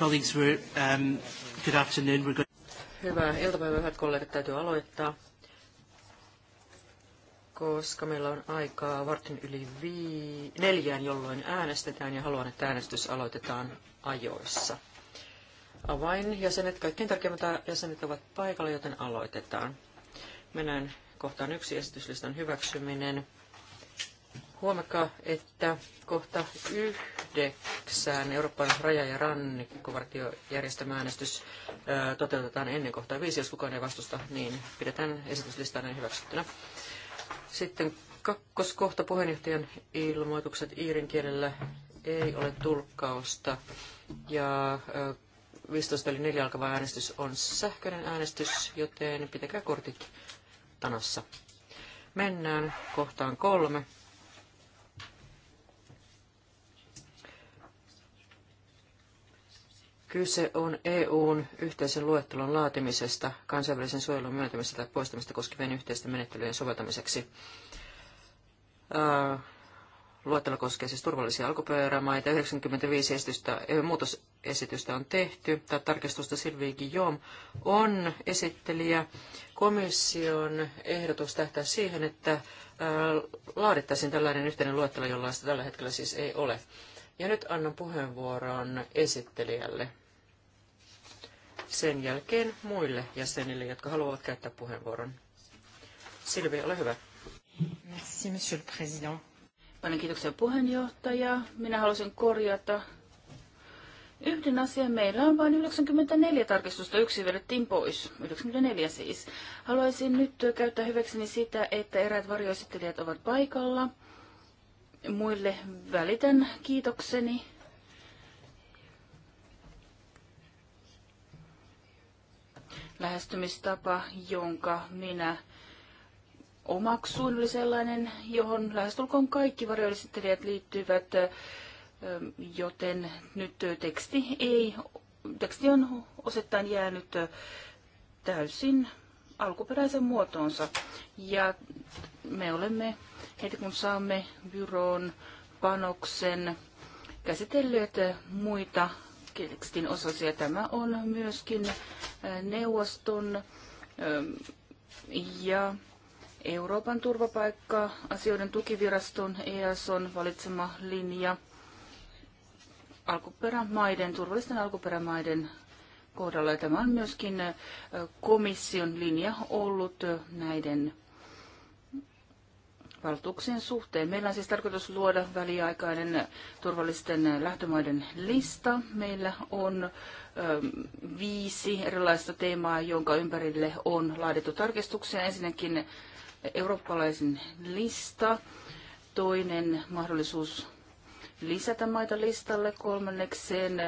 Colleagues, we're, um, good afternoon. We're Hyvää iltapäivää, hyvät kollegat, täytyy aloittaa, koska meillä on aikaa vartin yli vii... neljään, jolloin äänestetään ja haluan, että äänestys aloitetaan ajoissa. Avain jäsenet, kaikkein tärkeimmät jäsenet ovat paikalla, joten aloitetaan. Mennään kohtaan yksi esityslistan hyväksyminen. Huomakaa, että kohta yhdeksään Euroopan raja- ja rannikkovartiojärjestelmä äänestys toteutetaan ennen kohtaa viisi, jos kukaan ei vastusta, niin pidetään esityslista näin hyväksyttynä. Sitten kakkoskohta puheenjohtajan ilmoitukset iirin kielellä ei ole tulkkausta ja 15 eli 4 alkava äänestys on sähköinen äänestys, joten pitäkää kortit tanassa. Mennään kohtaan kolme. Kyse on EUn yhteisen luettelon laatimisesta kansainvälisen suojelun myöntämistä tai poistamista koskevien yhteisten menettelyjen soveltamiseksi. Äh, luettelo koskee siis turvallisia alkuperämaita. 95 esitystä, muutosesitystä on tehty. Tämä tarkistusta Sylvie Guillaume on esittelijä. Komission ehdotus tähtää siihen, että äh, laadittaisiin tällainen yhteinen luettelo, jollaista tällä hetkellä siis ei ole. Ja nyt annan puheenvuoron esittelijälle sen jälkeen muille jäsenille, jotka haluavat käyttää puheenvuoron. Silvi, ole hyvä. Merci, monsieur le président. Paljon kiitoksia puheenjohtaja. Minä haluaisin korjata yhden asian. Meillä on vain 94 tarkistusta. Yksi vedettiin pois. 94 siis. Haluaisin nyt käyttää hyväkseni sitä, että eräät varjoesittelijät ovat paikalla. Muille välitän kiitokseni lähestymistapa, jonka minä omaksuin, oli sellainen, johon lähestulkoon kaikki varjoesittelijät liittyvät, joten nyt teksti, ei, teksti on osittain jäänyt täysin alkuperäisen muotoonsa. Ja me olemme heti kun saamme byroon panoksen käsitelleet muita tekstin osasia. Tämä on myöskin äh, neuvoston ähm, ja Euroopan turvapaikka-asioiden tukiviraston EASON valitsema linja alkuperämaiden, turvallisten alkuperämaiden kohdalla. Ja tämä on myöskin äh, komission linja ollut äh, näiden valtuuksien suhteen. Meillä on siis tarkoitus luoda väliaikainen turvallisten lähtömaiden lista. Meillä on ö, viisi erilaista teemaa, jonka ympärille on laadittu tarkistuksia. Ensinnäkin eurooppalaisen lista, toinen mahdollisuus lisätä maita listalle, kolmannekseen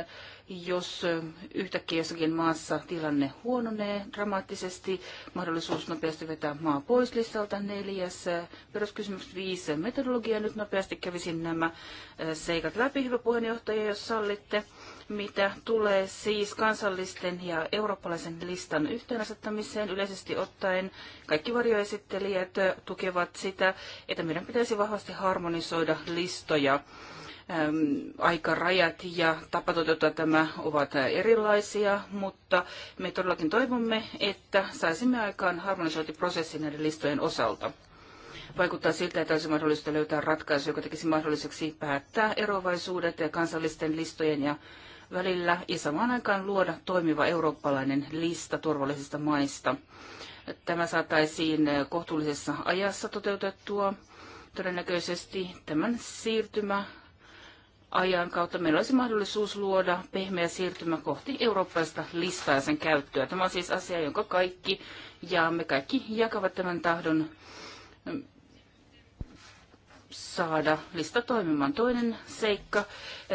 jos yhtäkkiä jossakin maassa tilanne huononee dramaattisesti, mahdollisuus nopeasti vetää maa pois listalta neljäs, peruskysymys viisi, metodologia, nyt nopeasti kävisin nämä seikat läpi, hyvä puheenjohtaja, jos sallitte mitä tulee siis kansallisten ja eurooppalaisen listan yhteenasettamiseen yleisesti ottaen. Kaikki varjoesittelijät tukevat sitä, että meidän pitäisi vahvasti harmonisoida listoja aikarajat ja tapa toteuttaa tämä ovat erilaisia, mutta me todellakin toivomme, että saisimme aikaan harmonisointiprosessin näiden listojen osalta. Vaikuttaa siltä, että olisi mahdollista löytää ratkaisu, joka tekisi mahdolliseksi päättää eroavaisuudet ja kansallisten listojen ja välillä ja samaan aikaan luoda toimiva eurooppalainen lista turvallisista maista. Tämä saataisiin kohtuullisessa ajassa toteutettua. Todennäköisesti tämän siirtymä ajan kautta meillä olisi mahdollisuus luoda pehmeä siirtymä kohti eurooppaista listaa ja sen käyttöä. Tämä on siis asia, jonka kaikki ja me kaikki jakavat tämän tahdon saada lista toimimaan. Toinen seikka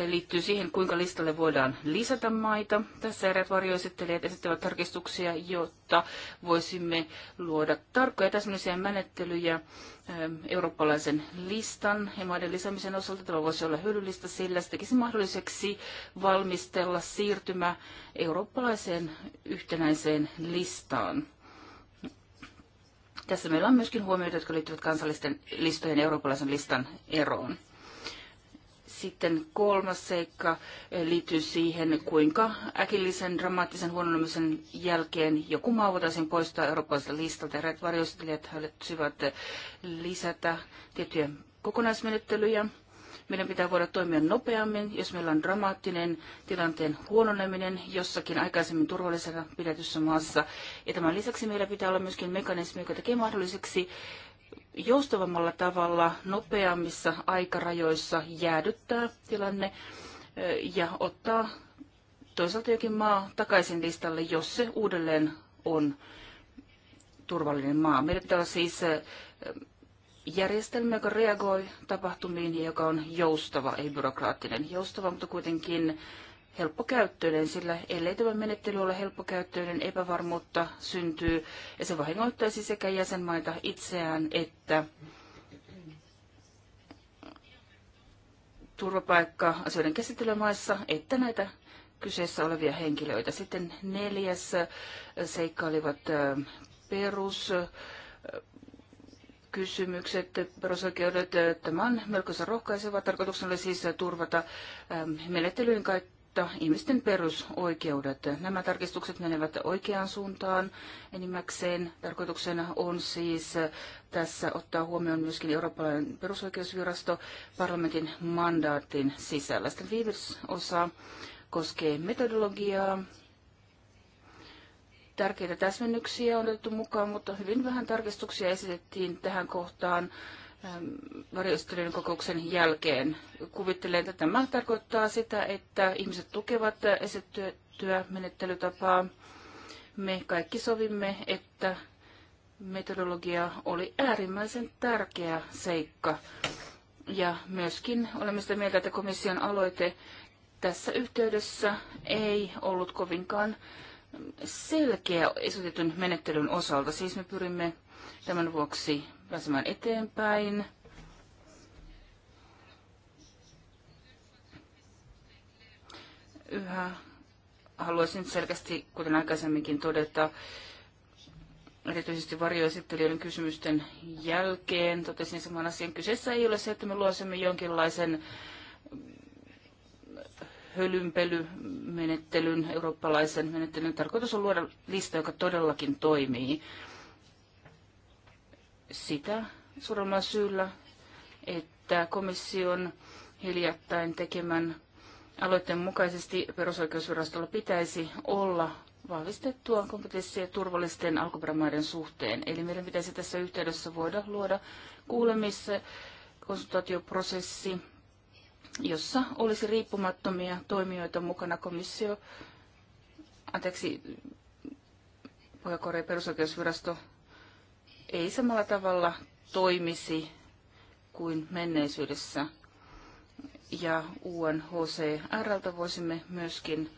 liittyy siihen, kuinka listalle voidaan lisätä maita. Tässä eräät varjoesittelijät esittävät tarkistuksia, jotta voisimme luoda tarkkoja täsmällisiä menettelyjä ähm, eurooppalaisen listan ja maiden lisäämisen osalta. Tämä voisi olla hyödyllistä, sillä se tekisi mahdolliseksi valmistella siirtymä eurooppalaiseen yhtenäiseen listaan. Tässä meillä on myöskin huomioita, jotka liittyvät kansallisten listojen ja eurooppalaisen listan eroon. Sitten kolmas seikka liittyy siihen, kuinka äkillisen dramaattisen huononemisen jälkeen joku maa voitaisiin poistaa eurooppalaiselta listalta. Eräät varjoistelijat halusivat lisätä tiettyjä kokonaismenettelyjä meidän pitää voida toimia nopeammin, jos meillä on dramaattinen tilanteen huononeminen jossakin aikaisemmin turvallisena pidetyssä maassa. Ja tämän lisäksi meillä pitää olla myöskin mekanismi, joka tekee mahdolliseksi joustavammalla tavalla nopeammissa aikarajoissa jäädyttää tilanne eh, ja ottaa toisaalta jokin maa takaisin listalle, jos se uudelleen on turvallinen maa. Meidän pitää olla siis eh, järjestelmä, joka reagoi tapahtumiin ja joka on joustava, ei byrokraattinen. Joustava, mutta kuitenkin helppokäyttöinen, sillä ellei tämä menettely ole helppokäyttöinen, epävarmuutta syntyy ja se vahingoittaisi sekä jäsenmaita itseään että turvapaikka-asioiden käsittelymaissa, että näitä kyseessä olevia henkilöitä. Sitten neljäs äh, seikka olivat äh, perus äh, kysymykset, perusoikeudet, tämä on melkoisen rohkaiseva. Tarkoituksena oli siis turvata menettelyyn kautta ihmisten perusoikeudet. Nämä tarkistukset menevät oikeaan suuntaan enimmäkseen. Tarkoituksena on siis tässä ottaa huomioon myöskin Eurooppalainen perusoikeusvirasto parlamentin mandaatin sisällä. Sitten viides osa koskee metodologiaa Tärkeitä täsmennyksiä on otettu mukaan, mutta hyvin vähän tarkistuksia esitettiin tähän kohtaan ähm, varjoistelijan kokouksen jälkeen. Kuvittelen, että tämä tarkoittaa sitä, että ihmiset tukevat esitettyä menettelytapaa. Me kaikki sovimme, että metodologia oli äärimmäisen tärkeä seikka. Ja myöskin olemme sitä mieltä, että komission aloite tässä yhteydessä ei ollut kovinkaan selkeä esitetyn menettelyn osalta. Siis me pyrimme tämän vuoksi pääsemään eteenpäin. Yhä haluaisin selkeästi, kuten aikaisemminkin todeta, erityisesti varjoesittelijöiden kysymysten jälkeen totesin saman asian. Kyseessä ei ole se, että me luosemme jonkinlaisen äh, hölynpelymenettelyn, eurooppalaisen menettelyn tarkoitus on luoda lista, joka todellakin toimii. Sitä suuremmalla syyllä, että komission hiljattain tekemän aloitteen mukaisesti perusoikeusvirastolla pitäisi olla vahvistettua kompetenssia turvallisten alkuperämaiden suhteen. Eli meidän pitäisi tässä yhteydessä voida luoda kuulemissa konsultaatioprosessi jossa olisi riippumattomia toimijoita mukana komissio, anteeksi, Pohjois-Korean perusoikeusvirasto ei samalla tavalla toimisi kuin menneisyydessä. Ja UNHCRltä voisimme myöskin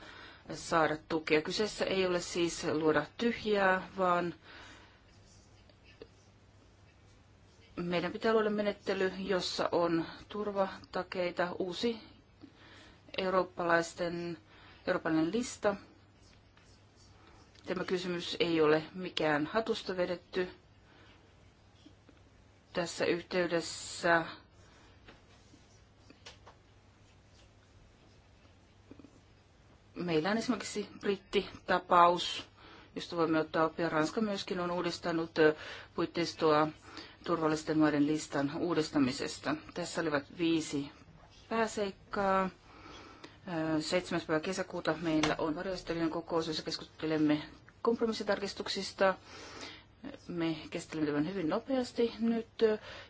saada tukea. Kyseessä ei ole siis luoda tyhjää, vaan meidän pitää luoda menettely, jossa on turvatakeita, uusi eurooppalaisten, eurooppalainen lista. Tämä kysymys ei ole mikään hatusta vedetty. Tässä yhteydessä meillä on esimerkiksi brittitapaus, josta voimme ottaa oppia. Ranska myöskin on uudistanut puitteistoa turvallisten maiden listan uudistamisesta. Tässä olivat viisi pääseikkaa. 7. päivä kesäkuuta meillä on varjoistelijan kokous, jossa keskustelemme kompromissitarkistuksista. Me käsittelemme tämän hyvin nopeasti nyt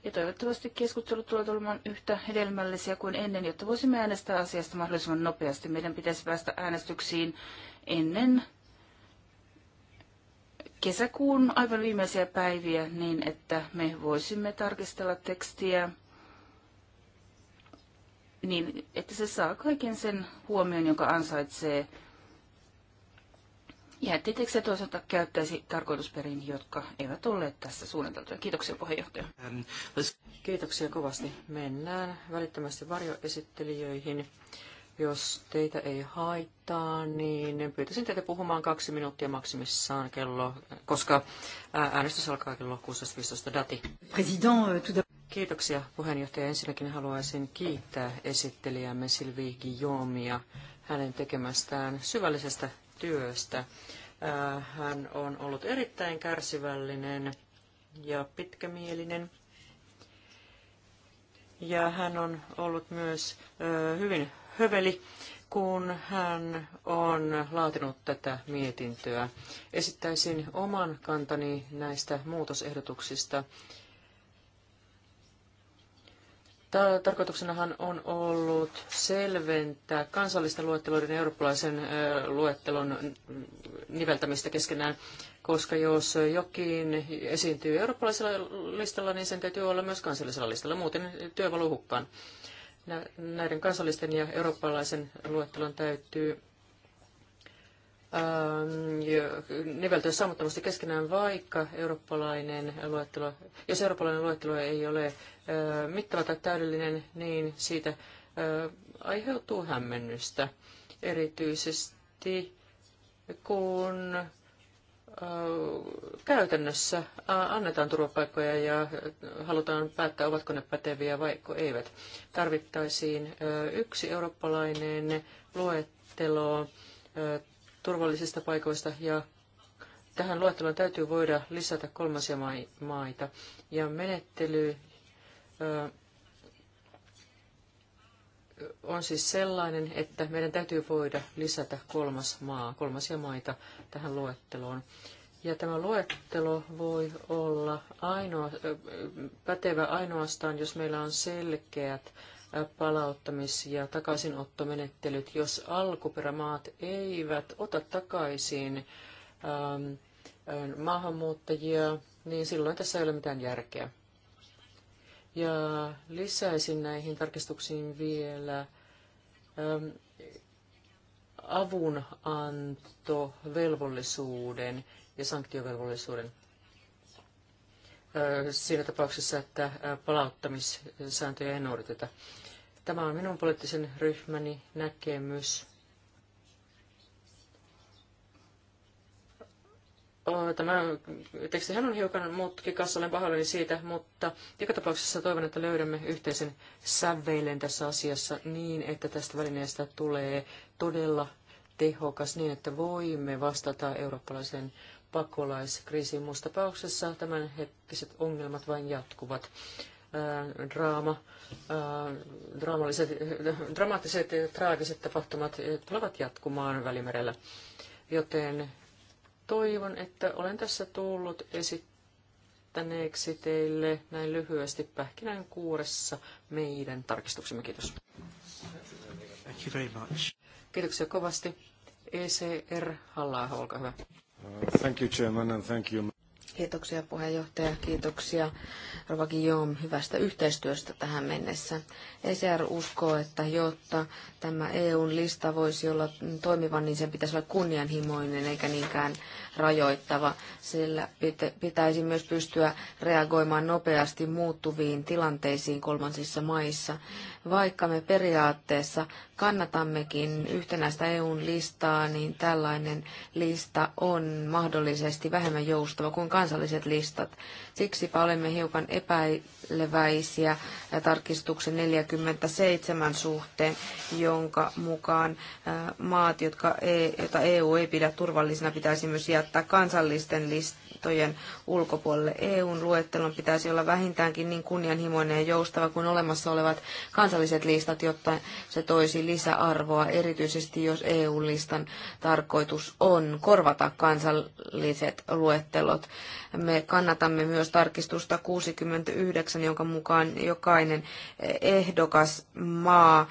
ja toivottavasti keskustelut tulevat olemaan yhtä hedelmällisiä kuin ennen, jotta voisimme äänestää asiasta mahdollisimman nopeasti. Meidän pitäisi päästä äänestyksiin ennen kesäkuun aivan viimeisiä päiviä niin, että me voisimme tarkistella tekstiä niin, että se saa kaiken sen huomion, jonka ansaitsee. Ja ettei tekstiä toisaalta käyttäisi tarkoitusperin, jotka eivät olleet tässä suunniteltuja. Kiitoksia puheenjohtaja. Ähm, Kiitoksia kovasti. Mennään välittömästi varjoesittelijöihin. Jos teitä ei haittaa, niin pyytäisin teitä puhumaan kaksi minuuttia maksimissaan kello, koska äänestys alkaa kello 16.15 dati. Euh, Kiitoksia puheenjohtaja. Ensinnäkin haluaisin kiittää esittelijämme Silvi Guillaumea hänen tekemästään syvällisestä työstä. Hän on ollut erittäin kärsivällinen ja pitkämielinen. Ja hän on ollut myös hyvin höveli, kun hän on laatinut tätä mietintöä. Esittäisin oman kantani näistä muutosehdotuksista. Tarkoituksenahan on ollut selventää kansallisten luetteloiden ja eurooppalaisen luettelon niveltämistä keskenään, koska jos jokin esiintyy eurooppalaisella listalla, niin sen täytyy olla myös kansallisella listalla, muuten työvalu hukkaan näiden kansallisten ja eurooppalaisen luettelon täytyy ähm, niveltyä saamattomasti keskenään, vaikka eurooppalainen luettelo, jos eurooppalainen luettelo ei ole äh, mittava tai täydellinen, niin siitä äh, aiheutuu hämmennystä. Erityisesti kun käytännössä annetaan turvapaikkoja ja halutaan päättää, ovatko ne päteviä vai eivät. Tarvittaisiin yksi eurooppalainen luettelo turvallisista paikoista ja tähän luetteloon täytyy voida lisätä kolmansia maita. Ja menettely on siis sellainen, että meidän täytyy voida lisätä kolmas maa, kolmasia maita tähän luetteloon. Ja tämä luettelo voi olla ainoa, pätevä ainoastaan, jos meillä on selkeät palauttamis- ja takaisinottomenettelyt, jos alkuperämaat eivät ota takaisin maahanmuuttajia, niin silloin tässä ei ole mitään järkeä. Ja lisäisin näihin tarkistuksiin vielä ähm, avunantovelvollisuuden ja sanktiovelvollisuuden äh, siinä tapauksessa, että äh, palauttamissääntöjä ei noudateta. Tämä on minun poliittisen ryhmäni näkemys. Äh, tämä tekstihän on hiukan mutkikas, olen pahoillani siitä, mutta joka tapauksessa toivon, että löydämme yhteisen sävelen tässä asiassa niin, että tästä välineestä tulee todella tehokas niin, että voimme vastata eurooppalaisen pakolaiskriisiin. Muussa tapauksessa tämänhetkiset ongelmat vain jatkuvat. Ää, äh, draama, ää, äh, dramaattiset ja traagiset tapahtumat tulevat jatkumaan Välimerellä, joten Toivon, että olen tässä tullut esittäneeksi teille näin lyhyesti pähkinän kuuressa meidän tarkistuksemme. Kiitos. Thank you very much. Kiitoksia kovasti. ECR, halla olkaa hyvä. thank you, Chairman, and thank you. Kiitoksia puheenjohtaja, kiitoksia Rova Guillaume hyvästä yhteistyöstä tähän mennessä. ECR uskoo, että jotta tämä EUn lista voisi olla toimiva, niin sen pitäisi olla kunnianhimoinen eikä niinkään rajoittava. Sillä pitäisi myös pystyä reagoimaan nopeasti muuttuviin tilanteisiin kolmansissa maissa. Vaikka me periaatteessa kannatammekin yhtenäistä EUn listaa, niin tällainen lista on mahdollisesti vähemmän joustava kuin kansalliset listat. Siksipä olemme hiukan epäileväisiä tarkistuksen 47 suhteen, jonka mukaan maat, jotka EU e ei pidä turvallisina, pitäisi myös jättää kansallisten listojen ulkopuolelle. EUn luettelon pitäisi olla vähintäänkin niin kunnianhimoinen ja joustava kuin olemassa olevat kansalliset listat, jotta se toisi lisäarvoa, erityisesti jos EU-listan tarkoitus on korvata kansalliset luettelot me kannatamme myös tarkistusta 69, jonka mukaan jokainen ehdokas maa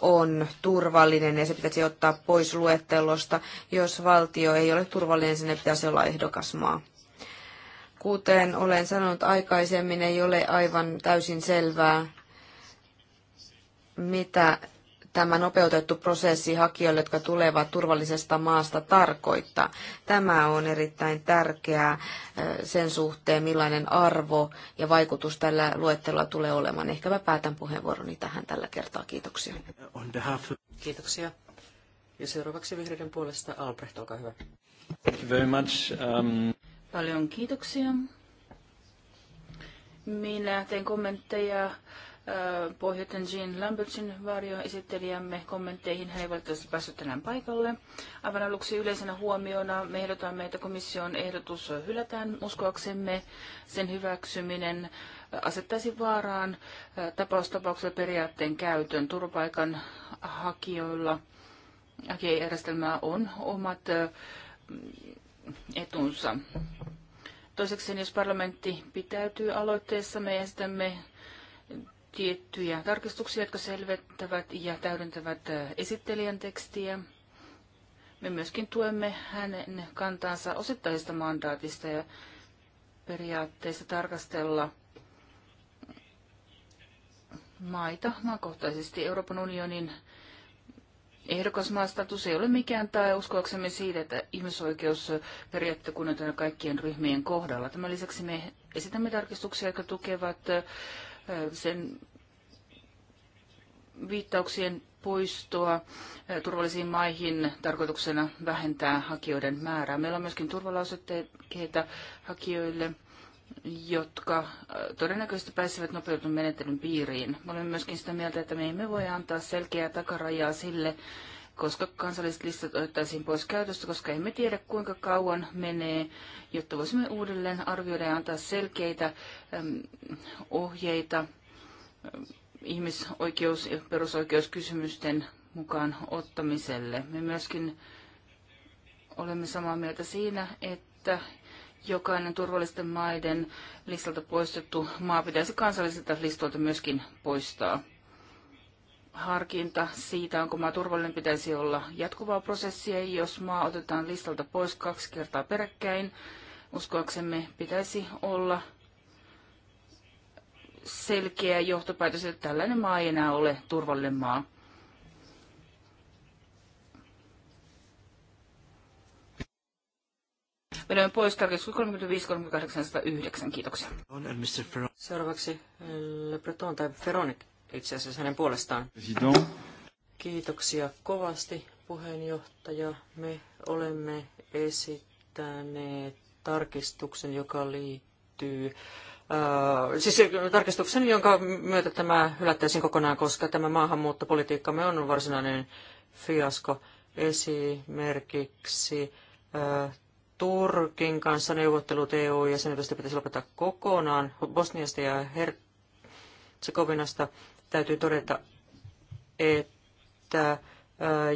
on turvallinen ja se pitäisi ottaa pois luettelosta. Jos valtio ei ole turvallinen, sinne pitäisi olla ehdokas maa. Kuten olen sanonut aikaisemmin, ei ole aivan täysin selvää, mitä tämä nopeutettu prosessi hakijoille, jotka tulevat turvallisesta maasta, tarkoittaa. Tämä on erittäin tärkeää sen suhteen, millainen arvo ja vaikutus tällä luettelolla tulee olemaan. Ehkä mä päätän puheenvuoroni tähän tällä kertaa. Kiitoksia. Kiitoksia. Ja seuraavaksi vihreiden puolesta Albrecht, olkaa hyvä. Thank you very much. Um... Paljon kiitoksia. Minä teen kommentteja pohjaten Jean Lambertsin varjoesittelijämme kommentteihin. Hän ei valitettavasti päässyt tänään paikalle. Aivan aluksi yleisenä huomiona me ehdotamme, että komission ehdotus hylätään. Uskoaksemme sen hyväksyminen asettaisi vaaraan tapaustapauksella periaatteen käytön turvapaikan hakijoilla. Hakijajärjestelmää on omat etunsa. Toiseksi, jos parlamentti pitäytyy aloitteessa, me esitämme tiettyjä tarkistuksia, jotka selventävät ja täydentävät esittelijän tekstiä. Me myöskin tuemme hänen kantaansa osittaisesta mandaatista ja periaatteista tarkastella maita maakohtaisesti. Euroopan unionin ehdokasmaastatus ei ole mikään tai uskoaksemme siitä, että ihmisoikeusperiaatteet kunnioitetaan kaikkien ryhmien kohdalla. Tämän lisäksi me esitämme tarkistuksia, jotka tukevat sen viittauksien poistoa turvallisiin maihin tarkoituksena vähentää hakijoiden määrää. Meillä on myöskin turvalausetteita hakijoille, jotka todennäköisesti pääsevät nopeutun menettelyn piiriin. Olemme myöskin sitä mieltä, että me emme voi antaa selkeää takarajaa sille, koska kansalliset listat otettaisiin pois käytöstä, koska emme tiedä kuinka kauan menee, jotta voisimme uudelleen arvioida ja antaa selkeitä ohjeita ihmisoikeus- ja perusoikeuskysymysten mukaan ottamiselle. Me myöskin olemme samaa mieltä siinä, että jokainen turvallisten maiden listalta poistettu maa pitäisi kansallisilta listoilta myöskin poistaa harkinta siitä, onko maa turvallinen, pitäisi olla jatkuvaa prosessia. Jos maa otetaan listalta pois kaksi kertaa peräkkäin, uskoaksemme pitäisi olla selkeä johtopäätös, että tällainen maa ei enää ole turvallinen maa. Vedämme pois tarkistus 35 Kiitoksia. Seuraavaksi Le Breton tai Veronique itse asiassa hänen puolestaan. Kiitoksia kovasti puheenjohtaja. Me olemme esittäneet tarkistuksen, joka liittyy Uh, siis tarkistuksen, jonka myötä tämä hylättäisiin kokonaan, koska tämä maahanmuuttopolitiikkamme on varsinainen fiasko. Esimerkiksi uh, Turkin kanssa neuvottelut EU-jäsenyydestä pitäisi lopettaa kokonaan. Bosniasta ja Herzegovinasta täytyy todeta, että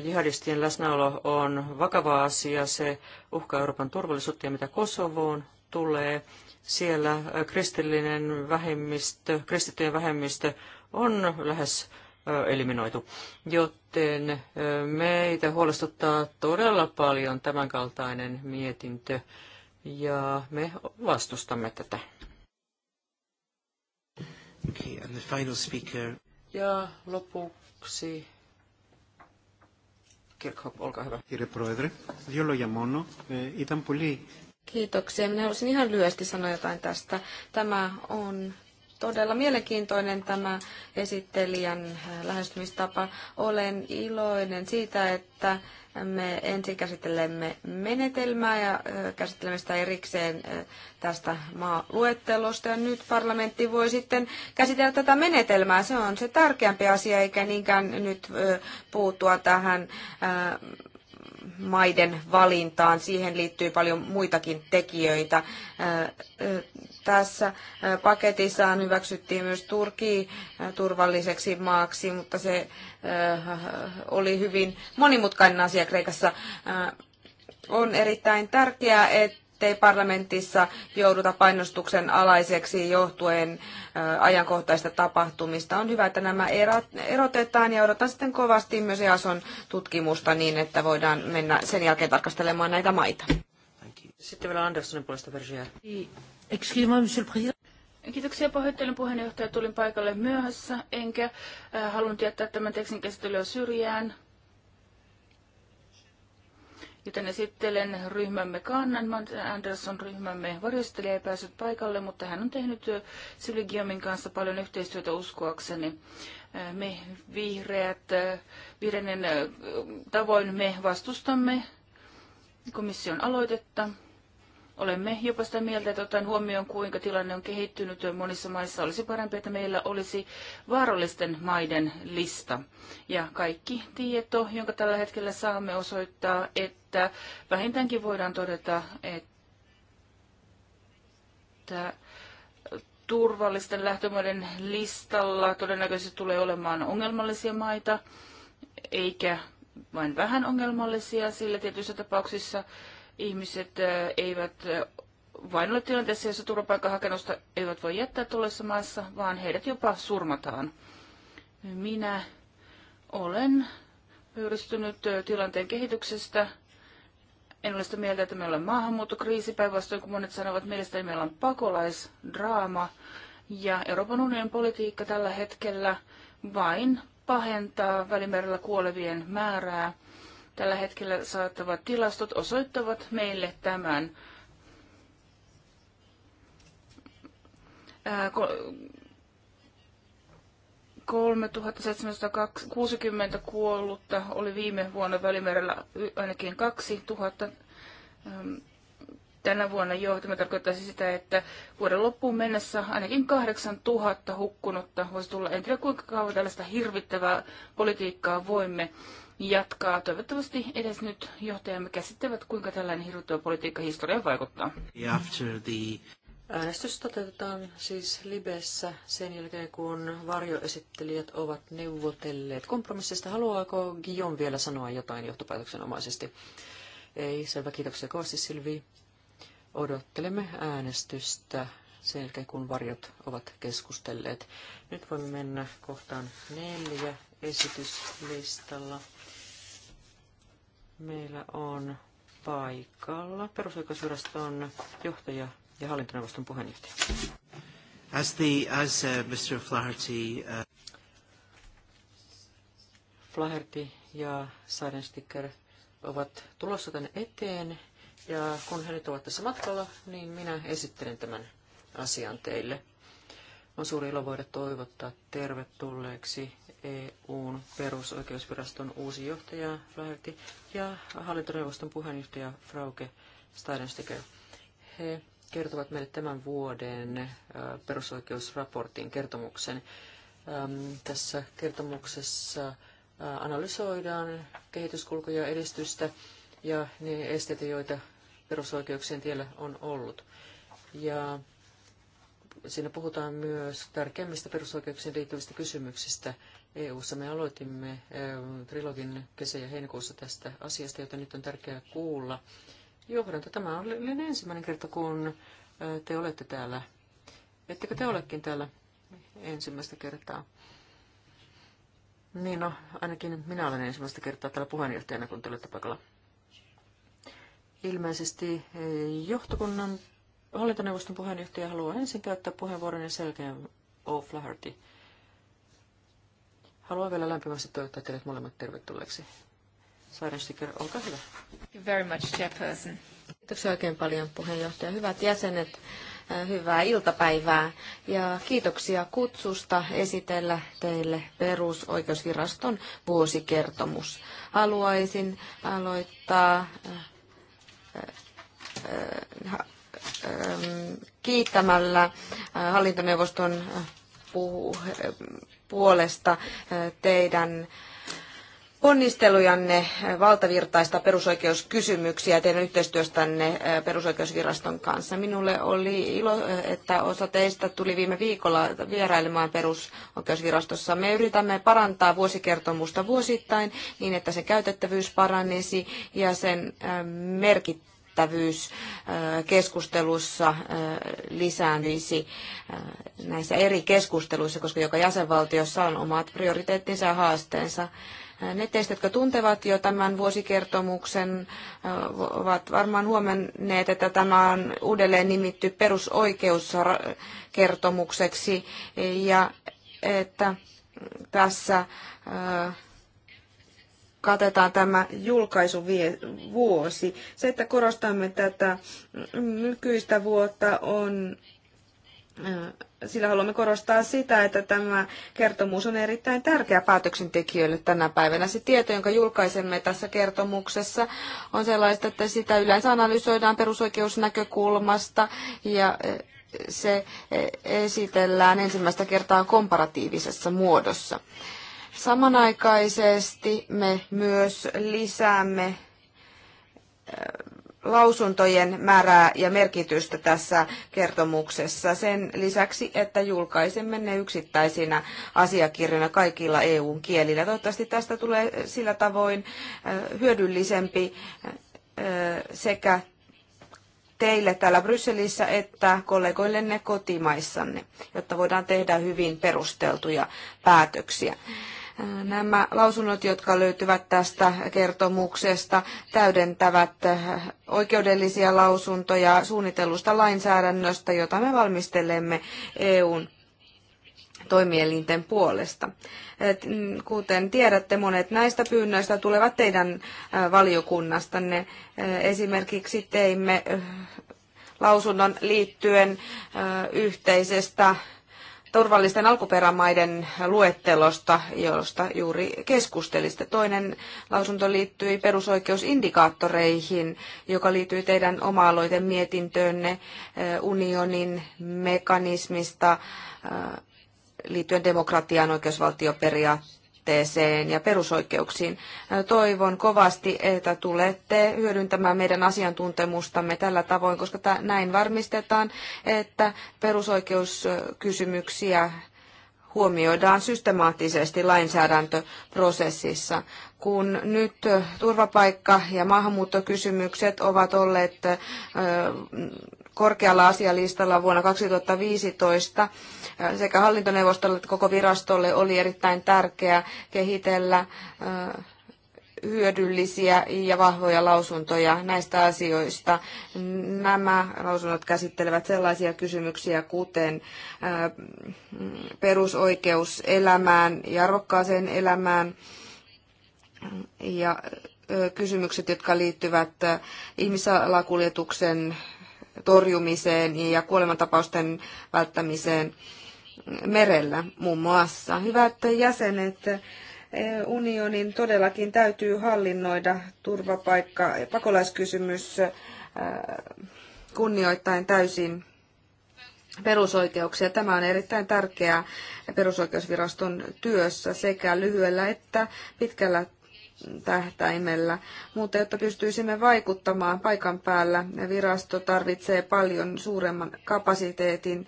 jihadistien läsnäolo on vakava asia. Se uhkaa Euroopan turvallisuutta ja mitä Kosovoon tulee. Siellä kristillinen vähemmistö, kristittyjen vähemmistö on lähes eliminoitu. Joten meitä huolestuttaa todella paljon tämänkaltainen mietintö ja me vastustamme tätä. Okay, and the final speaker. Ja lopuksi Kirkhoff, olkaa hyvä. Κύριε Πρόεδρε, δύο λόγια μόνο. Ε, ήταν πολύ Kiitoksia. Minä haluaisin ihan lyhyesti sanoa jotain tästä. Tämä on todella mielenkiintoinen tämä esittelijän äh, lähestymistapa. Olen iloinen siitä, että me ensin käsittelemme menetelmää ja äh, käsittelemme sitä erikseen äh, tästä maaluettelosta. Ja nyt parlamentti voi sitten käsitellä tätä menetelmää. Se on se tärkeämpi asia, eikä niinkään nyt puuttua tähän maiden valintaan. Siihen liittyy paljon muitakin tekijöitä. Tässä paketissaan hyväksyttiin myös Turki turvalliseksi maaksi, mutta se oli hyvin monimutkainen asia Kreikassa. On erittäin tärkeää, että ettei parlamentissa jouduta painostuksen alaiseksi johtuen ajankohtaista tapahtumista. On hyvä, että nämä erotetaan ja odotan sitten kovasti myös EASON tutkimusta niin, että voidaan mennä sen jälkeen tarkastelemaan näitä maita. Sitten vielä Anderssonin puolesta versio. Kiitoksia pahoittelen puheenjohtaja. Tulin paikalle myöhässä, enkä halunnut jättää tämän tekstin käsittelyä syrjään joten esittelen ryhmämme kannan. Anderson ryhmämme varjostelija ei päässyt paikalle, mutta hän on tehnyt Syli Giomin kanssa paljon yhteistyötä uskoakseni. Me vihreät, vihreinen tavoin me vastustamme komission aloitetta. Olemme jopa sitä mieltä, että ottaen huomioon, kuinka tilanne on kehittynyt monissa maissa, olisi parempi, että meillä olisi vaarallisten maiden lista. Ja kaikki tieto, jonka tällä hetkellä saamme, osoittaa, että vähintäänkin voidaan todeta, että turvallisten lähtömaiden listalla todennäköisesti tulee olemaan ongelmallisia maita, eikä vain vähän ongelmallisia, sillä tietyissä tapauksissa ihmiset eivät vain ole tilanteessa, jossa turvapaikkahakennusta eivät voi jättää tuollaisessa maassa, vaan heidät jopa surmataan. Minä olen pyyristynyt tilanteen kehityksestä. En ole sitä mieltä, että meillä on maahanmuuttokriisi, päinvastoin kun monet sanovat, mielestäni meillä on pakolaisdraama. Ja Euroopan unionin politiikka tällä hetkellä vain pahentaa välimerellä kuolevien määrää tällä hetkellä saattavat tilastot osoittavat meille tämän. Ää, 3760 kuollutta oli viime vuonna Välimerellä ainakin 2000 tänä vuonna jo. Tämä tarkoittaisi sitä, että vuoden loppuun mennessä ainakin 8000 hukkunutta voisi tulla. En tiedä kuinka kauan tällaista hirvittävää politiikkaa voimme jatkaa. Toivottavasti edes nyt johtajamme käsittävät, kuinka tällainen hirvittävä politiikka historiaan vaikuttaa. After the... Äänestys toteutetaan siis Libessä sen jälkeen, kun varjoesittelijät ovat neuvotelleet kompromissista. Haluaako Guillaume vielä sanoa jotain johtopäätöksenomaisesti? Ei, selvä. Kiitoksia kovasti Silvi. Odottelemme äänestystä sen jälkeen, kun varjot ovat keskustelleet. Nyt voimme mennä kohtaan neljä esityslistalla. Meillä on paikalla perusoikeusviraston johtaja ja hallintoneuvoston puheenjohtaja. As the, as, uh, Mr. Flaherty, uh... Flaherty ja Sidensticker ovat tulossa tänne eteen ja kun he nyt ovat tässä matkalla, niin minä esittelen tämän asian teille. On suuri ilo voida toivottaa tervetulleeksi EUn perusoikeusviraston uusi johtaja Flaherty ja hallintoneuvoston puheenjohtaja Frauke Steidenstecker. He kertovat meille tämän vuoden äh, perusoikeusraportin kertomuksen. Ähm, tässä kertomuksessa äh, analysoidaan kehityskulkuja edistystä ja ne esteitä, joita perusoikeuksien tiellä on ollut. Ja siinä puhutaan myös tärkeimmistä perusoikeuksien liittyvistä kysymyksistä EU-ssa. Me aloitimme eh, trilogin kesä- ja heinäkuussa tästä asiasta, jota nyt on tärkeää kuulla. Johdanto, tämä on ensimmäinen kerta, kun eh, te olette täällä. Ettekö te olekin täällä ensimmäistä kertaa? Niin no, ainakin minä olen ensimmäistä kertaa täällä puheenjohtajana, kun te olette paikalla. Ilmeisesti eh, johtokunnan hallintoneuvoston puheenjohtaja haluaa ensin käyttää puheenvuoron ja selkeän O'Flaherty. Haluan vielä lämpimästi toivottaa teidät molemmat tervetulleeksi. Sticker, olkaa hyvä. Thank you very much, Chairperson. Kiitoksia oikein paljon puheenjohtaja. Hyvät jäsenet, eh, hyvää iltapäivää ja kiitoksia kutsusta esitellä teille perusoikeusviraston vuosikertomus. Haluaisin aloittaa eh, kiittämällä hallintoneuvoston puolesta teidän ponnistelujanne valtavirtaista perusoikeuskysymyksiä teidän yhteistyöstänne eh, perusoikeusviraston kanssa. Minulle oli ilo, eh, että osa teistä tuli viime viikolla vierailemaan perusoikeusvirastossa. Me yritämme parantaa vuosikertomusta vuosittain niin, että sen käytettävyys paranisi ja sen eh, merkittävyys merkittävyys keskustelussa lisääntyisi näissä eri keskusteluissa, koska joka jäsenvaltiossa on omat prioriteettinsa ja haasteensa. Ne teistä, jotka tuntevat jo tämän vuosikertomuksen, ovat varmaan huomanneet, että tämä on uudelleen nimitty perusoikeuskertomukseksi ja että tässä katetaan tämä julkaisuvuosi. Se, että korostamme tätä nykyistä vuotta, on sillä haluamme korostaa sitä, että tämä kertomus on erittäin tärkeä päätöksentekijöille tänä päivänä. Se tieto, jonka julkaisemme tässä kertomuksessa, on sellaista, että sitä yleensä analysoidaan perusoikeusnäkökulmasta ja se esitellään ensimmäistä kertaa komparatiivisessa muodossa. Samanaikaisesti me myös lisäämme lausuntojen määrää ja merkitystä tässä kertomuksessa. Sen lisäksi, että julkaisemme ne yksittäisinä asiakirjoina kaikilla EUn kielillä. Toivottavasti tästä tulee sillä tavoin hyödyllisempi sekä teille täällä Brysselissä että kollegoillenne kotimaissanne, jotta voidaan tehdä hyvin perusteltuja päätöksiä. Nämä lausunnot, jotka löytyvät tästä kertomuksesta, täydentävät oikeudellisia lausuntoja suunnitellusta lainsäädännöstä, jota me valmistelemme EUn toimielinten puolesta. Mm, kuten tiedätte, monet näistä pyynnöistä tulevat teidän valiokunnastanne. Esimerkiksi teimme lausunnon liittyen yhteisestä turvallisten alkuperämaiden luettelosta, josta juuri keskustelisitte. Toinen lausunto liittyi perusoikeusindikaattoreihin, joka liittyy teidän oma-aloiten mietintöönne eh, unionin mekanismista eh, liittyen demokratiaan, oikeusvaltioperiaatteeseen tilanteeseen ja perusoikeuksiin. Toivon kovasti, että tulette hyödyntämään meidän asiantuntemustamme tällä tavoin, koska näin varmistetaan, että perusoikeuskysymyksiä huomioidaan systemaattisesti lainsäädäntöprosessissa. Kun nyt turvapaikka- ja maahanmuuttokysymykset ovat olleet korkealla asialistalla vuonna 2015. Sekä hallintoneuvostolle että koko virastolle oli erittäin tärkeää kehitellä hyödyllisiä ja vahvoja lausuntoja näistä asioista. Nämä lausunnot käsittelevät sellaisia kysymyksiä kuten perusoikeus elämään ja arvokkaaseen elämään ja kysymykset, jotka liittyvät ihmisalakuljetuksen torjumiseen ja kuolemantapausten välttämiseen merellä muun muassa. Hyvät jäsenet, unionin todellakin täytyy hallinnoida turvapaikka- ja pakolaiskysymys äh, kunnioittain täysin perusoikeuksia. Tämä on erittäin tärkeää perusoikeusviraston työssä sekä lyhyellä että pitkällä tähtäimellä. Mutta jotta pystyisimme vaikuttamaan paikan päällä, virasto tarvitsee paljon suuremman kapasiteetin.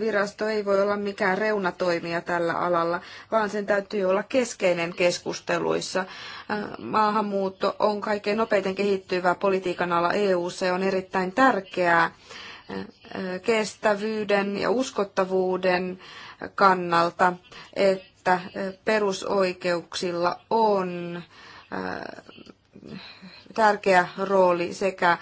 Virasto ei voi olla mikään reunatoimija tällä alalla, vaan sen täytyy olla keskeinen keskusteluissa. Maahanmuutto on kaikkein nopeiten kehittyvä politiikan ala EU. ja on erittäin tärkeää kestävyyden ja uskottavuuden kannalta, että että perusoikeuksilla on tärkeä rooli sekä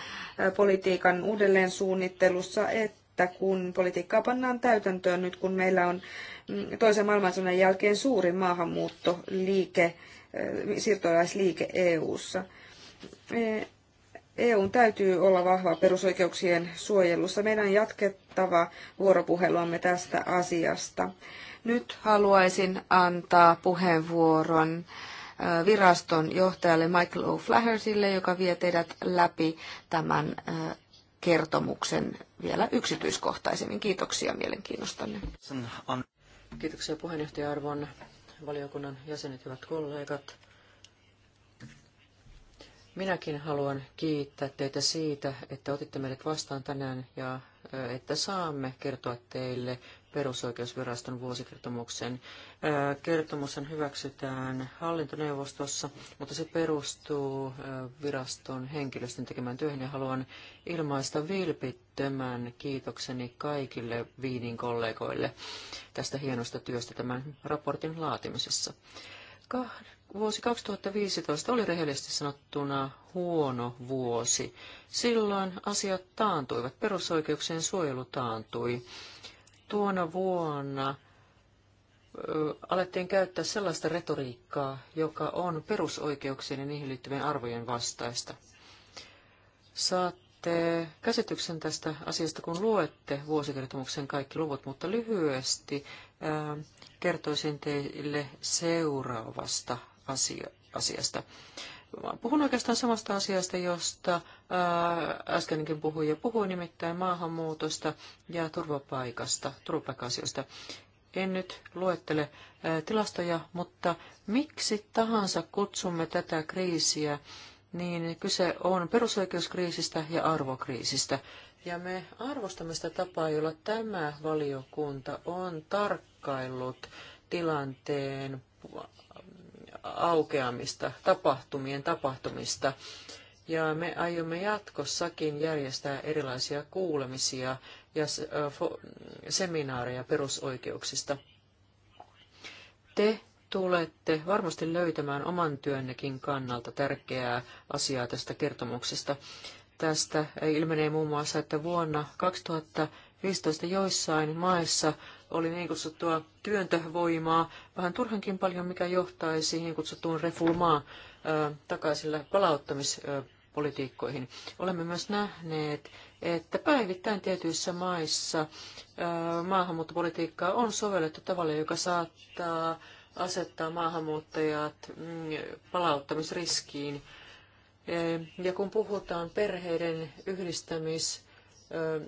politiikan uudelleensuunnittelussa että kun politiikkaa pannaan täytäntöön nyt, kun meillä on mm, toisen maailmansodan jälkeen suuri maahanmuuttoliike, siirtolaisliike EU-ssa. EUn e täytyy olla vahva perusoikeuksien suojelussa. Meidän on jatkettava vuoropuheluamme tästä asiasta. Nyt haluaisin antaa puheenvuoron viraston johtajalle Michael O'Flahertylle, joka vie teidät läpi tämän kertomuksen vielä yksityiskohtaisemmin. Kiitoksia mielenkiinnostanne. Kiitoksia puheenjohtaja Arvon valiokunnan jäsenet, hyvät kollegat. Minäkin haluan kiittää teitä siitä, että otitte meidät vastaan tänään ja että saamme kertoa teille perusoikeusviraston vuosikertomuksen. Kertomushan hyväksytään hallintoneuvostossa, mutta se perustuu viraston henkilöstön tekemään työhön ja haluan ilmaista vilpittömän kiitokseni kaikille Viinin kollegoille tästä hienosta työstä tämän raportin laatimisessa. Vuosi 2015 oli rehellisesti sanottuna huono vuosi. Silloin asiat taantuivat, perusoikeuksien suojelu taantui Tuona vuonna alettiin käyttää sellaista retoriikkaa, joka on perusoikeuksien ja niihin liittyvien arvojen vastaista. Saatte käsityksen tästä asiasta, kun luette vuosikertomuksen kaikki luvut, mutta lyhyesti kertoisin teille seuraavasta asiasta. Puhun oikeastaan samasta asiasta, josta äskenkin puhuin ja puhuin nimittäin maahanmuutosta ja turvapaikasta, turvapaikka-asioista. En nyt luettele tilastoja, mutta miksi tahansa kutsumme tätä kriisiä, niin kyse on perusoikeuskriisistä ja arvokriisistä. Ja me arvostamme sitä tapaa, jolla tämä valiokunta on tarkkaillut tilanteen aukeamista, tapahtumien tapahtumista. Ja me aiomme jatkossakin järjestää erilaisia kuulemisia ja seminaareja perusoikeuksista. Te tulette varmasti löytämään oman työnnekin kannalta tärkeää asiaa tästä kertomuksesta. Tästä ilmenee muun muassa, että vuonna 2015 joissain maissa oli niin kutsuttua työntövoimaa, vähän turhankin paljon, mikä johtaisi niin kutsuttuun refulmaan takaisin palauttamispolitiikkoihin. Olemme myös nähneet, että päivittäin tietyissä maissa maahanmuuttopolitiikkaa on sovellettu tavalla, joka saattaa asettaa maahanmuuttajat mm, palauttamisriskiin. E, ja kun puhutaan perheiden yhdistämis-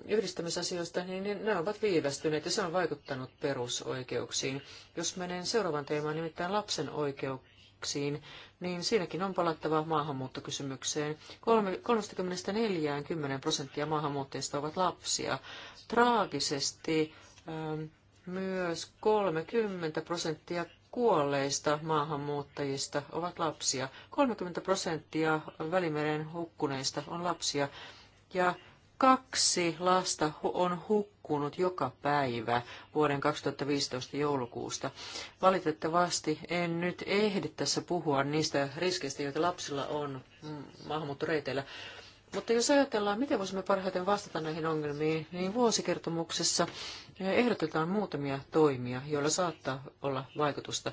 yhdistämisasioista, niin, niin ne ovat viivästyneet ja se on vaikuttanut perusoikeuksiin. Jos menen seuraavan teemaan, nimittäin lapsen oikeuksiin, niin siinäkin on palattava maahanmuuttokysymykseen. 34-10 prosenttia maahanmuuttajista ovat lapsia. Traagisesti myös 30 prosenttia kuolleista maahanmuuttajista ovat lapsia. 30 prosenttia Välimeren hukkuneista on lapsia. Ja Kaksi lasta on hukkunut joka päivä vuoden 2015 joulukuusta. Valitettavasti en nyt ehdi tässä puhua niistä riskeistä, joita lapsilla on mm, maahanmuuttoreiteillä. Mutta jos ajatellaan, miten voisimme parhaiten vastata näihin ongelmiin, niin vuosikertomuksessa ehdotetaan muutamia toimia, joilla saattaa olla vaikutusta.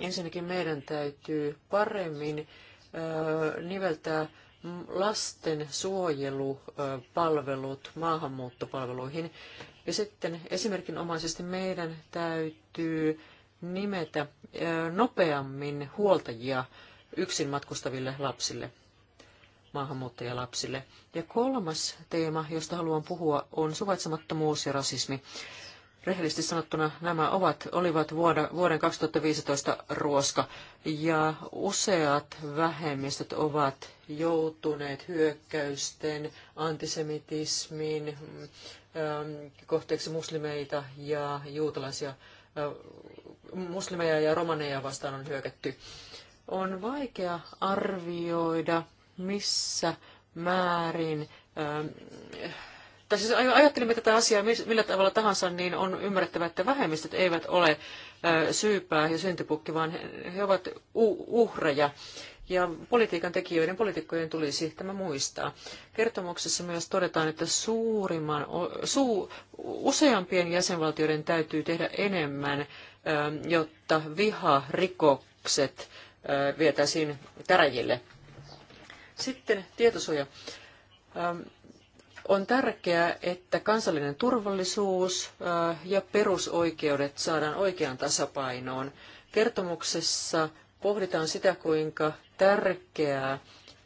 Ensinnäkin meidän täytyy paremmin niveltää lasten suojelupalvelut maahanmuuttopalveluihin. Ja sitten esimerkinomaisesti meidän täytyy nimetä nopeammin huoltajia yksin matkustaville lapsille, maahanmuuttajalapsille. Ja kolmas teema, josta haluan puhua, on suvaitsemattomuus ja rasismi. Rehellisesti sanottuna nämä ovat, olivat vuoda, vuoden 2015 ruoska ja useat vähemmistöt ovat joutuneet hyökkäysten, antisemitismin ähm, kohteeksi muslimeita ja juutalaisia äh, muslimeja ja romaneja vastaan on hyökätty. On vaikea arvioida, missä määrin ähm, tai siis ajattelimme tätä asiaa millä tavalla tahansa, niin on ymmärrettävä, että vähemmistöt eivät ole syypää ja syntipukki, vaan he ovat uhreja. Ja politiikan tekijöiden, poliitikkojen tulisi tämä muistaa. Kertomuksessa myös todetaan, että suurimman, su, useampien jäsenvaltioiden täytyy tehdä enemmän, jotta viharikokset vietäisiin käräjille. Sitten tietosuoja. On tärkeää, että kansallinen turvallisuus ja perusoikeudet saadaan oikeaan tasapainoon. Kertomuksessa pohditaan sitä, kuinka tärkeää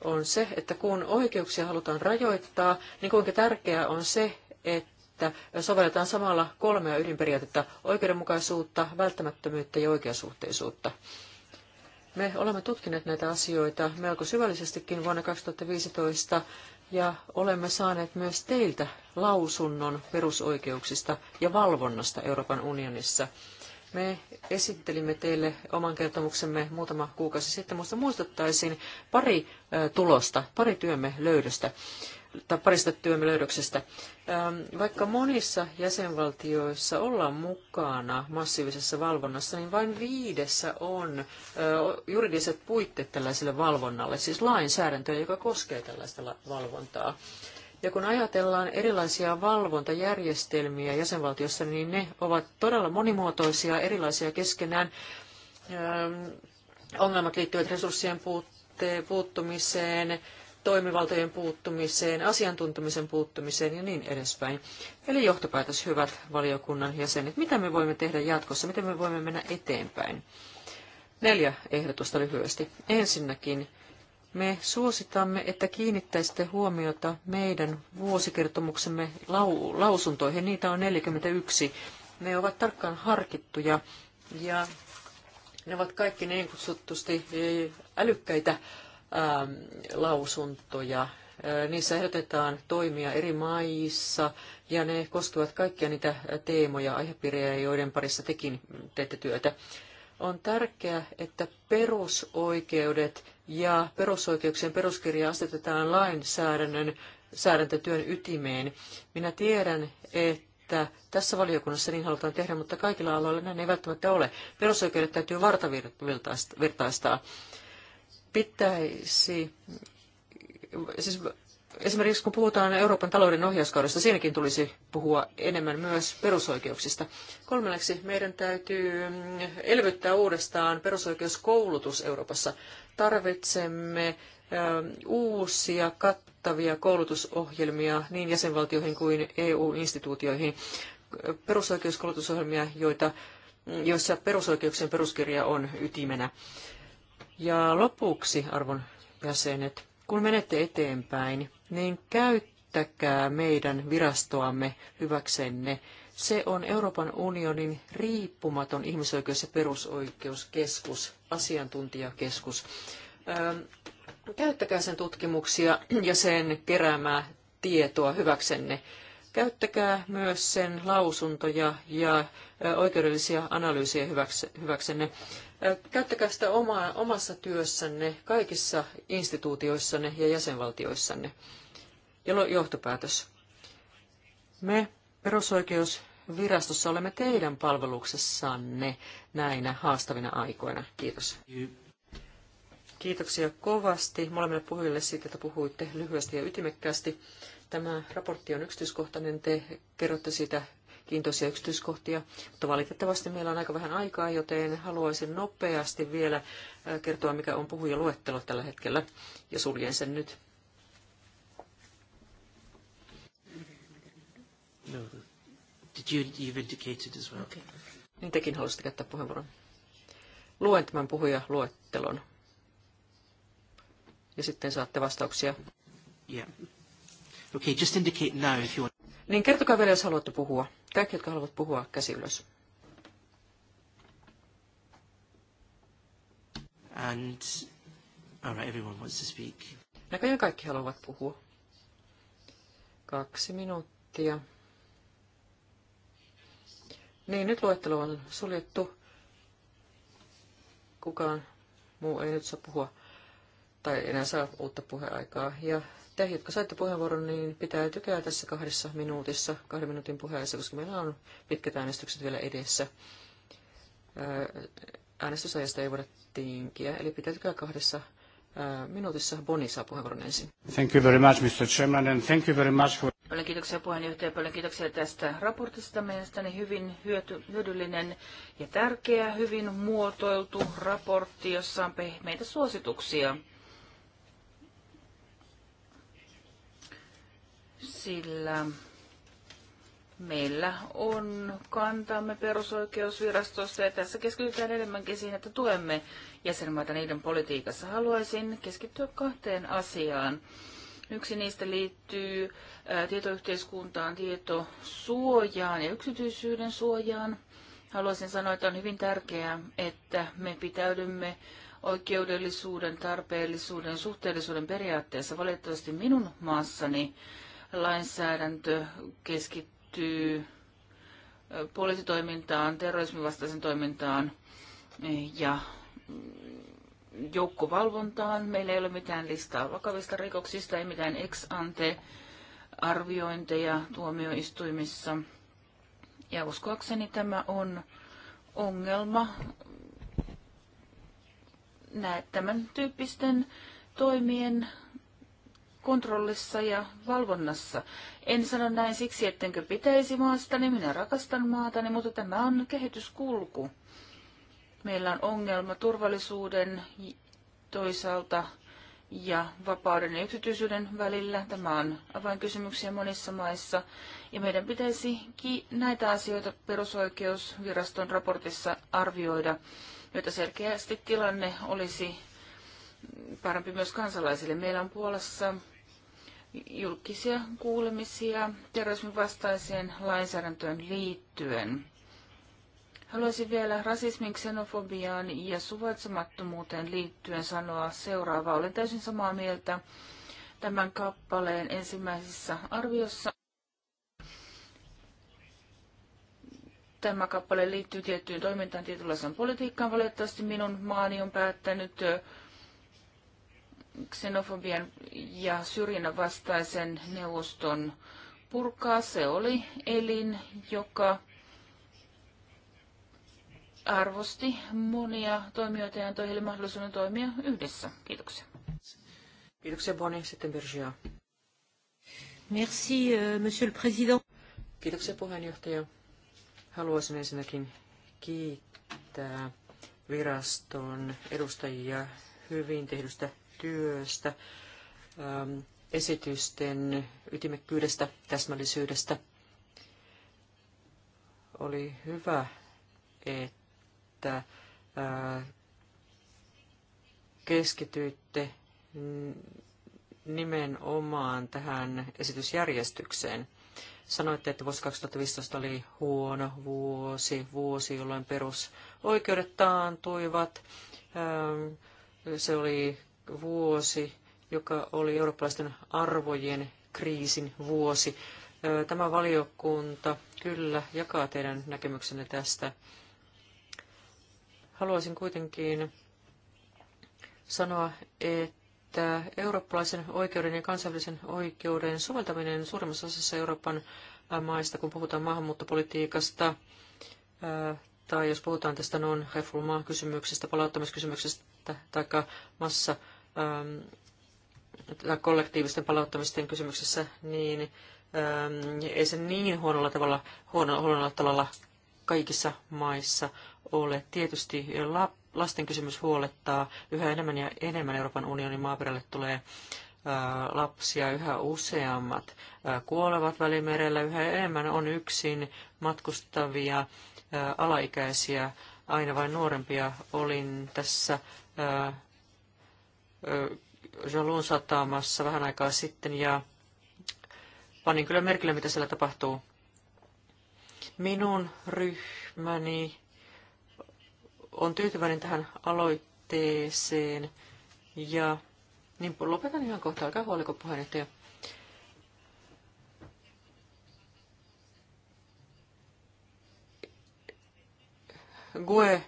on se, että kun oikeuksia halutaan rajoittaa, niin kuinka tärkeää on se, että sovelletaan samalla kolmea ydinperiaatetta, oikeudenmukaisuutta, välttämättömyyttä ja oikeasuhteisuutta. Me olemme tutkineet näitä asioita melko syvällisestikin vuonna 2015 ja olemme saaneet myös teiltä lausunnon perusoikeuksista ja valvonnasta Euroopan unionissa. Me esittelimme teille oman kertomuksemme muutama kuukausi sitten, mutta muistuttaisin pari tulosta, pari työmme löydöstä tai parista työmme ähm, Vaikka monissa jäsenvaltioissa ollaan mukana massiivisessa valvonnassa, niin vain viidessä on juridiset puitteet tällaiselle valvonnalle, siis lainsäädäntöä, joka koskee tällaista valvontaa. Ja kun ajatellaan erilaisia valvontajärjestelmiä jäsenvaltiossa, niin ne ovat todella monimuotoisia, erilaisia keskenään. Ähm, ongelmat liittyvät resurssien puuttumiseen, toimivaltojen puuttumiseen, asiantuntemisen puuttumiseen ja niin edespäin. Eli johtopäätös, hyvät valiokunnan jäsenet, mitä me voimme tehdä jatkossa, miten me voimme mennä eteenpäin. Neljä ehdotusta lyhyesti. Ensinnäkin me suositamme, että kiinnittäisitte huomiota meidän vuosikertomuksemme lausuntoihin. Niitä on 41. Ne ovat tarkkaan harkittuja ja ne ovat kaikki niin kutsutusti älykkäitä Ähm, lausuntoja. Niissä ehdotetaan toimia eri maissa ja ne koskevat kaikkia niitä teemoja, aihepiirejä, joiden parissa tekin teette työtä. On tärkeää, että perusoikeudet ja perusoikeuksien peruskirja asetetaan lainsäädännön säädäntötyön ytimeen. Minä tiedän, että tässä valiokunnassa niin halutaan tehdä, mutta kaikilla aloilla näin ei välttämättä ole. Perusoikeudet täytyy vartavirtaistaa pitäisi, siis esimerkiksi kun puhutaan Euroopan talouden ohjauskaudesta, siinäkin tulisi puhua enemmän myös perusoikeuksista. Kolmanneksi meidän täytyy elvyttää uudestaan perusoikeuskoulutus Euroopassa. Tarvitsemme uusia kattavia koulutusohjelmia niin jäsenvaltioihin kuin EU-instituutioihin, perusoikeuskoulutusohjelmia, joita, joissa perusoikeuksien peruskirja on ytimenä. Ja lopuksi, arvon jäsenet, kun menette eteenpäin, niin käyttäkää meidän virastoamme hyväksenne. Se on Euroopan unionin riippumaton ihmisoikeus- ja perusoikeuskeskus, asiantuntijakeskus. Käyttäkää sen tutkimuksia ja sen keräämää tietoa hyväksenne. Käyttäkää myös sen lausuntoja ja oikeudellisia analyysejä hyväksenne. Käyttäkää sitä omassa työssänne, kaikissa instituutioissanne ja jäsenvaltioissanne. Ja johtopäätös. Me perusoikeusvirastossa olemme teidän palveluksessanne näinä haastavina aikoina. Kiitos. Kiitoksia kovasti molemmille puhujille siitä, että puhuitte lyhyesti ja ytimekkäästi. Tämä raportti on yksityiskohtainen, te kerrotte siitä kiintoisia yksityiskohtia, mutta valitettavasti meillä on aika vähän aikaa, joten haluaisin nopeasti vielä kertoa, mikä on puhujaluettelo tällä hetkellä, ja suljen sen nyt. No, did you, you've indicated as well. Okay. Niin tekin haluaisitte käyttää puheenvuoron. Luen tämän puhujaluettelon. Ja sitten saatte vastauksia. Yeah. Okay, just indicate now if you want. Niin kertokaa vielä, jos haluatte puhua. Kaikki, jotka haluavat puhua, käsi ylös. And, all right, everyone wants to speak. Näköjään kaikki haluavat puhua. Kaksi minuuttia. Niin, nyt luettelo on suljettu. Kukaan muu ei nyt saa puhua tai enää saa uutta puheaikaa. Ja te, jotka saitte puheenvuoron, niin pitäytykää tässä kahdessa minuutissa, kahden minuutin puheessa, koska meillä on pitkät äänestykset vielä edessä. Äänestysajasta ei voida tinkiä, eli pitäytykää kahdessa minuutissa. Boni saa puheenvuoron ensin. Thank you very much, Mr. Chairman, and thank you very much for... Paljon kiitoksia puheenjohtaja, paljon kiitoksia tästä raportista. Mielestäni hyvin hyöty, hyödyllinen ja tärkeä, hyvin muotoiltu raportti, jossa on pehmeitä suosituksia sillä meillä on kantamme perusoikeusvirastossa ja tässä keskitytään enemmänkin siihen, että tuemme jäsenmaita niiden politiikassa. Haluaisin keskittyä kahteen asiaan. Yksi niistä liittyy tietoyhteiskuntaan, tietosuojaan ja yksityisyyden suojaan. Haluaisin sanoa, että on hyvin tärkeää, että me pitäydymme oikeudellisuuden, tarpeellisuuden, suhteellisuuden periaatteessa. Valitettavasti minun maassani lainsäädäntö keskittyy poliisitoimintaan, terrorismin vastaisen toimintaan ja mm, joukkovalvontaan. Meillä ei ole mitään listaa vakavista rikoksista, ei mitään ex ante arviointeja tuomioistuimissa. Ja uskoakseni tämä on ongelma näet tämän tyyppisten toimien kontrollissa ja valvonnassa. En sano näin siksi, ettenkö pitäisi maastani, minä rakastan maatani, mutta tämä on kehityskulku. Meillä on ongelma turvallisuuden toisaalta ja vapauden ja yksityisyyden välillä. Tämä on avainkysymyksiä monissa maissa. Ja meidän pitäisi näitä asioita perusoikeusviraston raportissa arvioida, jotta selkeästi tilanne olisi parempi myös kansalaisille. Meillä on Puolassa julkisia kuulemisia terrorismin vastaiseen lainsäädäntöön liittyen. Haluaisin vielä rasismin, xenofobiaan ja suvaitsemattomuuteen liittyen sanoa seuraavaa. Olen täysin samaa mieltä tämän kappaleen ensimmäisessä arviossa. Tämä kappale liittyy tiettyyn toimintaan tietynlaiseen politiikkaan. Valitettavasti minun maani on päättänyt xenofobian ja syrjinnän vastaisen neuvoston purkaa. Se oli elin, joka arvosti monia toimijoita ja antoi heille mahdollisuuden toimia yhdessä. Kiitoksia. Kiitoksia Bonnie. Sitten Virgia. Merci, euh, monsieur le président. Kiitoksia puheenjohtaja. Haluaisin ensinnäkin kiittää viraston edustajia hyvin tehdystä työstä, ähm, esitysten ytimekkyydestä, täsmällisyydestä. Oli hyvä, että äh, keskityitte nimenomaan tähän esitysjärjestykseen. Sanoitte, että vuosi 2015 oli huono vuosi, vuosi, jolloin perusoikeudet taantuivat. Ähm, se oli vuosi, joka oli eurooppalaisten arvojen kriisin vuosi. Tämä valiokunta kyllä jakaa teidän näkemyksenne tästä. Haluaisin kuitenkin sanoa, että eurooppalaisen oikeuden ja kansainvälisen oikeuden soveltaminen suurimmassa osassa Euroopan maista, kun puhutaan maahanmuuttopolitiikasta, tai jos puhutaan tästä non-refoulement-kysymyksestä, palauttamiskysymyksestä tai massa Ähm, kollektiivisten palauttamisten kysymyksessä, niin ähm, ei se niin huonolla tavalla, huonolla tavalla kaikissa maissa ole. Tietysti lasten kysymys huolettaa. Yhä enemmän ja enemmän Euroopan unionin maaperälle tulee äh, lapsia, yhä useammat äh, kuolevat välimerellä, yhä enemmän on yksin matkustavia äh, alaikäisiä, aina vain nuorempia. Olin tässä Jalun satamassa vähän aikaa sitten ja panin kyllä merkille, mitä siellä tapahtuu. Minun ryhmäni on tyytyväinen tähän aloitteeseen ja niin lopetan ihan kohta, älkää huoliko puheenjohtaja. GUE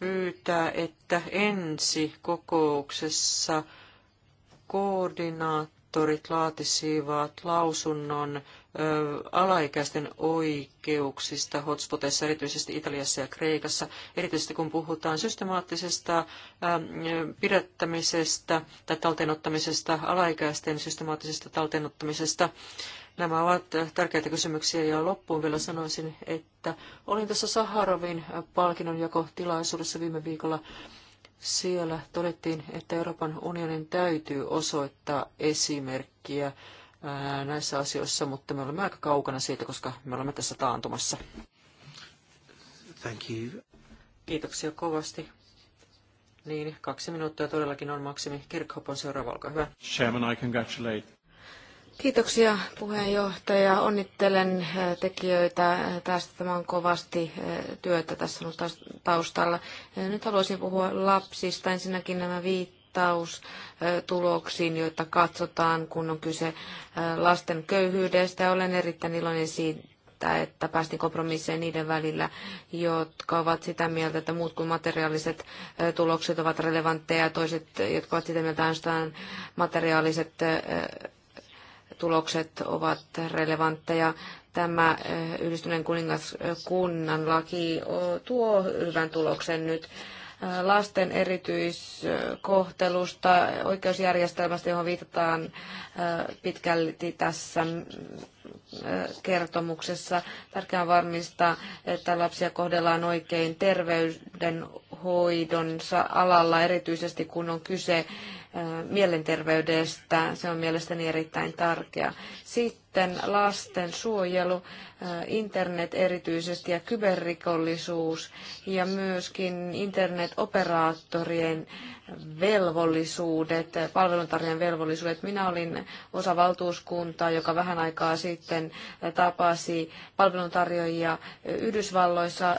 pyytää, että ensi kokouksessa koordinaattorit laatisivat lausunnon alaikäisten oikeuksista hotspoteissa, erityisesti Italiassa ja Kreikassa, erityisesti kun puhutaan systemaattisesta pidättämisestä tai talteenottamisesta, alaikäisten systemaattisesta talteenottamisesta. Nämä ovat tärkeitä kysymyksiä ja loppuun vielä sanoisin, että olin tässä Saharovin palkinnonjakotilaisuudessa viime viikolla siellä todettiin, että Euroopan unionin täytyy osoittaa esimerkkiä näissä asioissa, mutta me olemme aika kaukana siitä, koska me olemme tässä taantumassa. Thank you. Kiitoksia kovasti. Niin, kaksi minuuttia todellakin on maksimi. Kirkhop on seuraava, olkaa hyvä. Chairman, I congratulate. Kiitoksia puheenjohtaja. Onnittelen tekijöitä tästä. Tämä on kovasti työtä tässä taustalla. Nyt haluaisin puhua lapsista. Ensinnäkin nämä viit mittaustuloksiin, joita katsotaan, kun on kyse lasten köyhyydestä. Olen erittäin iloinen siitä, että päästiin kompromisseen niiden välillä, jotka ovat sitä mieltä, että muut kuin materiaaliset tulokset ovat relevantteja, ja toiset, jotka ovat sitä mieltä että materiaaliset tulokset ovat relevantteja. Tämä yhdistyneen kuningaskunnan laki tuo hyvän tuloksen nyt lasten erityiskohtelusta, oikeusjärjestelmästä, johon viitataan pitkälti tässä kertomuksessa. Tärkeää on varmistaa, että lapsia kohdellaan oikein terveydenhoidon alalla, erityisesti kun on kyse mielenterveydestä. Se on mielestäni erittäin tärkeä. Sitten lasten suojelu, internet erityisesti ja kyberrikollisuus ja myöskin internetoperaattorien velvollisuudet, palveluntarjoajan velvollisuudet. Minä olin osa valtuuskuntaa, joka vähän aikaa sitten tapasi palveluntarjoajia Yhdysvalloissa.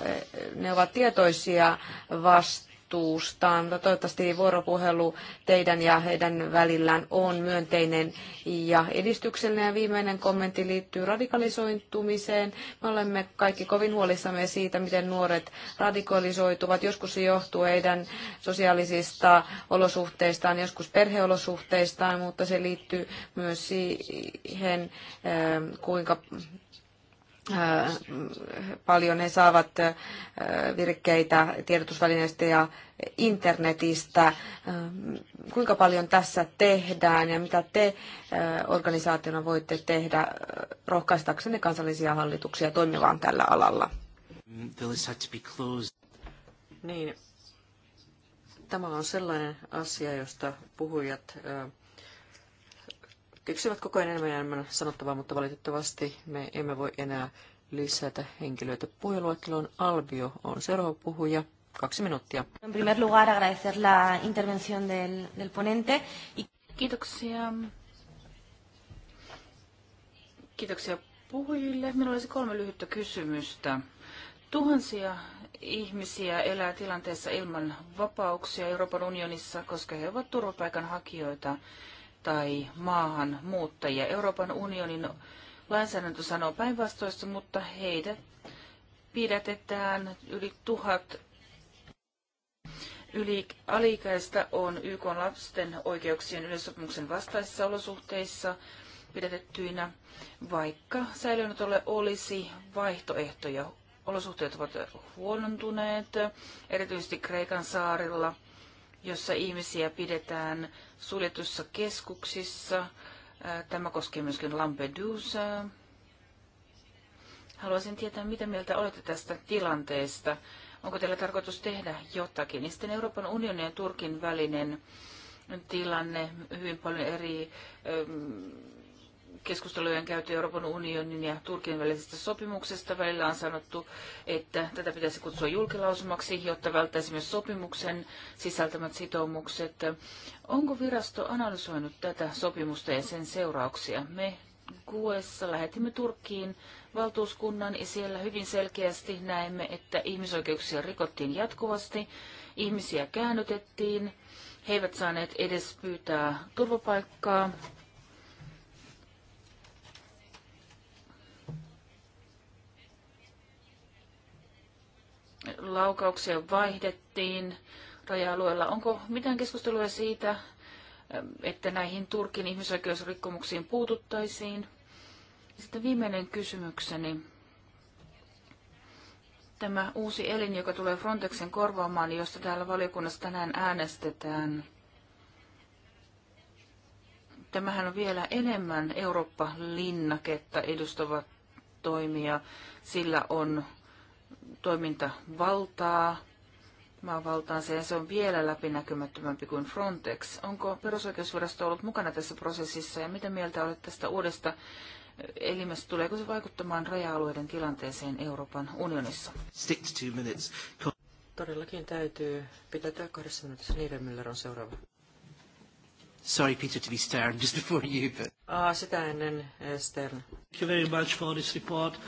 Ne ovat tietoisia vasta vastuustaan. No, toivottavasti vuoropuhelu teidän ja heidän välillään on myönteinen ja edistyksellinen. Ja viimeinen kommentti liittyy radikalisoitumiseen. Me olemme kaikki kovin huolissamme siitä, miten nuoret radikalisoituvat. Joskus se johtuu heidän sosiaalisista olosuhteistaan, joskus perheolosuhteistaan, mutta se liittyy myös siihen, eh, kuinka Äh, paljon he saavat äh, virkkeitä tiedotusvälineistä ja internetistä. Äh, kuinka paljon tässä tehdään ja mitä te organisaationa voitte tehdä rohkaistaksenne kansallisia hallituksia toimivaan tällä alalla? Niin, tämä on sellainen asia, josta puhujat keksivät koko ajan enemmän ja enemmän sanottavaa, mutta valitettavasti me emme voi enää lisätä henkilöitä puheluetteloon. Albio on seuraava puhuja. Kaksi minuuttia. En primer lugar agradecer la intervención del, del ponente. Kiitoksia. Kiitoksia puhujille. Minulla olisi kolme lyhyttä kysymystä. Tuhansia ihmisiä elää tilanteessa ilman vapauksia Euroopan unionissa, koska he ovat turvapaikanhakijoita tai maahan muuttajia. Euroopan unionin lainsäädäntö sanoo päinvastoista, mutta heidät pidätetään yli tuhat Yli alikäistä on YK lapsen oikeuksien yleissopimuksen vastaisissa olosuhteissa pidätettyinä, vaikka säilönotolle olisi vaihtoehtoja. Olosuhteet ovat huonontuneet, erityisesti Kreikan saarilla, jossa ihmisiä pidetään suljetussa keskuksissa. Tämä koskee myöskin Lampedusaa. Haluaisin tietää, mitä mieltä olette tästä tilanteesta. Onko teillä tarkoitus tehdä jotakin? Ja sitten Euroopan unionin ja Turkin välinen tilanne, hyvin paljon eri keskusteluja on käyty Euroopan unionin ja Turkin välisestä sopimuksesta. Välillä on sanottu, että tätä pitäisi kutsua julkilausumaksi, jotta myös sopimuksen sisältämät sitoumukset. Onko virasto analysoinut tätä sopimusta ja sen seurauksia? Me Kuessa lähetimme Turkkiin valtuuskunnan ja siellä hyvin selkeästi näemme, että ihmisoikeuksia rikottiin jatkuvasti, ihmisiä käännytettiin, he eivät saaneet edes pyytää turvapaikkaa laukauksia vaihdettiin raja-alueella. Onko mitään keskustelua siitä, että näihin Turkin ihmisoikeusrikkomuksiin puututtaisiin? Sitten viimeinen kysymykseni. Tämä uusi elin, joka tulee Frontexin korvaamaan, josta täällä valiokunnassa tänään äänestetään. Tämähän on vielä enemmän Eurooppa-linnaketta edustava toimija. Sillä on toimintavaltaa maavaltaansa ja se on vielä läpinäkymättömämpi kuin Frontex. Onko perusoikeusvirasto ollut mukana tässä prosessissa ja mitä mieltä olet tästä uudesta elimestä? Tuleeko se vaikuttamaan raja-alueiden tilanteeseen Euroopan unionissa? Six, two minutes. Todellakin täytyy pitäytyä kahdessa minuutissa. Müller on seuraava. Sorry, Peter, to be stern just before you, but... Ah, sitä ennen eh, Stern. Thank you very much for this report.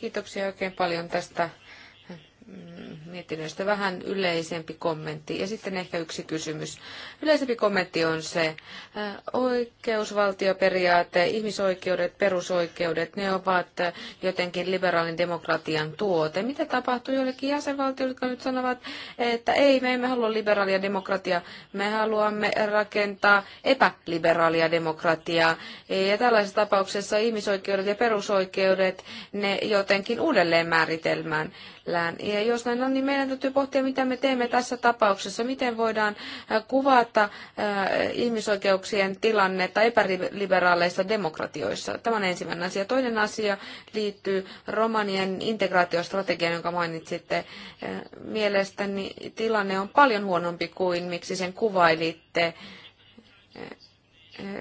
Kiitoksia oikein paljon tästä Mm, mietinnöstä vähän yleisempi kommentti ja sitten ehkä yksi kysymys. Yleisempi kommentti on se äh, oikeusvaltioperiaate, ihmisoikeudet, perusoikeudet, ne ovat jotenkin liberaalin demokratian tuote. Mitä tapahtuu joillekin jäsenvaltioille, jotka nyt sanovat, että ei, me emme halua liberaalia demokratiaa, me haluamme rakentaa epäliberaalia demokratiaa. Ja tällaisessa tapauksessa ihmisoikeudet ja perusoikeudet, ne jotenkin uudelleen määritelmään meneillään. Ja jos näin on, niin meidän täytyy pohtia, mitä me teemme tässä tapauksessa, miten voidaan kuvata ihmisoikeuksien tilannetta epäliberaaleissa demokratioissa. Tämä on ensimmäinen asia. Toinen asia liittyy Romanien integraatiostrategiaan, jonka mainitsitte. Mielestäni tilanne on paljon huonompi kuin miksi sen kuvailitte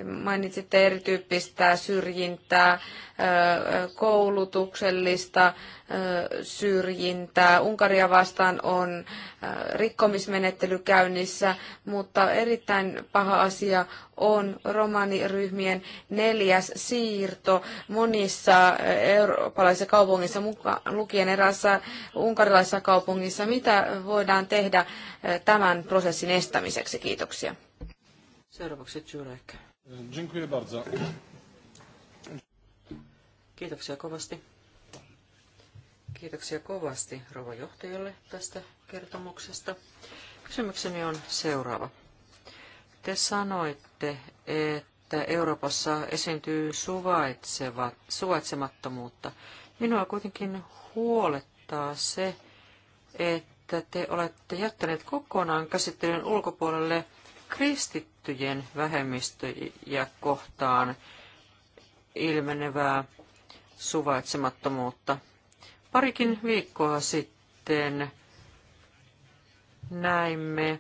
Mainitsitte erityyppistä syrjintää, koulutuksellista syrjintää. Unkaria vastaan on rikkomismenettely käynnissä, mutta erittäin paha asia on romaniryhmien neljäs siirto monissa eurooppalaisissa kaupungeissa, mukaan lukien erässä unkarilaisessa kaupungissa. Mitä voidaan tehdä tämän prosessin estämiseksi? Kiitoksia. Seuraavaksi Jurek. Dziękuję bardzo. Kiitoksia kovasti. Kiitoksia kovasti rouva johtajalle tästä kertomuksesta. Kysymykseni on seuraava. Te sanoitte, että Euroopassa esiintyy suvaitsemattomuutta. Minua kuitenkin huolettaa se, että te olette jättäneet kokonaan käsittelyn ulkopuolelle kristit tiettyjen vähemmistöjä kohtaan ilmenevää suvaitsemattomuutta. Parikin viikkoa sitten näimme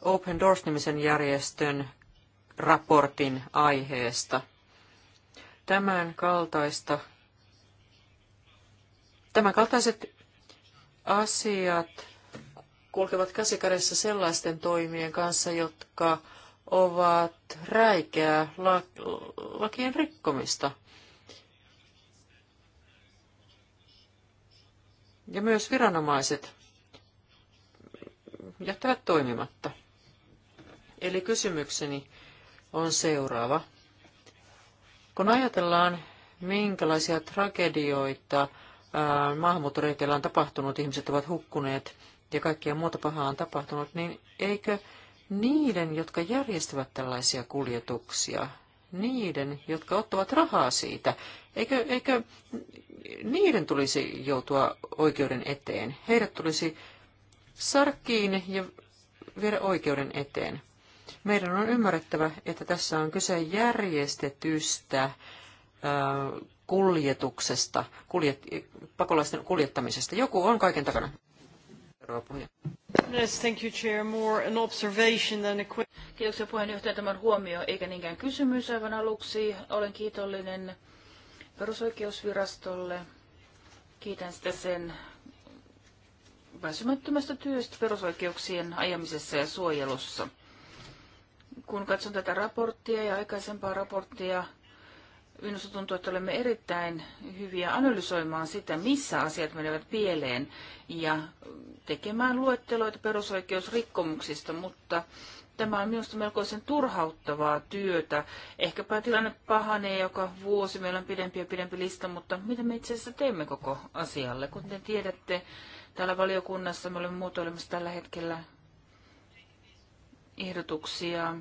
Open Doors-nimisen järjestön raportin aiheesta. Tämän kaltaista Tämän kaltaiset asiat kulkevat käsikädessä sellaisten toimien kanssa, jotka ovat räikeää lakien rikkomista. Ja myös viranomaiset jättävät toimimatta. Eli kysymykseni on seuraava. Kun ajatellaan, minkälaisia tragedioita maahanmuuttoreiteillä on tapahtunut, ihmiset ovat hukkuneet ja kaikkia muuta pahaa on tapahtunut, niin eikö niiden, jotka järjestävät tällaisia kuljetuksia, niiden, jotka ottavat rahaa siitä, eikö, eikö niiden tulisi joutua oikeuden eteen? Heidät tulisi sarkkiin ja viedä oikeuden eteen. Meidän on ymmärrettävä, että tässä on kyse järjestetystä äh, kuljetuksesta, kuljet, pakolaisten kuljettamisesta. Joku on kaiken takana. Yes, thank you, Chair. More an observation than a quick... Kiitoksia puheenjohtaja tämän huomio, eikä niinkään kysymys aivan aluksi. Olen kiitollinen perusoikeusvirastolle. Kiitän sitä sen väsymättömästä työstä perusoikeuksien ajamisessa ja suojelussa. Kun katson tätä raporttia ja aikaisempaa raporttia, minusta tuntuu, että olemme erittäin hyviä analysoimaan sitä, missä asiat menevät pieleen ja tekemään luetteloita perusoikeusrikkomuksista, mutta tämä on minusta melkoisen turhauttavaa työtä. Ehkäpä tilanne pahanee joka vuosi, meillä on pidempi ja pidempi lista, mutta mitä me itse asiassa teemme koko asialle? Kuten tiedätte, täällä valiokunnassa me olemme muotoilemassa tällä hetkellä ehdotuksia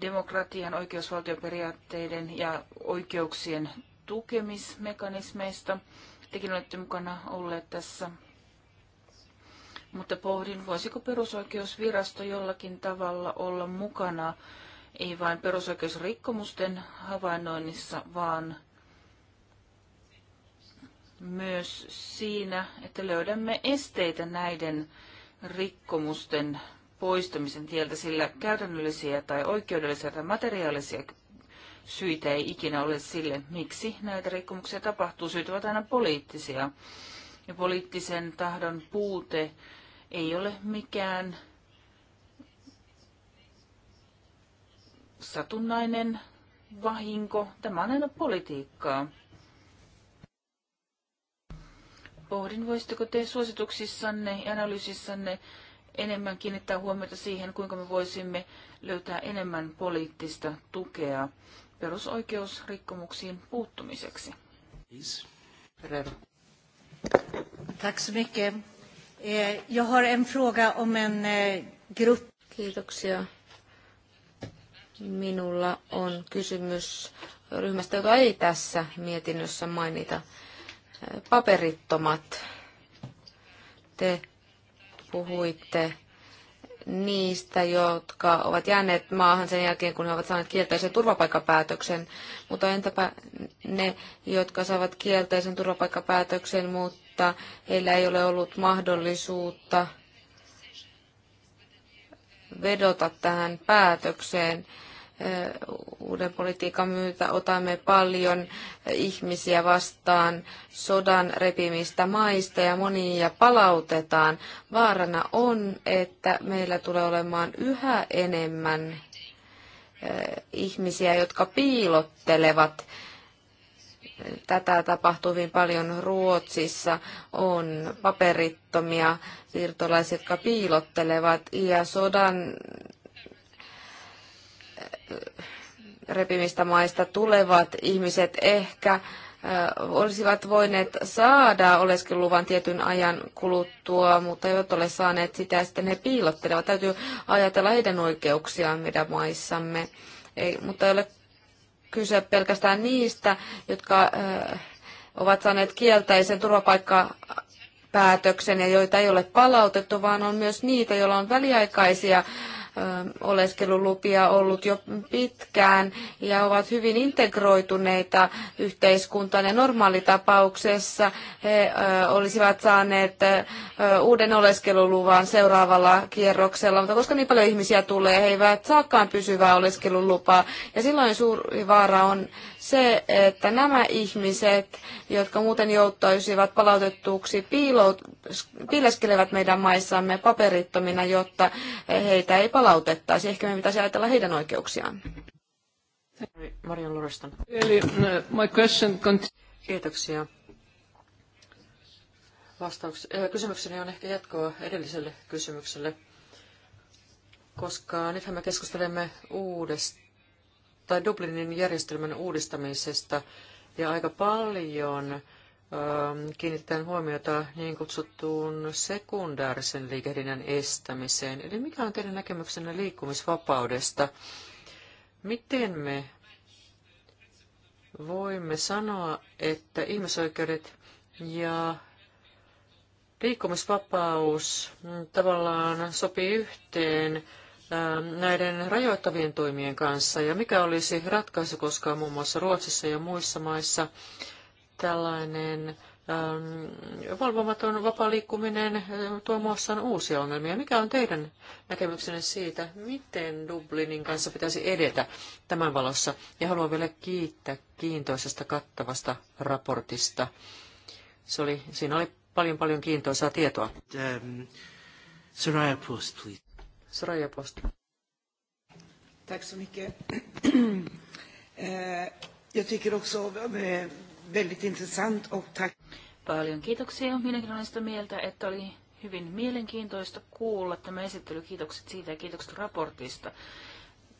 demokratian, oikeusvaltioperiaatteiden ja oikeuksien tukemismekanismeista. Tekin olette mukana olleet tässä. Mutta pohdin, voisiko perusoikeusvirasto jollakin tavalla olla mukana ei vain perusoikeusrikkomusten havainnoinnissa, vaan myös siinä, että löydämme esteitä näiden rikkomusten poistumisen tieltä, sillä käytännöllisiä tai oikeudellisia tai materiaalisia syitä ei ikinä ole sille, miksi näitä rikkomuksia tapahtuu. Syyt ovat aina poliittisia. Ja poliittisen tahdon puute ei ole mikään satunnainen vahinko. Tämä on aina politiikkaa. Pohdin, voisitteko te suosituksissanne ja analyysissanne enemmän kiinnittää huomiota siihen, kuinka me voisimme löytää enemmän poliittista tukea perusoikeusrikkomuksiin puuttumiseksi. Tack så mycket. Eh, jag har en fråga om en eh, grupp. Kiitoksia. Minulla on kysymys ryhmästä, joka ei tässä mietinnössä mainita. Eh, paperittomat. Te puhuitte niistä, jotka ovat jääneet maahan sen jälkeen, kun he ovat saaneet kielteisen turvapaikkapäätöksen. Mutta entäpä ne, jotka saavat kielteisen turvapaikkapäätöksen, mutta heillä ei ole ollut mahdollisuutta vedota tähän päätökseen uuden politiikan myötä otamme paljon ihmisiä vastaan sodan repimistä maista ja monia palautetaan. Vaarana on, että meillä tulee olemaan yhä enemmän ihmisiä, jotka piilottelevat tätä tapahtuu hyvin paljon Ruotsissa, on paperittomia siirtolaisia, jotka piilottelevat ja sodan repimistä maista tulevat ihmiset ehkä olisivat voineet saada oleskeluluvan tietyn ajan kuluttua, mutta eivät ole saaneet sitä ja sitten he piilottelevat. Täytyy ajatella heidän oikeuksiaan meidän maissamme. Ei, mutta ei ole kyse pelkästään niistä, jotka äh, ovat saaneet kieltäisen turvapaikkapäätöksen ja joita ei ole palautettu, vaan on myös niitä, joilla on väliaikaisia äh, oleskelulupia ollut jo pitkään ja ovat hyvin integroituneita yhteiskuntaan. Ja normaalitapauksessa he olisivat saaneet uuden oleskeluluvan seuraavalla kierroksella, mutta koska niin paljon ihmisiä tulee, he eivät saakaan pysyvää oleskelulupaa. Ja silloin suuri vaara on se, että nämä ihmiset, jotka muuten joutuisivat palautettuuksi, piilout, piileskelevät meidän maissamme paperittomina, jotta heitä ei palautettaisi. Ehkä me pitäisi ajatella heidän oikeuksiaan. Marion Loreston. Eli äh, my question Kiitoksia. Vastauks- äh, kysymykseni on ehkä jatkoa edelliselle kysymykselle, koska nythän me keskustelemme uudestaan tai Dublinin järjestelmän uudistamisesta ja aika paljon ähm, kiinnitetään huomiota niin kutsuttuun sekundaarisen liikehdinnän estämiseen. Eli mikä on teidän näkemyksenne liikkumisvapaudesta? Miten me voimme sanoa, että ihmisoikeudet ja liikkumisvapaus mm, tavallaan sopii yhteen Ähm, näiden rajoittavien toimien kanssa ja mikä olisi ratkaisu, koska muun muassa Ruotsissa ja muissa maissa tällainen ähm, valvomaton vapaa liikkuminen äh, tuo muassaan uusia ongelmia. Mikä on teidän näkemyksenne siitä, miten Dublinin kanssa pitäisi edetä tämän valossa? Ja haluan vielä kiittää kiintoisesta kattavasta raportista. Se oli, siinä oli paljon paljon kiintoisaa tietoa. Um, Soraya Post, please. Soraya Post. Tack så mycket. Eh, jag tycker också eh, väldigt intressant och tack. Paljon kiitoksia. Minäkin olen sitä mieltä, että oli hyvin mielenkiintoista kuulla tämä esittely. Kiitokset siitä ja kiitokset raportista.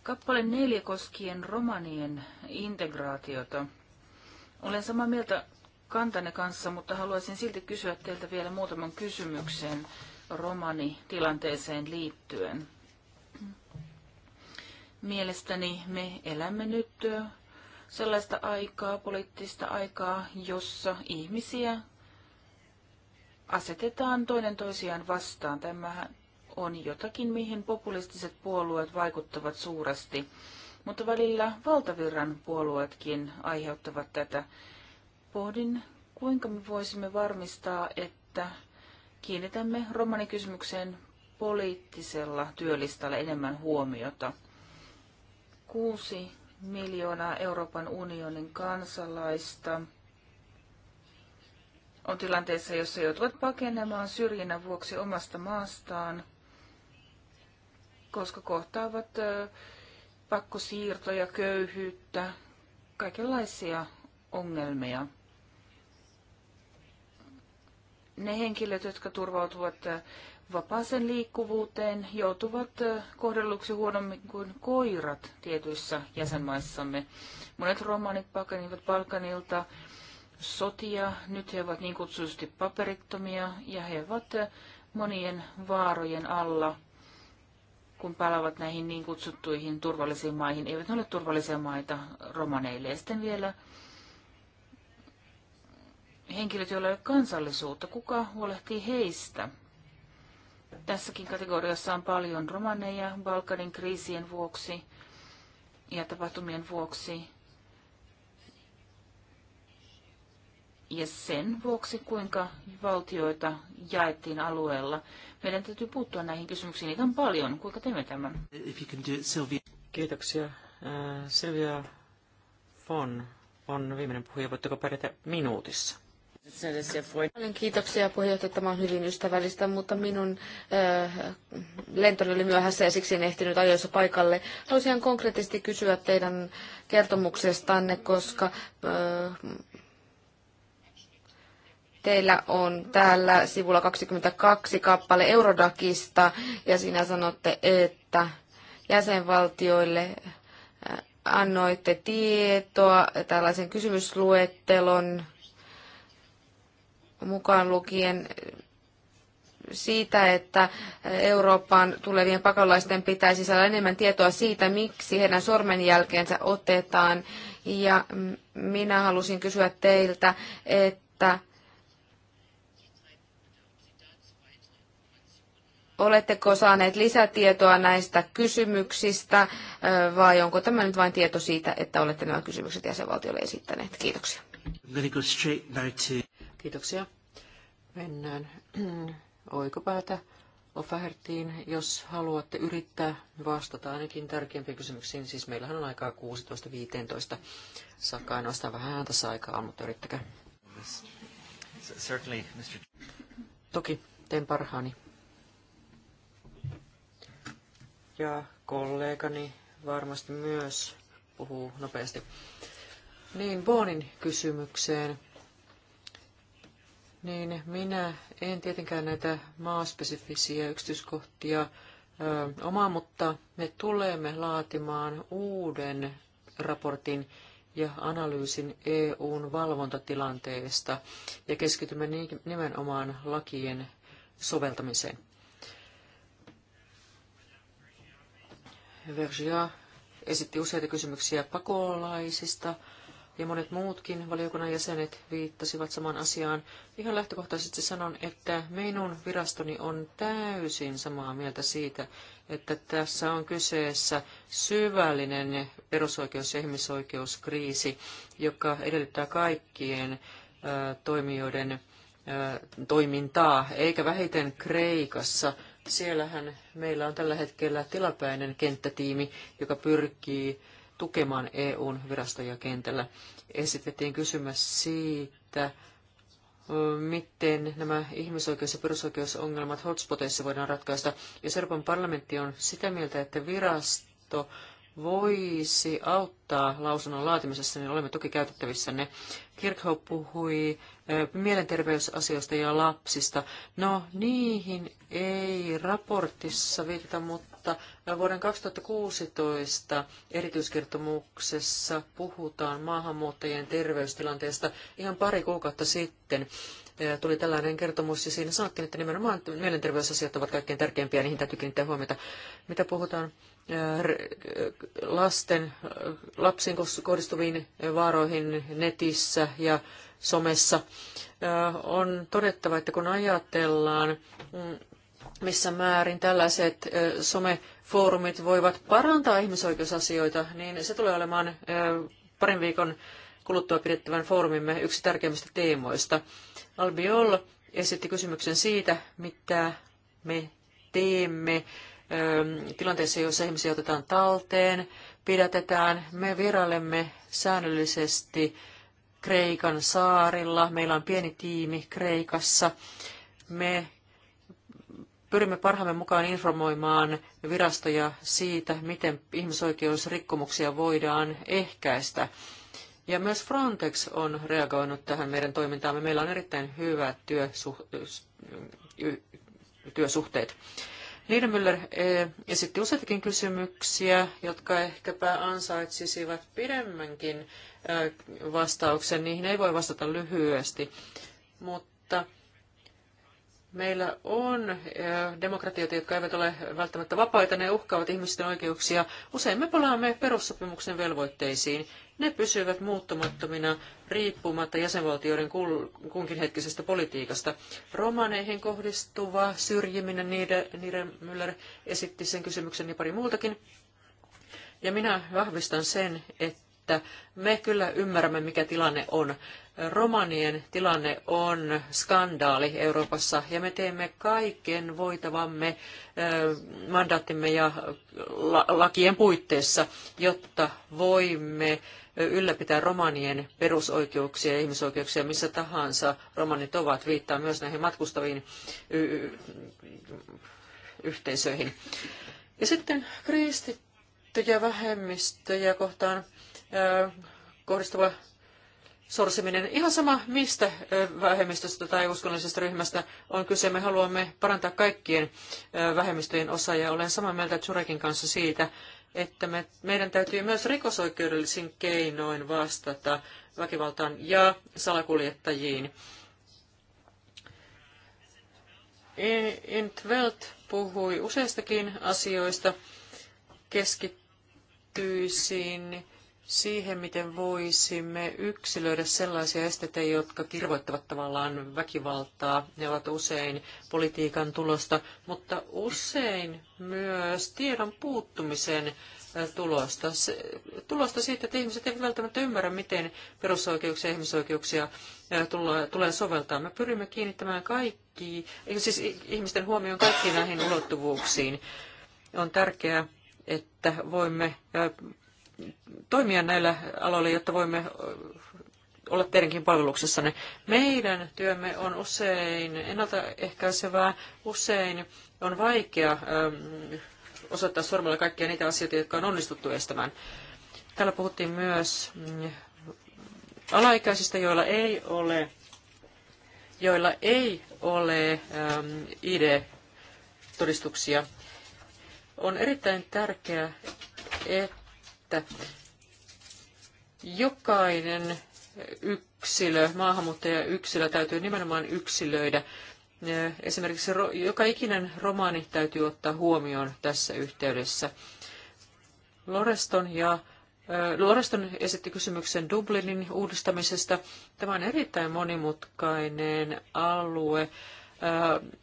Kappale neljä koskien romanien integraatiota. Olen samaa mieltä kantanne kanssa, mutta haluaisin silti kysyä teiltä vielä muutaman kysymyksen romanitilanteeseen liittyen. Mielestäni me elämme nyt sellaista aikaa, poliittista aikaa, jossa ihmisiä asetetaan toinen toisiaan vastaan. Tämä on jotakin, mihin populistiset puolueet vaikuttavat suuresti, mutta välillä valtavirran puolueetkin aiheuttavat tätä. Pohdin, kuinka me voisimme varmistaa, että kiinnitämme romanikysymykseen poliittisella työlistalla enemmän huomiota. Kuusi miljoonaa Euroopan unionin kansalaista on tilanteessa, jossa joutuvat pakenemaan syrjinnän vuoksi omasta maastaan, koska kohtaavat pakkosiirtoja, köyhyyttä, kaikenlaisia ongelmia ne henkilöt, jotka turvautuvat äh, vapaaseen liikkuvuuteen, joutuvat äh, kohdelluksi huonommin kuin koirat tietyissä jäsenmaissamme. Monet romanit pakenivat Balkanilta sotia, nyt he ovat niin kutsutusti paperittomia ja he ovat äh, monien vaarojen alla, kun palaavat näihin niin kutsuttuihin turvallisiin maihin. Eivät ne ole turvallisia maita romaneille. Ja sitten vielä henkilöt, joilla ei ole kansallisuutta. Kuka huolehtii heistä? Tässäkin kategoriassa on paljon romaneja Balkanin kriisien vuoksi ja tapahtumien vuoksi. Ja sen vuoksi, kuinka valtioita jaettiin alueella. Meidän täytyy puuttua näihin kysymyksiin. Niitä on paljon. Kuinka teemme tämän? It, Sylvia. Kiitoksia. Uh, äh, Silvia von on viimeinen puhuja. Voitteko pärjätä minuutissa? Paljon kiitoksia puheenjohtaja, tämä on hyvin ystävällistä, mutta minun äh, lentoni oli myöhässä ja siksi en ehtinyt ajoissa paikalle. Haluaisin ihan konkreettisesti kysyä teidän kertomuksestanne, koska äh, teillä on täällä sivulla 22 kappale Eurodakista ja sinä sanotte, että jäsenvaltioille äh, annoitte tietoa, tällaisen kysymysluettelon, mukaan lukien siitä, että Eurooppaan tulevien pakolaisten pitäisi saada enemmän tietoa siitä, miksi heidän sormenjälkeensä otetaan. Ja minä halusin kysyä teiltä, että oletteko saaneet lisätietoa näistä kysymyksistä vai onko tämä nyt vain tieto siitä, että olette nämä kysymykset jäsenvaltiolle esittäneet? Kiitoksia. Kiitoksia. Mennään oikopäätä Ofahertiin, Jos haluatte yrittää vastata ainakin tärkeimpiin kysymyksiin, niin siis meillähän on aikaa 16.15. Saakka ainoastaan vähän ääntä aikaa, mutta yrittäkää. Toki, teen parhaani. Ja kollegani varmasti myös puhuu nopeasti. Niin, Boonin kysymykseen. Niin minä en tietenkään näitä maaspesifisiä yksityiskohtia ö, omaa, mutta me tulemme laatimaan uuden raportin ja analyysin EUn valvontatilanteesta ja keskitymme nimenomaan lakien soveltamiseen. Vergia esitti useita kysymyksiä pakolaisista ja monet muutkin valiokunnan jäsenet viittasivat samaan asiaan. Ihan lähtökohtaisesti sanon, että minun virastoni on täysin samaa mieltä siitä, että tässä on kyseessä syvällinen perusoikeus- ja ihmisoikeuskriisi, joka edellyttää kaikkien toimijoiden toimintaa, eikä vähiten Kreikassa. Siellähän meillä on tällä hetkellä tilapäinen kenttätiimi, joka pyrkii tukemaan EUn virastoja kentällä. Esitettiin kysymys siitä, miten nämä ihmisoikeus- ja perusoikeusongelmat hotspoteissa voidaan ratkaista. Jos Euroopan parlamentti on sitä mieltä, että virasto voisi auttaa lausunnon laatimisessa, niin olemme toki käytettävissä ne. Kirkhope puhui mielenterveysasioista ja lapsista. No, niihin ei raportissa viitata, mutta mutta vuoden 2016 erityiskertomuksessa puhutaan maahanmuuttajien terveystilanteesta. Ihan pari kuukautta sitten eh, tuli tällainen kertomus ja siinä sanottiin, että nimenomaan mielenterveysasiat ovat kaikkein tärkeimpiä ja niihin täytyy kiinnittää huomiota. Mitä puhutaan eh, eh, lasten, lapsiin kohdistuviin vaaroihin netissä ja somessa. On todettava, että kun ajatellaan mm, missä määrin tällaiset somefoorumit voivat parantaa ihmisoikeusasioita, niin se tulee olemaan parin viikon kuluttua pidettävän foorumimme yksi tärkeimmistä teemoista. Albiol esitti kysymyksen siitä, mitä me teemme tilanteessa, jossa ihmisiä otetaan talteen, pidätetään. Me virailemme säännöllisesti Kreikan saarilla. Meillä on pieni tiimi Kreikassa. Me Pyrimme parhaamme mukaan informoimaan virastoja siitä, miten ihmisoikeusrikkomuksia voidaan ehkäistä. Ja myös Frontex on reagoinut tähän meidän toimintaamme. Meillä on erittäin hyvät työsuhteet. Niedemüller e, esitti useitakin kysymyksiä, jotka ehkäpä ansaitsisivat pidemmänkin vastauksen. Niihin ei voi vastata lyhyesti, mutta Meillä on demokratioita, jotka eivät ole välttämättä vapaita, ne uhkaavat ihmisten oikeuksia. Usein me palaamme perussopimuksen velvoitteisiin. Ne pysyvät muuttumattomina riippumatta jäsenvaltioiden kunkin hetkisestä politiikasta. Romaneihin kohdistuva syrjiminen, niiden Müller esitti sen kysymyksen ja pari muutakin. Ja minä vahvistan sen, että että me kyllä ymmärrämme, mikä tilanne on. Romanien tilanne on skandaali Euroopassa ja me teemme kaiken voitavamme mandaattimme ja lakien puitteissa, jotta voimme ylläpitää romanien perusoikeuksia ja ihmisoikeuksia missä tahansa romanit ovat. Viittaa myös näihin matkustaviin yhteisöihin. Ja sitten kristittyjä vähemmistöjä kohtaan kohdistuva sorsiminen. Ihan sama, mistä vähemmistöstä tai uskonnollisesta ryhmästä on kyse. Me haluamme parantaa kaikkien vähemmistöjen osaa ja olen samaa mieltä Jurekin kanssa siitä, että me, meidän täytyy myös rikosoikeudellisin keinoin vastata väkivaltaan ja salakuljettajiin. Intvelt puhui useistakin asioista. Keskittyisin siihen, miten voisimme yksilöidä sellaisia esteitä, jotka kirvoittavat tavallaan väkivaltaa. Ne ovat usein politiikan tulosta, mutta usein myös tiedon puuttumisen äh, tulosta. Se, tulosta siitä, että ihmiset eivät välttämättä ymmärrä, miten perusoikeuksia ja ihmisoikeuksia äh, tulee soveltaa. Me pyrimme kiinnittämään kaikki, eh, siis ihmisten huomioon kaikkiin näihin ulottuvuuksiin. On tärkeää, että voimme äh, toimia näillä aloilla, jotta voimme olla teidänkin palveluksessanne. Meidän työmme on usein ennaltaehkäisevää, usein on vaikea osoittaa sormella kaikkia niitä asioita, jotka on onnistuttu estämään. Täällä puhuttiin myös mm, alaikäisistä, joilla ei ole, joilla ei ole ID-todistuksia. On erittäin tärkeää, että että jokainen yksilö, maahanmuuttaja yksilö täytyy nimenomaan yksilöidä. Esimerkiksi joka ikinen romaani täytyy ottaa huomioon tässä yhteydessä. Loreston ja Loreston esitti kysymyksen Dublinin uudistamisesta. Tämä on erittäin monimutkainen alue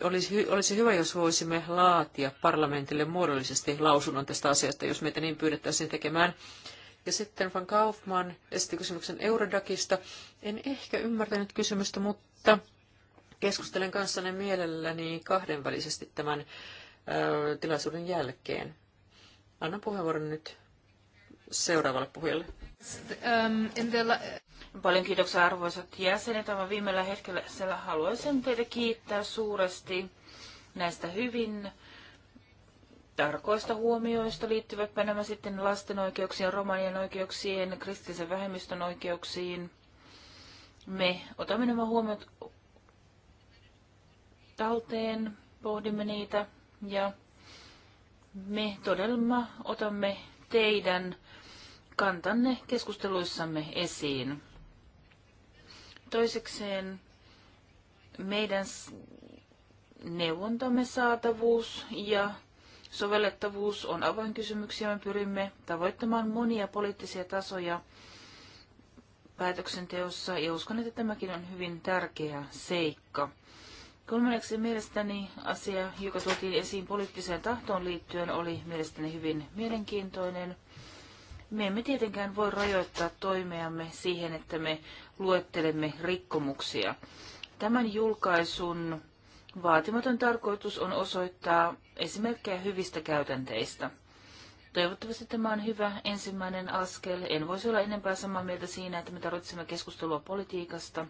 olisi, olisi hyvä, jos voisimme laatia parlamentille muodollisesti lausunnon tästä asiasta, jos meitä niin pyydettäisiin tekemään. Ja sitten Van Kaufman esitti kysymyksen Eurodakista. En ehkä ymmärtänyt kysymystä, mutta keskustelen kanssanne mielelläni kahdenvälisesti tämän tilaisuuden jälkeen. Annan puheenvuoron nyt seuraavalle puhujalle. Um, Paljon kiitoksia arvoisat jäsenet. Aivan viimeisellä hetkellä haluaisin teitä kiittää suuresti näistä hyvin tarkoista huomioista, liittyvät nämä sitten lasten oikeuksien, romanien oikeuksien, kristillisen vähemmistön oikeuksiin. Me otamme nämä huomiot talteen, pohdimme niitä ja me todella otamme teidän kantanne keskusteluissamme esiin. Toisekseen meidän neuvontamme saatavuus ja sovellettavuus on avainkysymyksiä. Me pyrimme tavoittamaan monia poliittisia tasoja päätöksenteossa ja uskon, että tämäkin on hyvin tärkeä seikka. Kolmanneksi mielestäni asia, joka tuotiin esiin poliittiseen tahtoon liittyen, oli mielestäni hyvin mielenkiintoinen. Me emme tietenkään voi rajoittaa toimeamme siihen, että me luettelemme rikkomuksia. Tämän julkaisun vaatimaton tarkoitus on osoittaa esimerkkejä hyvistä käytänteistä. Toivottavasti tämä on hyvä ensimmäinen askel. En voisi olla enempää samaa mieltä siinä, että me tarvitsemme keskustelua politiikasta.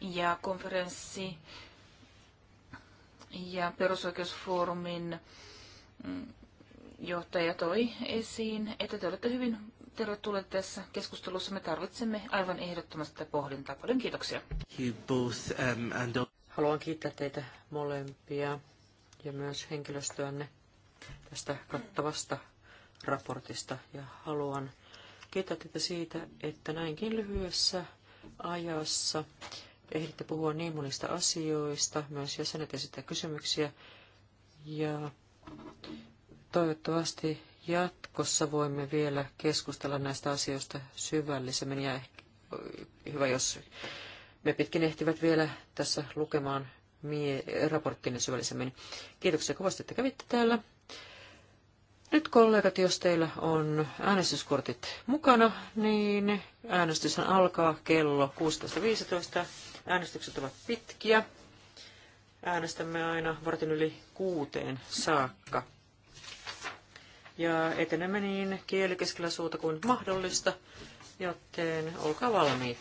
Ja konferenssi ja perusoikeusfoorumin mm, johtaja toi esiin, että te olette hyvin tervetulleet tässä keskustelussa. Me tarvitsemme aivan ehdottomasti tätä pohdintaa. Paljon kiitoksia. Um, haluan kiittää teitä molempia ja myös henkilöstöänne tästä kattavasta raportista ja haluan kiittää teitä siitä, että näinkin lyhyessä ajassa ehditte puhua niin monista asioista, myös jäsenet esittää kysymyksiä ja Toivottavasti jatkossa voimme vielä keskustella näistä asioista syvällisemmin ja ehkä, hyvä, jos me pitkin ehtivät vielä tässä lukemaan mie- raporttinne syvällisemmin. Kiitoksia kovasti, että kävitte täällä. Nyt kollegat, jos teillä on äänestyskortit mukana, niin äänestys alkaa kello 16.15. Äänestykset ovat pitkiä. Äänestämme aina vartin yli kuuteen saakka ja etenemme niin kieli keskellä suuta kuin mahdollista, joten olkaa valmiit.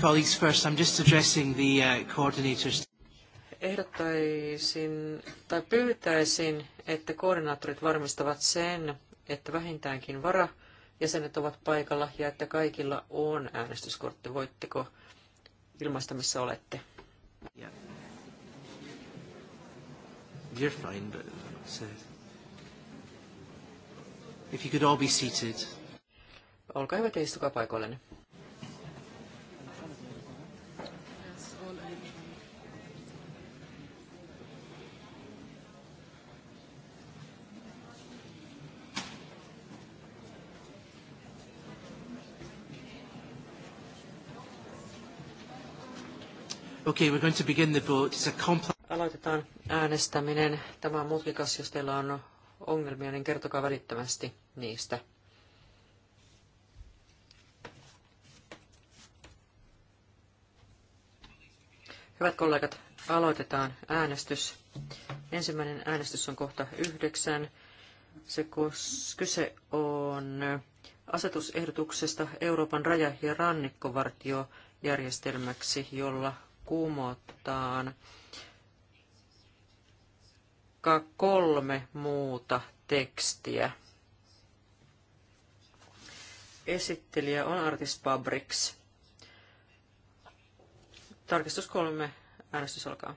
colleagues first. I'm just addressing the uh, coordinators. Ehdottaisin tai pyytäisin, että koordinaattorit varmistavat sen, että vähintäänkin vara jäsenet ovat paikalla ja että kaikilla on äänestyskortti. Voitteko ilmaista, missä olette? Yeah. You're fine, but if you could all be seated. Olkaa hyvät ja istukaa paikoillenne. Okay, we're going to begin the vote. It's a complex... Aloitetaan äänestäminen. Tämä on mutkikas, jos teillä on ongelmia, niin kertokaa välittömästi niistä. Hyvät kollegat, aloitetaan äänestys. Ensimmäinen äänestys on kohta yhdeksän. Se kyse on asetusehdotuksesta Euroopan raja- ja rannikkovartiojärjestelmäksi, jolla kumotaan kolme muuta tekstiä. Esittelijä on Artist Fabrics. Tarkistus kolme, äänestys alkaa.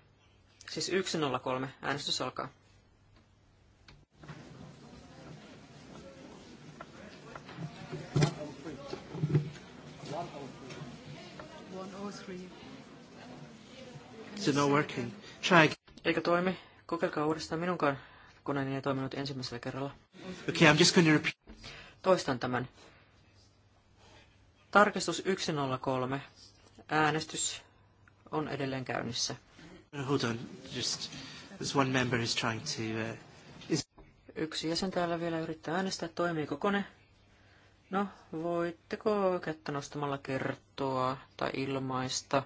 Siis 103, äänestys alkaa. One, oh, three. It's not working. Try. Eikö toimi. Kokeilkaa uudestaan minunkaan. Koneeni ei toiminut ensimmäisellä kerralla. Okay, I'm just going to repeat. Toistan tämän. Tarkistus 103. Äänestys on edelleen käynnissä. Hold on, just there's one member is trying to... Uh, is... Yksi jäsen täällä vielä yrittää äänestää, toimiiko kone? No, voitteko kättä nostamalla kertoa tai ilmaista?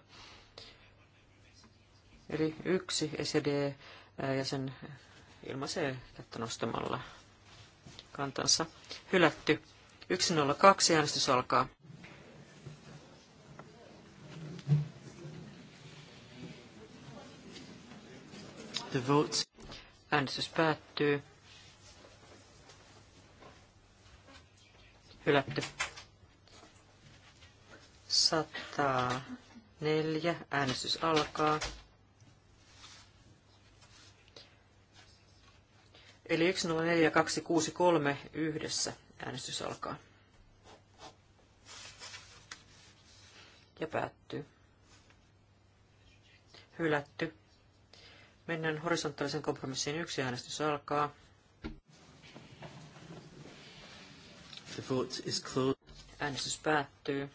Eli yksi ECD ja sen ilmaisee kättä nostamalla kantansa. Hylätty. 102 äänestys alkaa. The votes. Äänestys päättyy. Hylätty. 104. Äänestys alkaa. Eli 104263 yhdessä äänestys alkaa. Ja päättyy. Hylätty. Mennään horisontaalisen kompromissiin. Yksi äänestys alkaa. The vote is closed. Äänestys päättyy.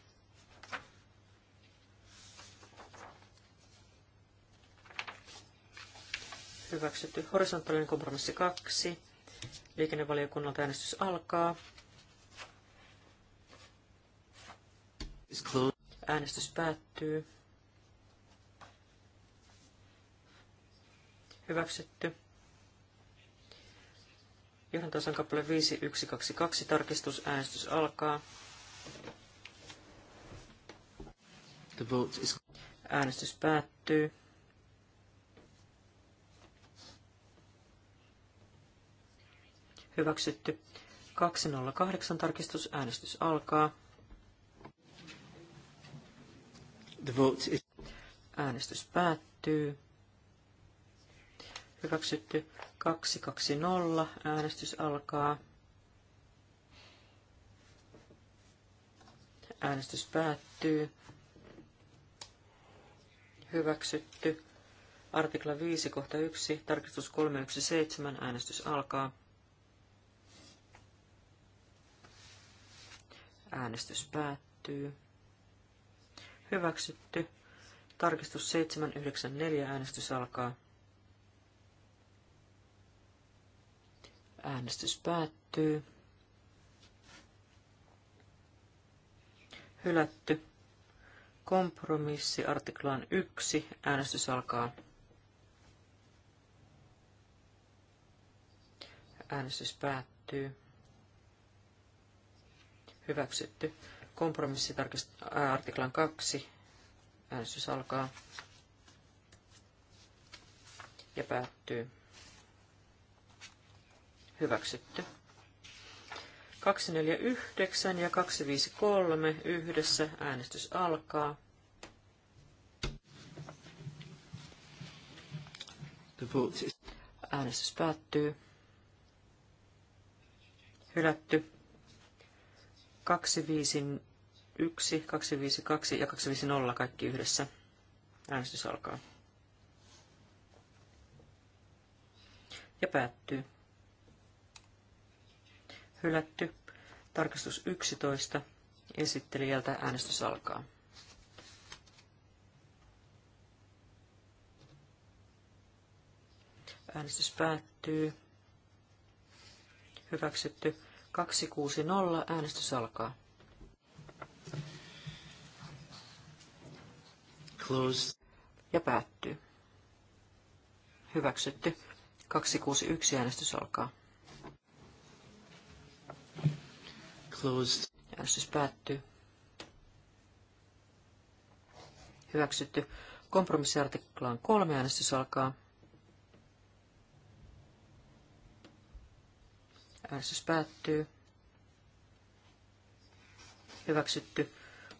hyväksytty. Horisontaalinen kompromissi 2. Liikennevaliokunnalta äänestys alkaa. Äänestys päättyy. Hyväksytty. Johdantosan kappale 5122 Äänestys alkaa. Äänestys päättyy. hyväksytty. 208 tarkistus, äänestys alkaa. The vote is... Äänestys päättyy. Hyväksytty 220. Äänestys alkaa. Äänestys päättyy. Hyväksytty. Artikla 5, kohta 1, tarkistus 317, äänestys alkaa. Äänestys päättyy. Hyväksytty. Tarkistus 794. Äänestys alkaa. Äänestys päättyy. Hylätty. Kompromissi artiklaan 1. Äänestys alkaa. Äänestys päättyy hyväksytty. Kompromissi artiklan 2. Äänestys alkaa ja päättyy. Hyväksytty. 249 ja 253 yhdessä äänestys alkaa. Äänestys päättyy. Hylätty. 251, 252 ja 250 kaikki yhdessä. Äänestys alkaa. Ja päättyy. Hylätty. Tarkastus 11. Esittelijältä äänestys alkaa. Äänestys päättyy. Hyväksytty. 260. Äänestys alkaa. Close. Ja päättyy. Hyväksytty. 261. Äänestys alkaa. Closed. Äänestys päättyy. Hyväksytty. Kompromissiartiklaan kolme äänestys alkaa. Äänestys päättyy. Hyväksytty.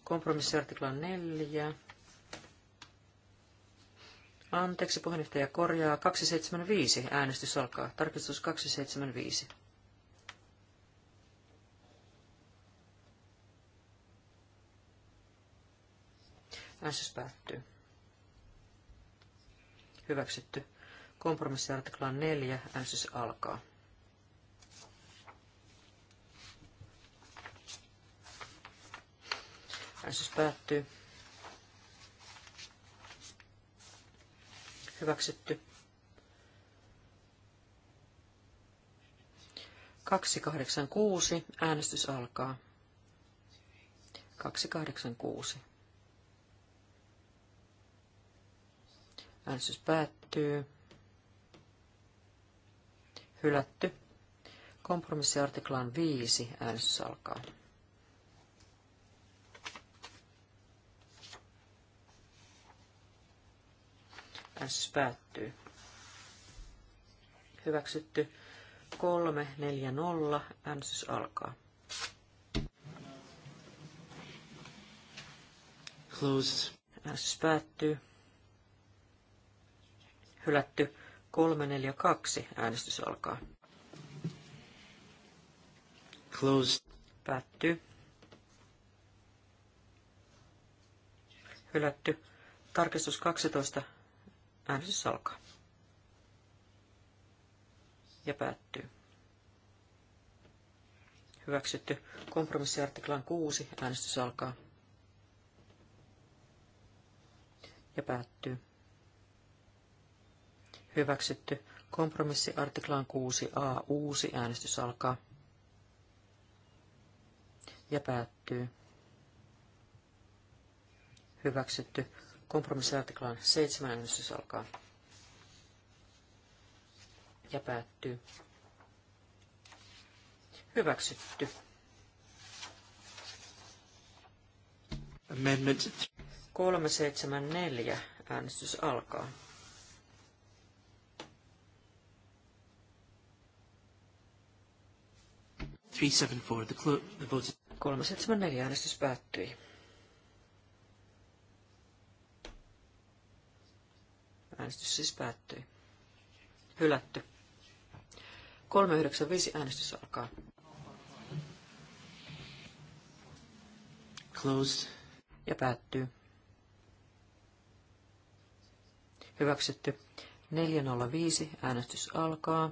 Kompromissiartikla 4. Anteeksi, puheenjohtaja korjaa. 275 äänestys alkaa. Tarkistus 275. Äänestys päättyy. Hyväksytty. Kompromissiartikla 4. Äänestys alkaa. Äänestys päättyy. Hyväksytty. 286. Äänestys alkaa. 286. Äänestys päättyy. Hylätty. Kompromissiartiklaan 5. Äänestys alkaa. Äänestys päättyy. Hyväksytty. 0. Äänestys alkaa. Closed. Äänestys päättyy. Hylätty. 2. Äänestys alkaa. Closed. Päättyy. Hylätty. Tarkistus 12. Äänestys alkaa. Ja päättyy. Hyväksytty. Kompromissiartiklan 6. Äänestys alkaa. Ja päättyy. Hyväksytty. Kompromissiartiklan 6a. Uusi äänestys alkaa. Ja päättyy. Hyväksytty. Kompromissiartiklaan 7 äänestys alkaa ja päättyy. Hyväksytty. Amendment 374 äänestys alkaa. Three seven four. The, the vote. 374 äänestys päättyi. Äänestys siis päättyi. Hylätty. 395 äänestys alkaa. Closed. Ja päättyy. Hyväksytty. 405 äänestys alkaa.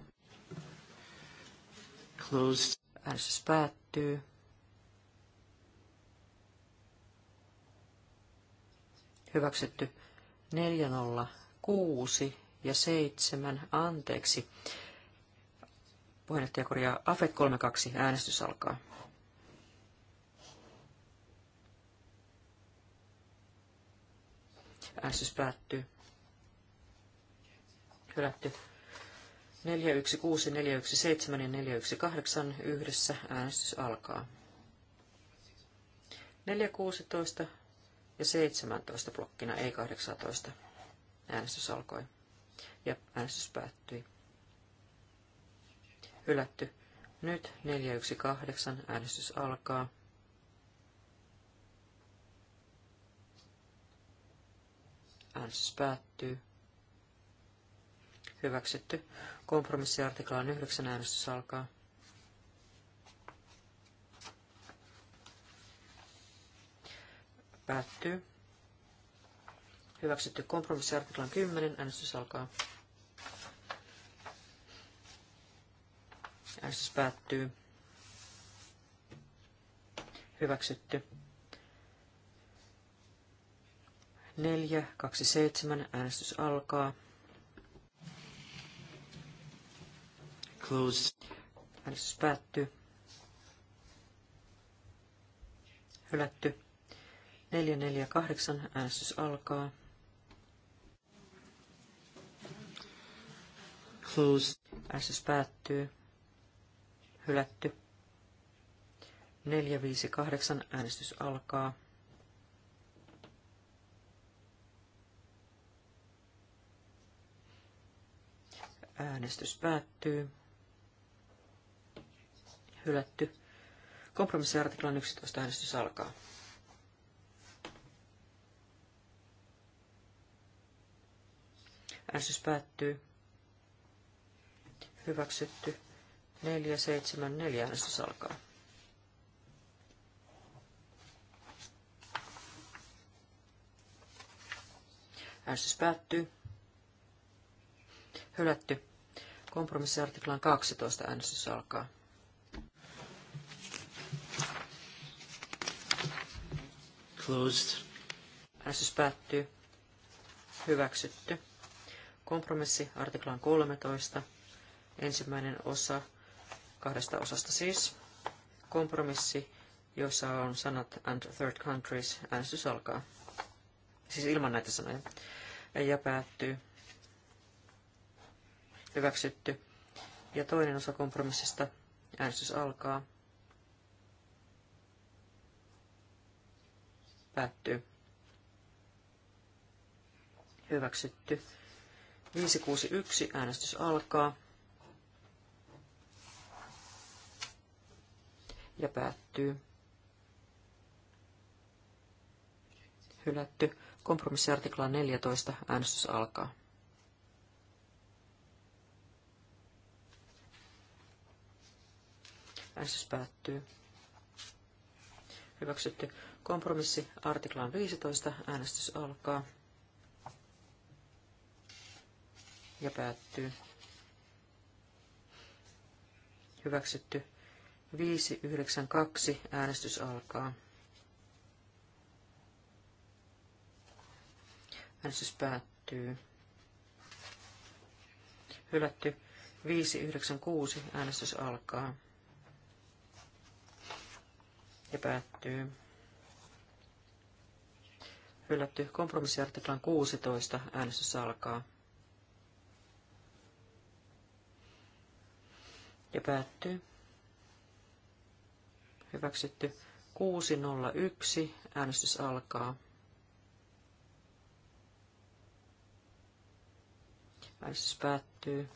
Closed. Äänestys päättyy. Hyväksytty. 406 6 ja 7, anteeksi. Puheenjohtaja korjaa AFET 32, äänestys alkaa. Äänestys päättyy. Hylätty. 416, 417 ja 418 yhdessä äänestys alkaa. 416 ja 17 blokkina, ei 18. Äänestys alkoi ja äänestys päättyi. Hylätty. Nyt 418 äänestys alkaa. Äänestys päättyy. Hyväksytty. Kompromissiartiklaan 9 äänestys alkaa. Päättyy. Hyväksytty kompromissiartiklan 10. Äänestys alkaa. Äänestys päättyy. Hyväksytty. 4, 2, 7. Äänestys alkaa. Close. Äänestys päättyy. Hylätty. 448 äänestys alkaa. closed. Äänestys päättyy. Hylätty. 458 äänestys alkaa. Äänestys päättyy. Hylätty. Kompromissiartiklan 11 äänestys alkaa. Äänestys päättyy. Hyväksytty. 474 äänestys alkaa. Äänestys päättyy. Hylätty. Kompromissiartiklan 12 äänestys alkaa. Closed. Äänestys päättyy. Hyväksytty. Kompromissi artiklaan 13. Ensimmäinen osa, kahdesta osasta siis. Kompromissi, jossa on sanat and third countries. Äänestys alkaa. Siis ilman näitä sanoja. Ja päättyy. Hyväksytty. Ja toinen osa kompromissista. Äänestys alkaa. Päättyy. Hyväksytty. 561. Äänestys alkaa. ja päättyy. Hylätty. Kompromissiartikla 14. Äänestys alkaa. Äänestys päättyy. Hyväksytty. Kompromissi artiklaan 15. Äänestys alkaa. Ja päättyy. Hyväksytty. 592 äänestys alkaa. Äänestys päättyy. Hylätty 596 äänestys alkaa. Ja päättyy. Hylätty kompromissiartiklan 16 äänestys alkaa. Ja päättyy. Hyväksytty 601. Äänestys alkaa. Äänestys päättyy.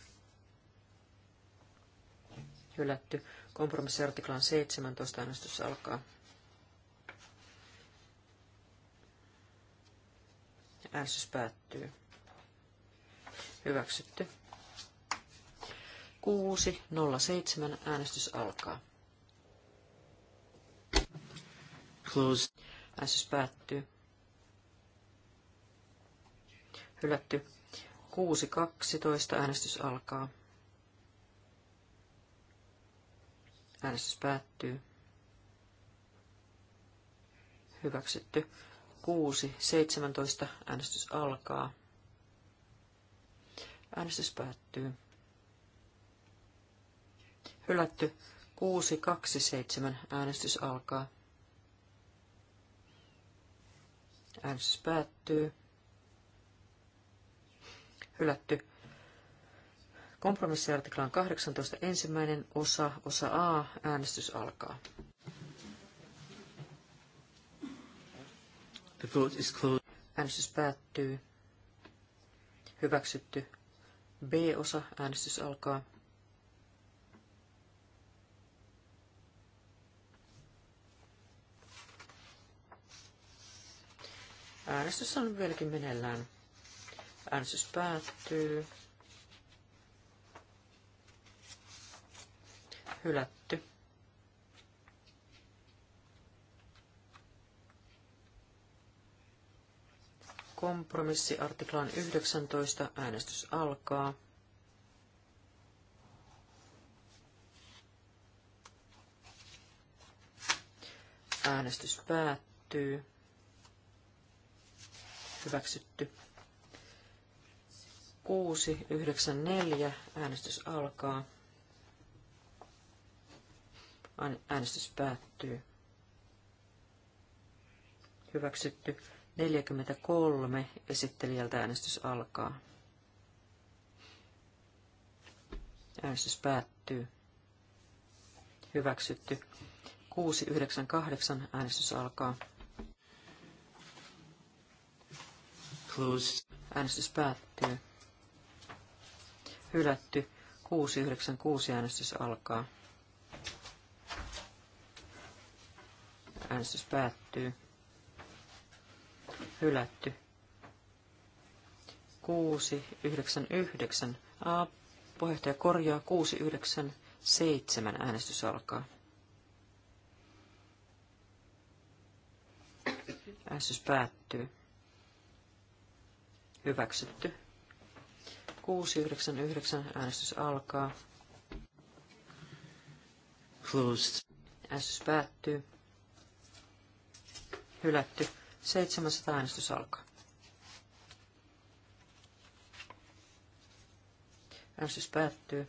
Hylätty. Kompromissiartiklan 17 äänestys alkaa. Äänestys päättyy. Hyväksytty. 6.07 äänestys alkaa. closed. Äänestys päättyy. Hylätty. 6.12. Äänestys alkaa. Äänestys päättyy. Hyväksytty. 6.17. Äänestys alkaa. Äänestys päättyy. Hylätty. 6.27. Äänestys alkaa. Äänestys päättyy. Hylätty. Kompromissiartiklaan 18 ensimmäinen osa, osa A, äänestys alkaa. The vote is closed. Äänestys päättyy. Hyväksytty. B-osa, äänestys alkaa. Äänestys on vieläkin meneillään. Äänestys päättyy. Hylätty. Kompromissi artiklaan 19. Äänestys alkaa. Äänestys päättyy hyväksytty. neljä äänestys alkaa. Äänestys päättyy. Hyväksytty. 43 esittelijältä äänestys alkaa. Äänestys päättyy. Hyväksytty. 698 äänestys alkaa. closed. Äänestys päättyy. Hylätty. 696 äänestys alkaa. Äänestys päättyy. Hylätty. 699. A. Puheenjohtaja korjaa 697. Äänestys alkaa. Äänestys päättyy. Hyväksytty. 699 äänestys alkaa. Closed. Äänestys päättyy. Hylätty. 700 äänestys alkaa. Äänestys päättyy.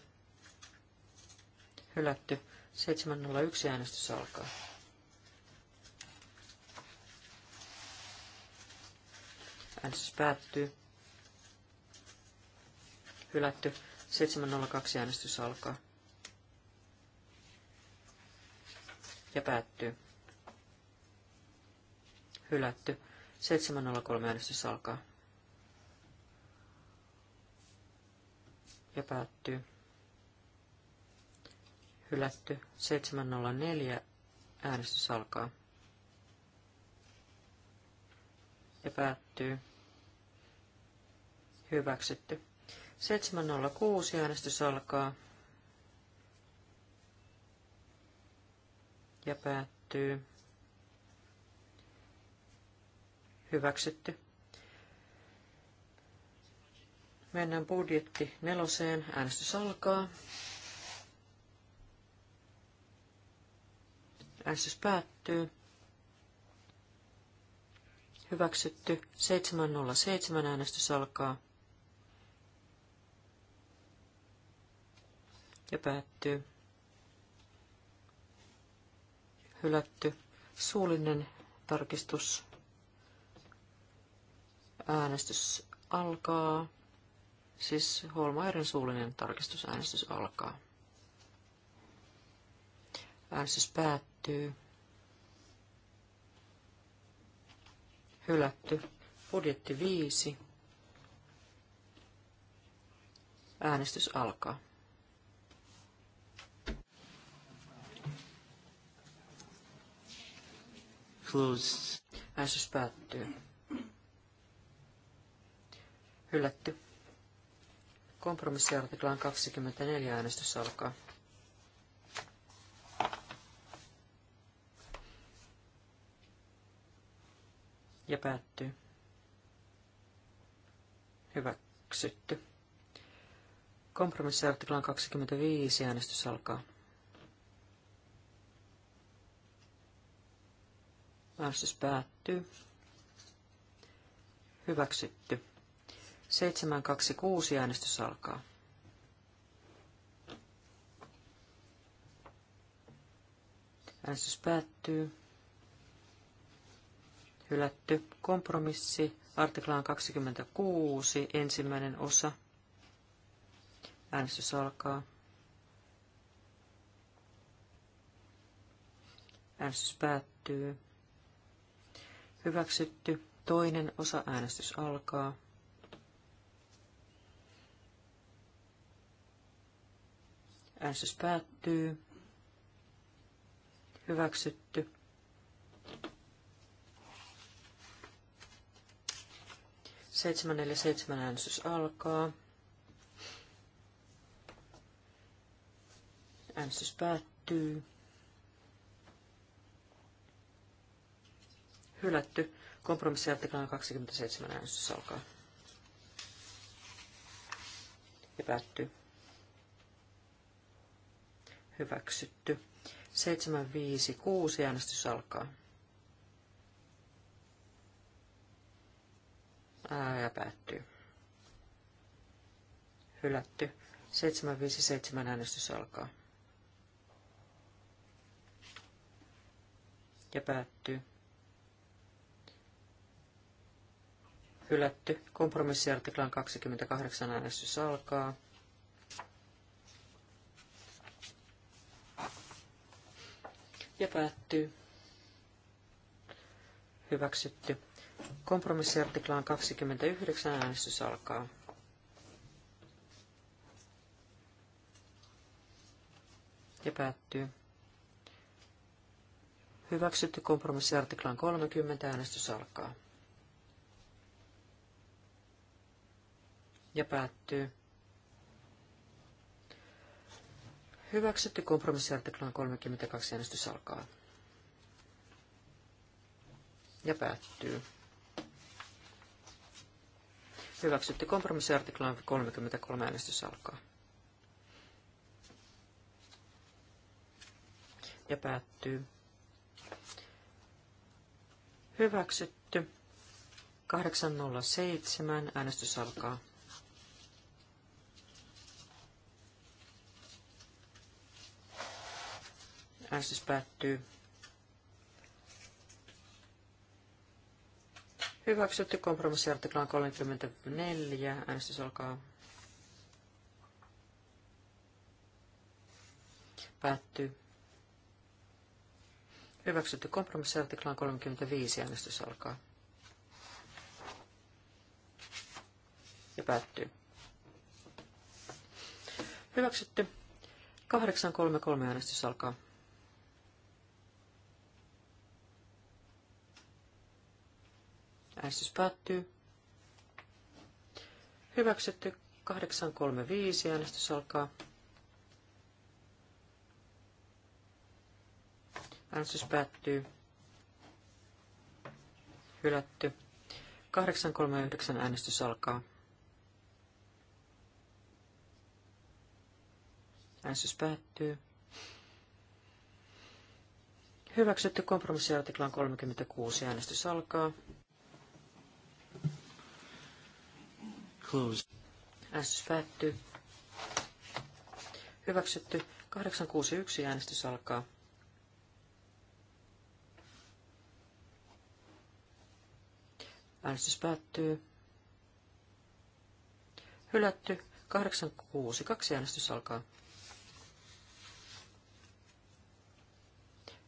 Hylätty. 701 äänestys alkaa. Äänestys päättyy hylätty. 702 äänestys alkaa. Ja päättyy. Hylätty. 703 äänestys alkaa. Ja päättyy. Hylätty. 704 äänestys alkaa. Ja päättyy. Hyväksytty. 706 äänestys alkaa. Ja päättyy. Hyväksytty. Mennään budjetti neloseen. Äänestys alkaa. Äänestys päättyy. Hyväksytty. 707 äänestys alkaa. ja päättyy. Hylätty. Suullinen tarkistus. Äänestys alkaa. Siis Holmairen suullinen tarkistusäänestys alkaa. Äänestys päättyy. Hylätty. Budjetti 5. Äänestys alkaa. closed. Äänestys päättyy. Hylätty. Kompromissiartiklaan 24 äänestys alkaa. Ja päättyy. Hyväksytty. Kompromissiartiklaan 25 äänestys alkaa. Päästys päättyy. Hyväksytty. 726 äänestys alkaa. Äänestys päättyy. Hylätty. Kompromissi. Artiklaan 26. Ensimmäinen osa. Äänestys alkaa. Äänestys päättyy. Hyväksytty. Toinen osa äänestys alkaa. Äänestys päättyy. Hyväksytty. Seitsemännelle seitsemän äänestys alkaa. Äänestys päättyy. hylätty. Kompromissiartiklaan 27 äänestys alkaa. Ja päättyy. Hyväksytty. 756 äänestys alkaa. Ää, ja päättyy. Hylätty. 757 äänestys alkaa. Ja päättyy. hylätty. Kompromissiartiklan 28 äänestys alkaa. Ja päättyy. Hyväksytty. Kompromissiartiklaan 29 äänestys alkaa. Ja päättyy. Hyväksytty kompromissiartiklaan 30 äänestys alkaa. ja päättyy. Hyväksytty kompromissiartiklan 32 äänestys alkaa. Ja päättyy. Hyväksytty kompromissiartiklan 33 äänestys alkaa. Ja päättyy. Hyväksytty. 807 äänestys alkaa. Äänestys päättyy. Hyväksytty kompromissiartiklaan 34. Äänestys alkaa. Päättyy. Hyväksytty kompromissiartiklaan 35. Äänestys alkaa. Ja päättyy. Hyväksytty. 833 äänestys alkaa. Äänestys päättyy. Hyväksytty 835. Äänestys alkaa. Äänestys päättyy. Hylätty. 839 äänestys alkaa. Äänestys päättyy. Hyväksytty kompromissiartiklan 36 äänestys alkaa. closed. Äänestys päättyy. Hyväksytty. 861 äänestys alkaa. Äänestys päättyy. Hylätty. 862 äänestys alkaa.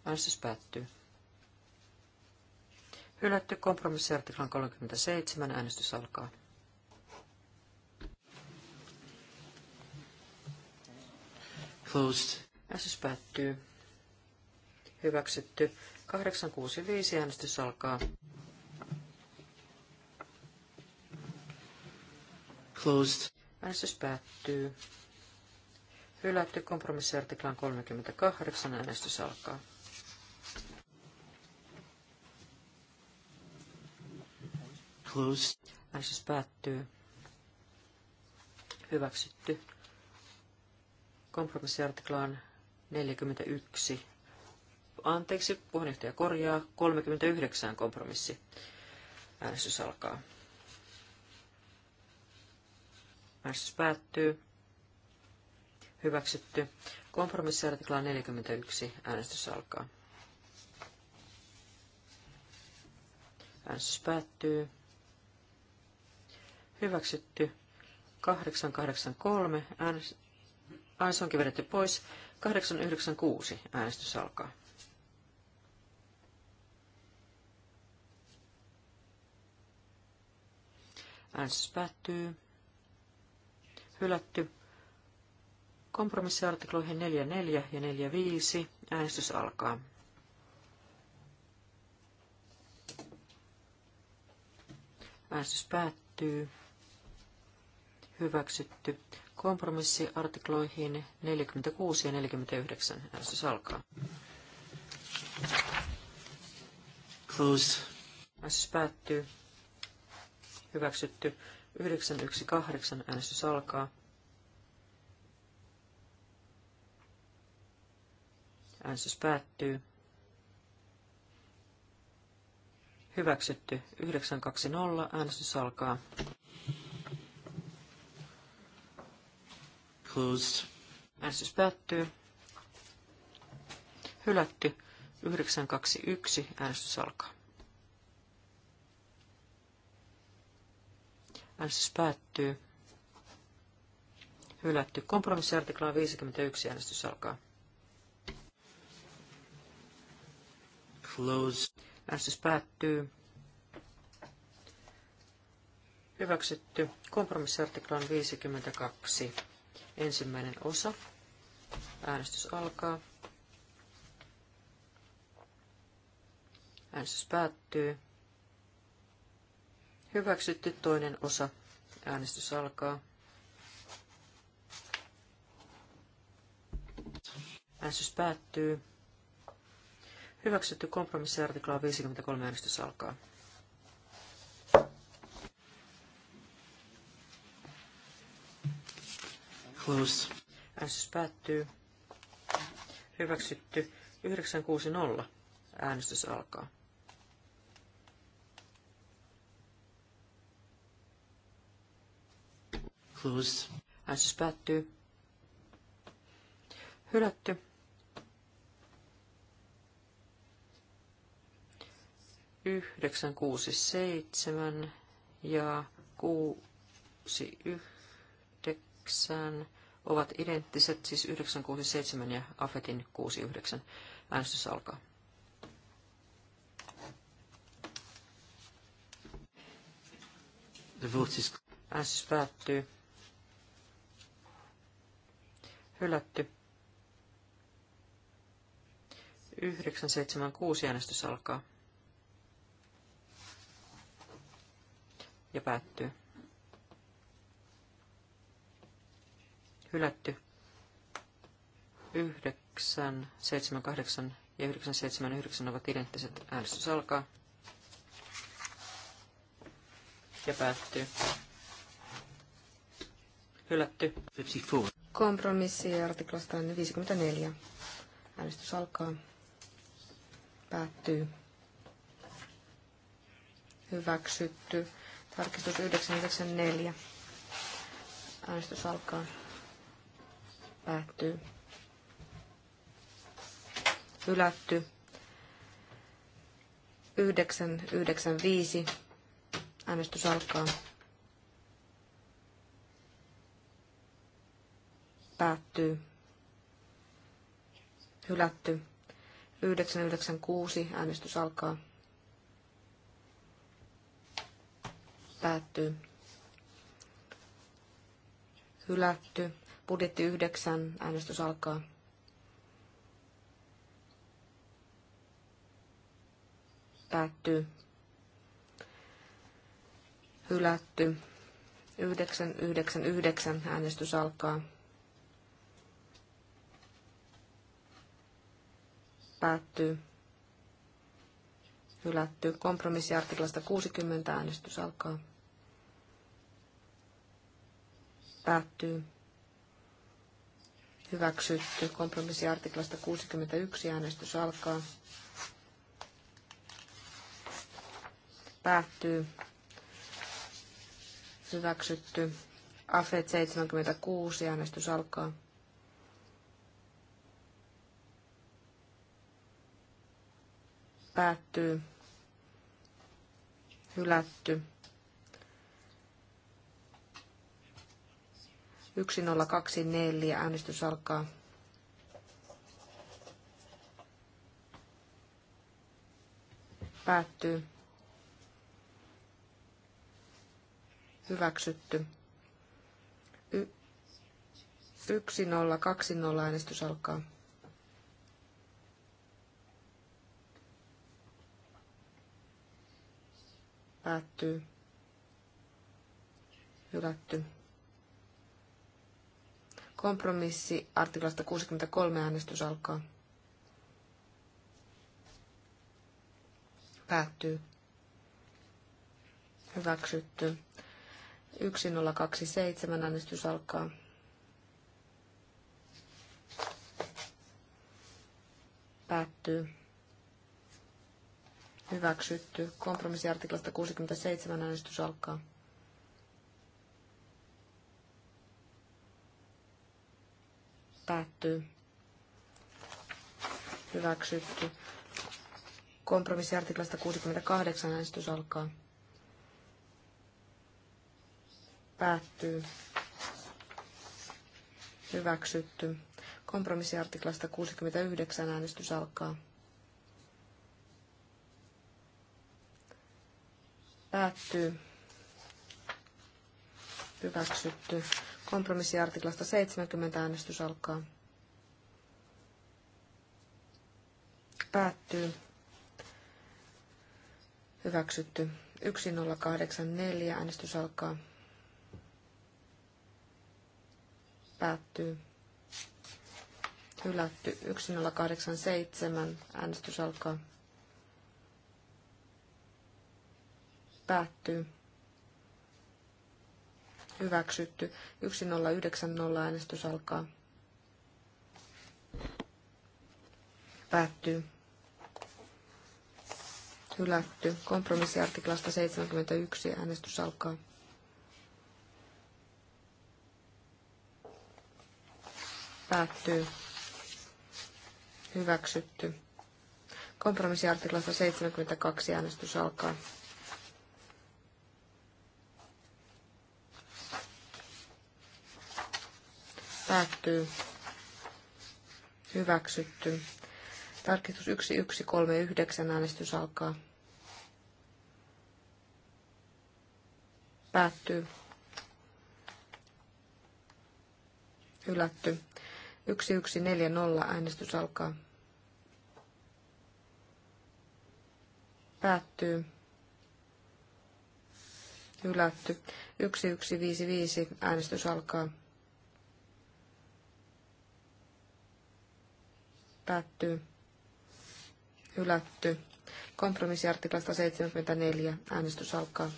Äänestys päättyy. Hylätty kompromissiartiklan 37. Äänestys alkaa. Closed. Äänestys päättyy. Hyväksytty. 865 äänestys alkaa. Closed. Äänestys päättyy. Hylätty kompromissiartiklan 38 äänestys alkaa. Closed. Äänestys päättyy. Hyväksytty. Kompromissiartiklaan 41. Anteeksi, puheenjohtaja korjaa. 39 kompromissi. Äänestys alkaa. Äänestys päättyy. Hyväksytty. kompromissiartiklaan 41. Äänestys alkaa. Äänestys päättyy. Hyväksytty. 883. Äänestys Ai, se onkin vedetty pois. 896 äänestys alkaa. Äänestys päättyy. Hylätty. Kompromissiartikloihin 44 ja 45. Äänestys alkaa. Äänestys päättyy hyväksytty. Kompromissi artikloihin 46 ja 49. Äänestys alkaa. Closed. Äänestys päättyy. Hyväksytty. 918. Äänestys alkaa. Äänestys päättyy. Hyväksytty. 920. Äänestys alkaa. closed. Äänestys päättyy. Hylätty. 921. Äänestys alkaa. Äänestys päättyy. Hylätty. Kompromissiartiklaan 51. Äänestys alkaa. Close. Äänestys päättyy. Hyväksytty. Kompromissiartiklaan 52. Ensimmäinen osa. Äänestys alkaa. Äänestys päättyy. Hyväksytty toinen osa. Äänestys alkaa. Äänestys päättyy. Hyväksytty kompromissiartikla 53 äänestys alkaa. closed. Äänestys päättyy. Hyväksytty. 960. Äänestys alkaa. Closed. Äänestys päättyy. Hylätty. Yhdeksän, kuusi, seitsemän ja kuusi, yhdeksän ovat identtiset, siis 967 ja AFETin 69. Äänestys alkaa. The vote is... Äänestys päättyy. Hylätty. 976 äänestys alkaa. Ja päättyy. hylätty. 9, 7, 8 ja 9, 7, 9 ovat identtiset. Äänestys alkaa ja päättyy. Hylätty. 54. Kompromissi artiklasta 54. Äänestys alkaa. Päättyy. Hyväksytty. Tarkistus 994. Äänestys alkaa. Päättyy. Hylätty. 995. Äänestys alkaa. Päättyy. Hylätty. 996. Äänestys alkaa. Päättyy. Hylätty. Budjetti 9, äänestys alkaa. Päättyy. Hylätty. 999 äänestys alkaa. Päättyy. Hylätty. Kompromissiartiklasta 60 äänestys alkaa. Päättyy hyväksytty. Kompromissiartiklasta 61 äänestys alkaa. Päättyy. Hyväksytty. AFET 76 äänestys alkaa. Päättyy. Hylätty. 1024. Äänestys alkaa. Päättyy. Hyväksytty. Y- 1020 äänestys alkaa. Päättyy. Hylätty. Kompromissi artiklasta 63 äänestys alkaa. Päättyy. Hyväksytty. 1027 äänestys alkaa. Päättyy. Hyväksytty. Kompromissiartiklasta 67 äänestys alkaa. päättyy. Hyväksytty. Kompromissiartiklasta 68 äänestys alkaa. Päättyy. Hyväksytty. Kompromissiartiklasta 69 äänestys alkaa. Päättyy. Hyväksytty. Kompromissiartiklasta 70 äänestys alkaa. Päättyy. Hyväksytty. 1084 äänestys alkaa. Päättyy. Hylätty. 1087 äänestys alkaa. Päättyy hyväksytty. 1090 äänestys alkaa. Päättyy. Hylätty. Kompromissiartiklasta 71 äänestys alkaa. Päättyy. Hyväksytty. Kompromissiartiklasta 72 äänestys alkaa. päättyy, hyväksytty. Tarkistus 1139 äänestys alkaa. Päättyy. Hylätty. 1140 äänestys alkaa. Päättyy. Hylätty. 1155 äänestys alkaa. päättyy, hylätty. Kompromissiartiklasta 74, äänestys alkaa.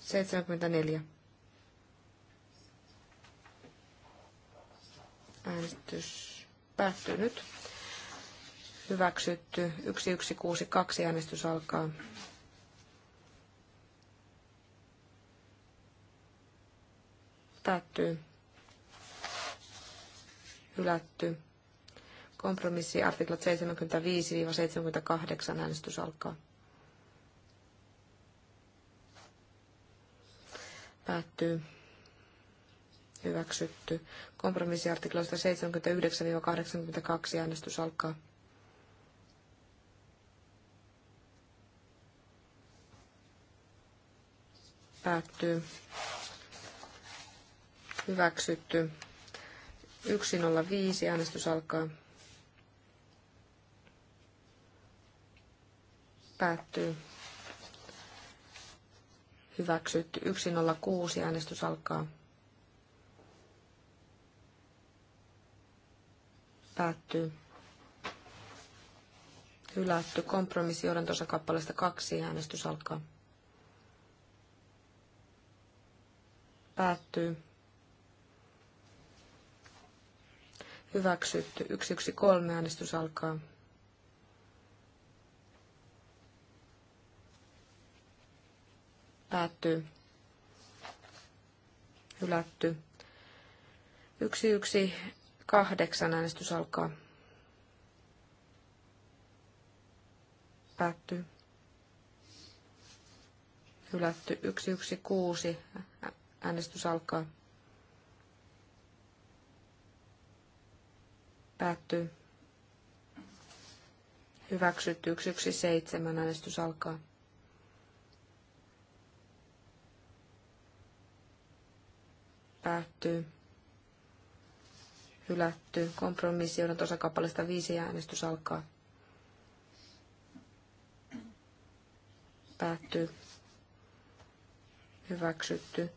74. Äänestys päättyy nyt. Hyväksytty. 1162 äänestys alkaa. Päättyy hylätty. Kompromissi artiklat 75-78 äänestys alkaa. Päättyy. Hyväksytty. kompromissi-artikloista Kompromissiartikloista 79-82 äänestys alkaa. Päättyy. Hyväksytty. 105 äänestys alkaa. Päättyy. Hyväksytty. 106 äänestys alkaa. Päättyy. Hylätty. Kompromissi johdantosa kappaleesta kaksi äänestys alkaa. Päättyy. hyväksytty. 113 äänestys alkaa. Päättyy. Hylätty. 118 äänestys alkaa. Päättyy. Hylätty. 116 äänestys alkaa. Päättyy. Hyväksytty yksi seitsemän Äänestys alkaa. Päättyy. Hylätty. Kompromissi on osakappaleesta viisi äänestys alkaa. Päättyy. Hyväksytty.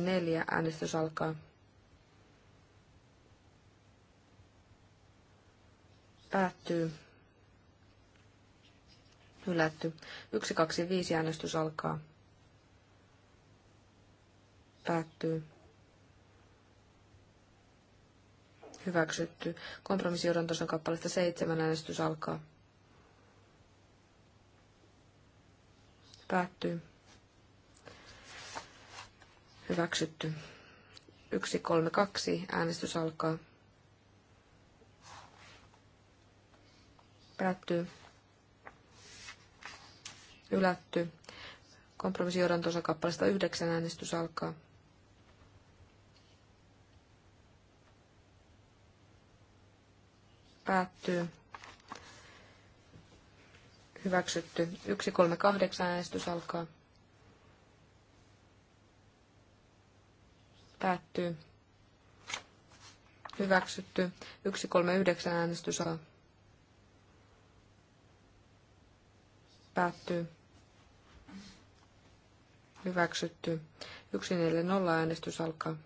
neljä Äänestys alkaa. päättyy. Hylätty. 125 äänestys alkaa. Päättyy. Hyväksytty. Kompromissijohdantosan kappaleesta 7 äänestys alkaa. Päättyy. Hyväksytty. 132 äänestys alkaa. pelätty, Ylätty. tuossa kappalasta yhdeksän äänestys alkaa. Päättyy. Hyväksytty. 138 äänestys alkaa. Päättyy. Hyväksytty. 139 äänestys alkaa. Päättyy. Hyväksytty. 140 äänestys alkaa.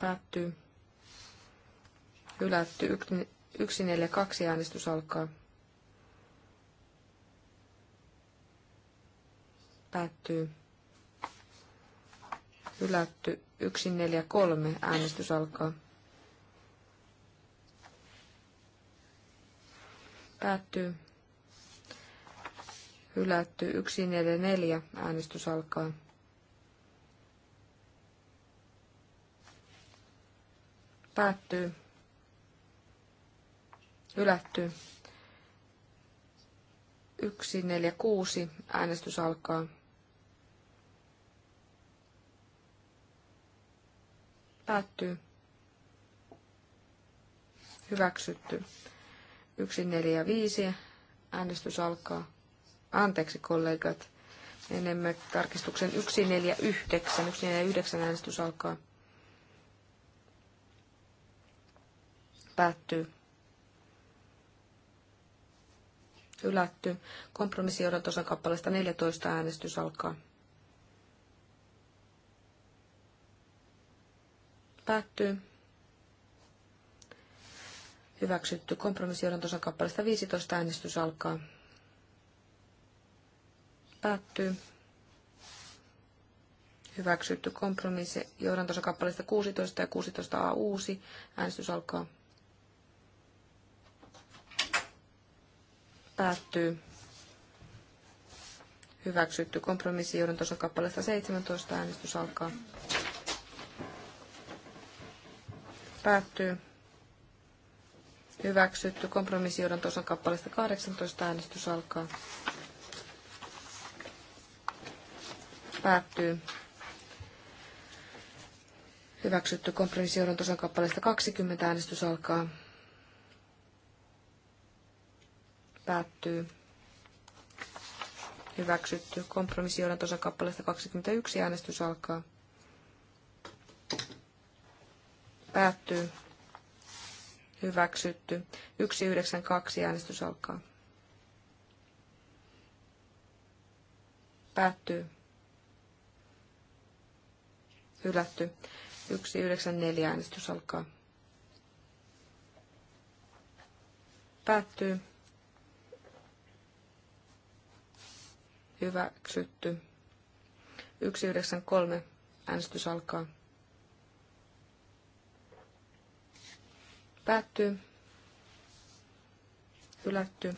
Päättyy. Hylätty. 142 äänestys alkaa. Päättyy. Hylätty. 143 äänestys alkaa. päättyy. Hylätty 144. Äänestys alkaa. Päättyy. Hylätty. 146. Äänestys alkaa. Päättyy. Hyväksytty. 1, 4 ja Äänestys alkaa. Anteeksi kollegat. Menemme tarkistuksen 149. 149 äänestys alkaa. Päättyy. Kompromissi Kompromissijohdantosan kappaleesta 14 äänestys alkaa. Päättyy. Hyväksytty. Kompromissioidon tosan kappaleesta 15 äänestys alkaa. Päättyy. Hyväksytty kompromissi johdantosa kappaleista 16 ja 16a uusi. Äänestys alkaa. Päättyy. Hyväksytty kompromissi johdantosa kappaleesta 17. Äänestys alkaa. Päättyy. Hyväksytty. Kompromissijohdon tuossa kappaleesta 18 äänestys alkaa. Päättyy. Hyväksytty. Kompromissijohdon tuossa kappaleesta 20 äänestys alkaa. Päättyy. Hyväksytty. Kompromissijohdon tosan kappaleesta 21 äänestys alkaa. Päättyy hyväksytty. 192 äänestys alkaa. Päättyy. Hylätty. 194 äänestys alkaa. Päättyy. Hyväksytty. 193 äänestys alkaa. Päättyy. Hylätty.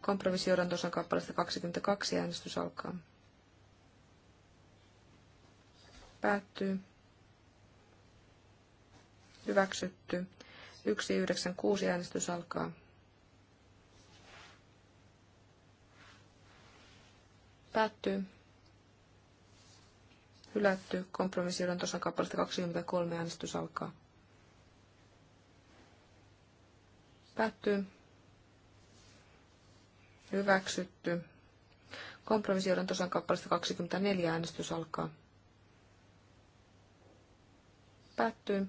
Kompromissijohdon osan kappaleesta 22 äänestys alkaa. Päättyy. Hyväksytty. 196 äänestys alkaa. Päättyy. Hylätty. Kompromissijohdon osan kappaleesta 23 äänestys alkaa. Päättyy. Hyväksytty. Kompromissioiden tosan kappalista 24 äänestys alkaa. Päättyy.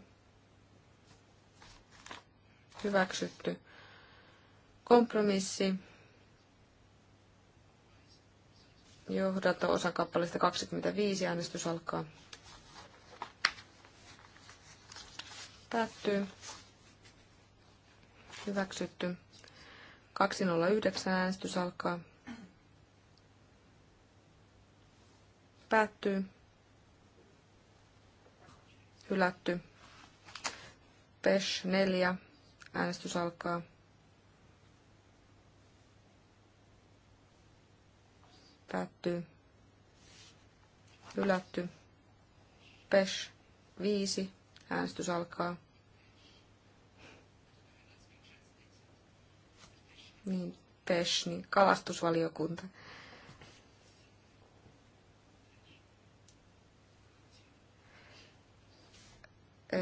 Hyväksytty. Kompromissi. Johdato osan kappaleista 25 äänestys alkaa. Päättyy. Hyväksytty. 209 äänestys alkaa. Päättyy. Hylätty. PESH 4. Äänestys alkaa. Päättyy. Hylätty. PESH 5. Äänestys alkaa. niin niin kalastusvaliokunta.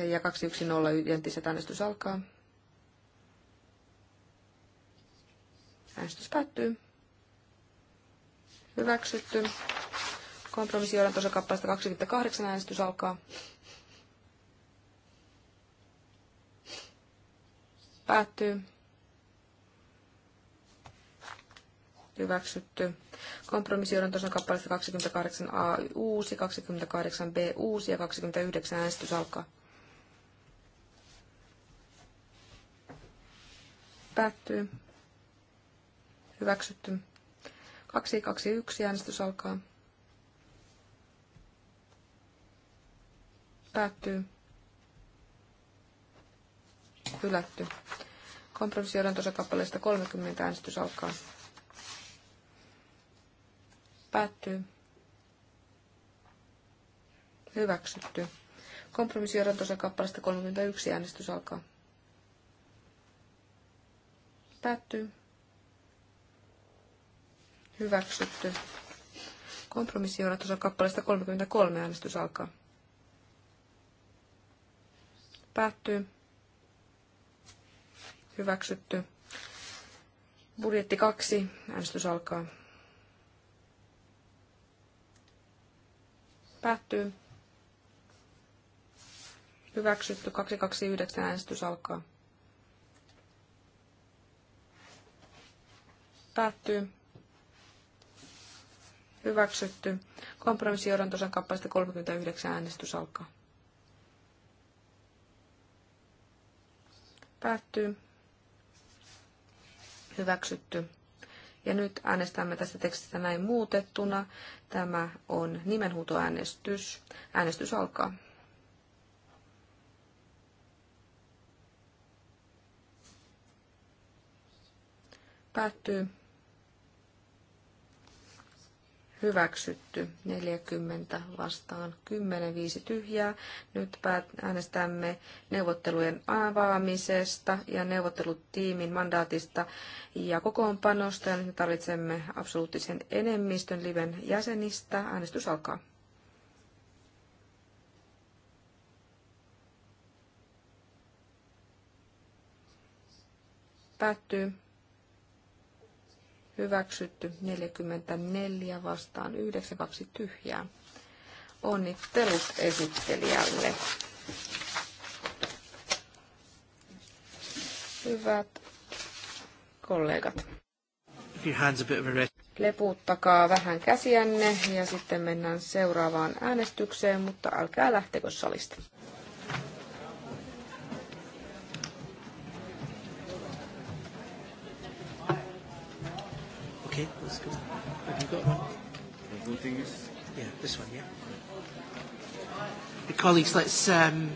Ja 210 jäntiset äänestys alkaa. Äänestys päättyy. Hyväksytty. Kompromissi johdantosa kappaleesta 28 äänestys alkaa. Päättyy. hyväksytty. Kompromissijohdon tason kappaleesta 28a uusi, 28b uusi ja 29 äänestys alkaa. Päättyy. Hyväksytty. 221 äänestys alkaa. Päättyy. Hylätty. tuossa tasakappaleesta 30 äänestys alkaa. Päättyy. Hyväksytty. Kompromissijohdantosa kappaleesta 31 äänestys alkaa. Päättyy. Hyväksytty. Kompromissijohdantosa kappaleesta 33 äänestys alkaa. Päättyy. Hyväksytty. Budjetti 2. Äänestys alkaa. Päättyy. Hyväksytty 229 äänestys alkaa. Päättyy. Hyväksytty. Kompromissijohdantosan kappaleesta 39 äänestys alkaa. Päättyy. Hyväksytty. Ja nyt äänestämme tästä tekstistä näin muutettuna. Tämä on nimenhuutoäänestys. Äänestys alkaa. Päättyy hyväksytty 40 vastaan 10, 5 tyhjää. Nyt äänestämme neuvottelujen avaamisesta ja neuvottelutiimin mandaatista ja kokoonpanosta. Ja nyt tarvitsemme absoluuttisen enemmistön liven jäsenistä. Äänestys alkaa. Päättyy hyväksytty 44 vastaan 9, kaksi tyhjää. Onnittelut esittelijälle. Hyvät kollegat. Leputtakaa vähän käsiänne ja sitten mennään seuraavaan äänestykseen, mutta älkää lähtekö salista. Okay, let's go. Have you got one? The voting is? Yeah, this one, yeah. The colleagues, let's. Um,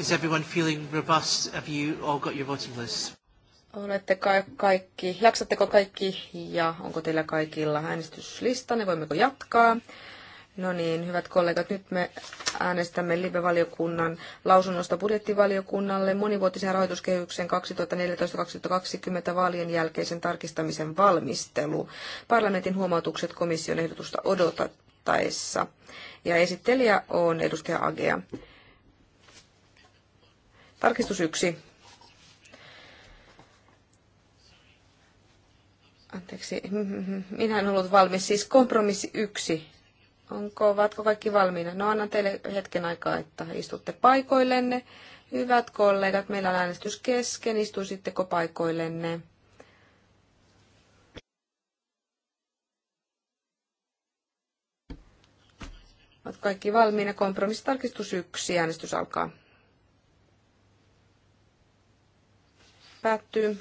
is everyone feeling robust? Have you all got your voting list? ka- kaikki, jaksatteko kaikki ja onko teillä kaikilla äänestyslista, ne Voimmeko jatkaa? No niin, hyvät kollegat, nyt me äänestämme Libe-valiokunnan lausunnosta budjettivaliokunnalle monivuotisen rahoituskehyksen 2014-2020 vaalien jälkeisen tarkistamisen valmistelu. Parlamentin huomautukset komission ehdotusta odotettaessa. Ja esittelijä on edustaja Agea. Tarkistus yksi. Anteeksi, minä en ollut valmis. Siis kompromissi yksi Onko, ovatko kaikki valmiina? No annan teille hetken aikaa, että istutte paikoillenne. Hyvät kollegat, meillä on äänestys kesken. Istuisitteko paikoillenne? Ovat kaikki valmiina. Kompromissitarkistus 1. Äänestys alkaa. Päättyy.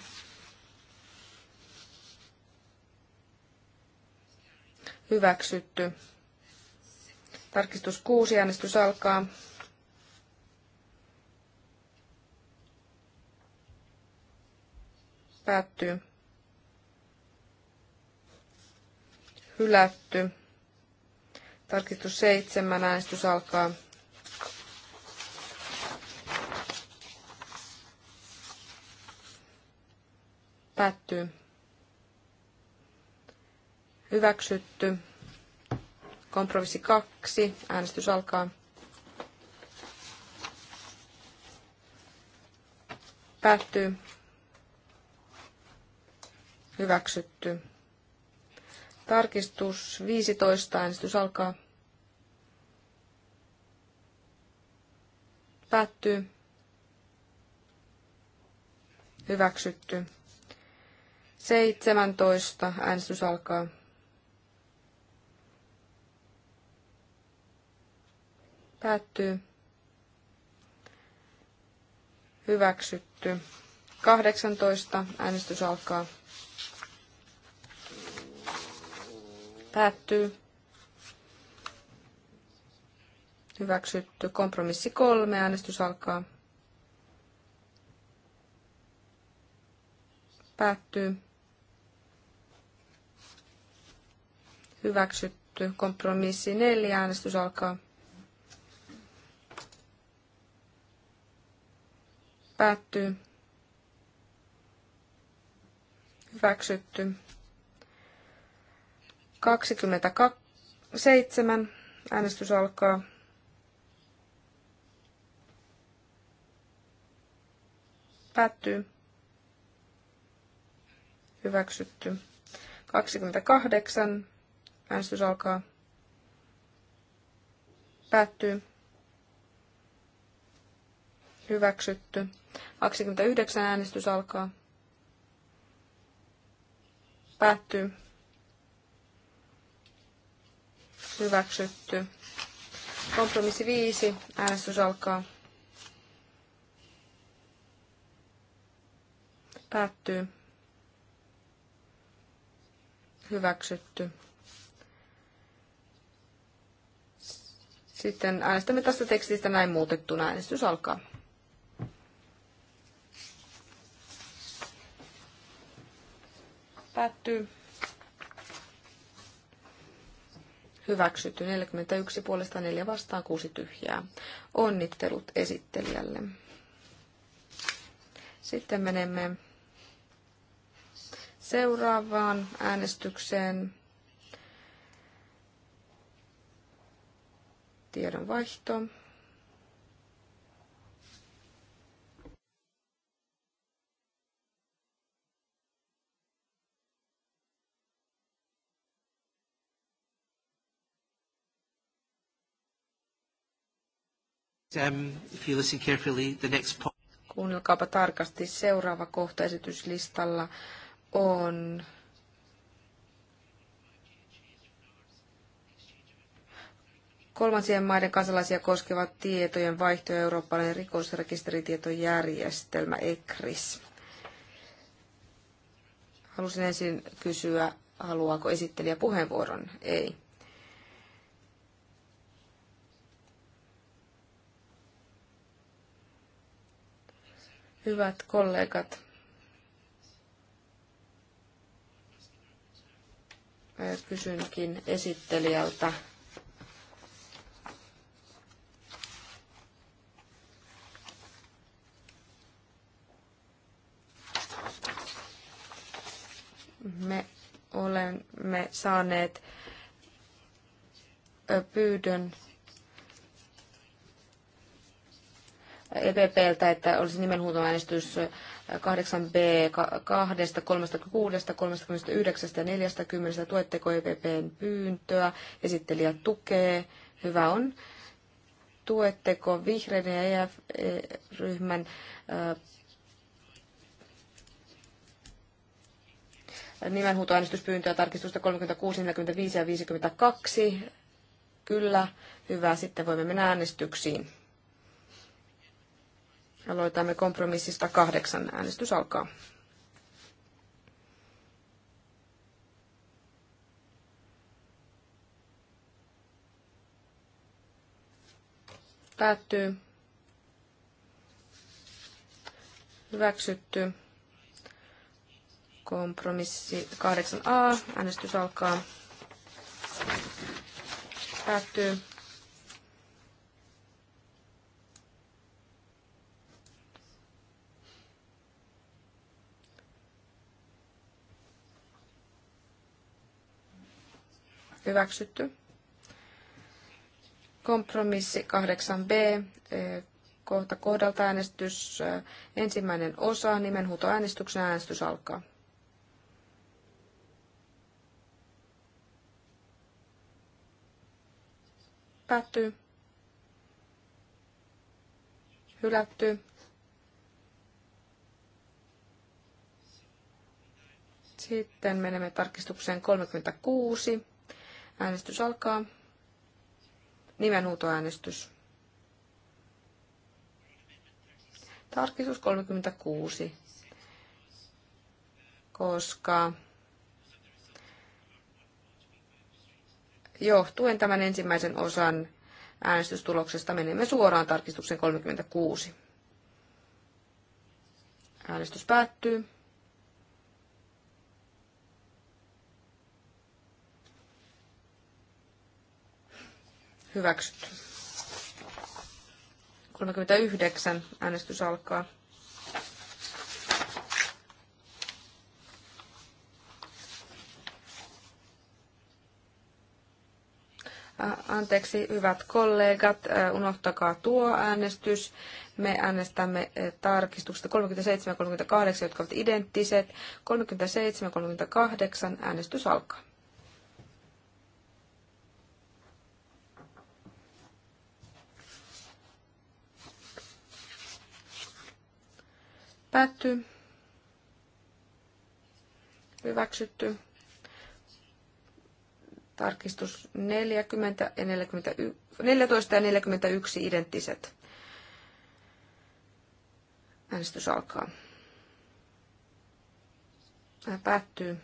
Hyväksytty. Tarkistus 6, äänestys alkaa. Päättyy. Hylätty. Tarkistus 7, äänestys alkaa. Päättyy. Hyväksytty. Kompromissi kaksi. Äänestys alkaa. Päättyy. Hyväksytty. Tarkistus 15. Äänestys alkaa. Päättyy. Hyväksytty. 17. Äänestys alkaa. Päättyy. Hyväksytty. 18. Äänestys alkaa. Päättyy. Hyväksytty. Kompromissi kolme. Äänestys alkaa. Päättyy. Hyväksytty. Kompromissi neljä. Äänestys alkaa. Päättyy. Hyväksytty. 27. Äänestys alkaa. Päättyy. Hyväksytty. 28. Äänestys alkaa. Päättyy hyväksytty. 29 äänestys alkaa. Päättyy. Hyväksytty. Kompromissi 5. Äänestys alkaa. Päättyy. Hyväksytty. Sitten äänestämme tästä tekstistä näin muutettuna. Äänestys alkaa. Päättyy. Hyväksytty 41 puolesta 4 vastaan 6 tyhjää. Onnittelut esittelijälle. Sitten menemme seuraavaan äänestykseen. Tiedonvaihto. vaihto. Um, if you listen carefully, the next Kuunnelkaapa tarkasti. Seuraava kohta esityslistalla on kolmansien maiden kansalaisia koskeva tietojen vaihto eurooppalainen rikosrekisteritietojärjestelmä ECRIS. Halusin ensin kysyä, haluaako esittelijä puheenvuoron? Ei. Hyvät kollegat, kysynkin esittelijältä. Me olemme saaneet pyydön EPPltä, että olisi nimenhuutoäänestys 8b 2, 36, 39 ja 40. Tuetteko EPPn pyyntöä? Esittelijä tukee. Hyvä on. Tuetteko vihreiden ja EF-ryhmän e äh, nimenhuutoäänestyspyyntöä tarkistusta 36, 45 ja 52? Kyllä. Hyvä. Sitten voimme mennä äänestyksiin. Aloitamme kompromissista kahdeksan. Äänestys alkaa. Päättyy. Hyväksytty. Kompromissi 8a. Äänestys alkaa. Päättyy. hyväksytty. Kompromissi 8b, kohta kohdalta äänestys, ensimmäinen osa, nimenhuutoäänestyksen äänestys alkaa. Päättyy. Hylätty. Sitten menemme tarkistukseen 36. Äänestys alkaa. Nimenhuutoäänestys. Tarkistus 36, koska johtuen tämän ensimmäisen osan äänestystuloksesta menemme suoraan tarkistuksen 36. Äänestys päättyy. Hyväksytty. 39. Äänestys alkaa. Anteeksi, hyvät kollegat, unohtakaa tuo äänestys. Me äänestämme tarkistuksesta 37 ja 38, jotka ovat identtiset. 37 ja 38 äänestys alkaa. Päättyy. Hyväksytty. Tarkistus 40 ja 41, 14 ja 41 identtiset. Äänestys alkaa. Päättyy.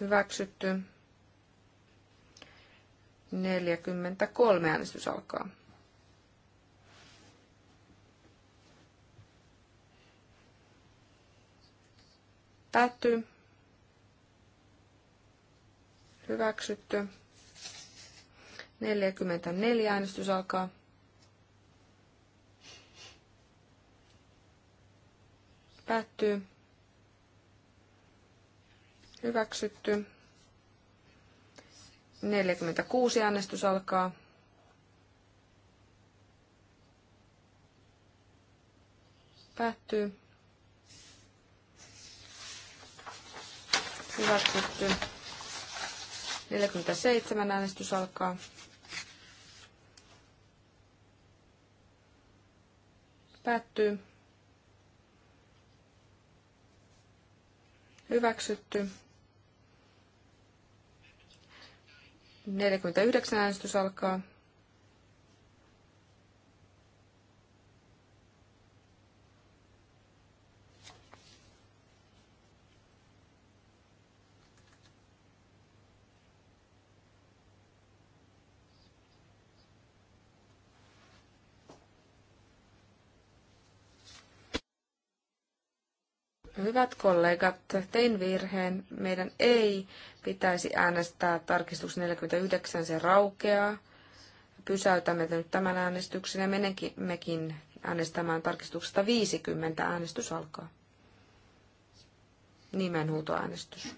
Hyväksytty. 43 äänestys alkaa. Päättyy. Hyväksytty. 44 äänestys alkaa. Päättyy. Hyväksytty. 46 äänestys alkaa. Päättyy. Hyväksytty. 47 äänestys alkaa. Päättyy. Hyväksytty. 49 äänestys alkaa. Hyvät kollegat, tein virheen. Meidän ei pitäisi äänestää tarkistus 49, se raukeaa. Pysäytämme nyt tämän äänestyksen ja menemmekin äänestämään tarkistuksesta 50. Äänestys alkaa. Nimenhuutoäänestys.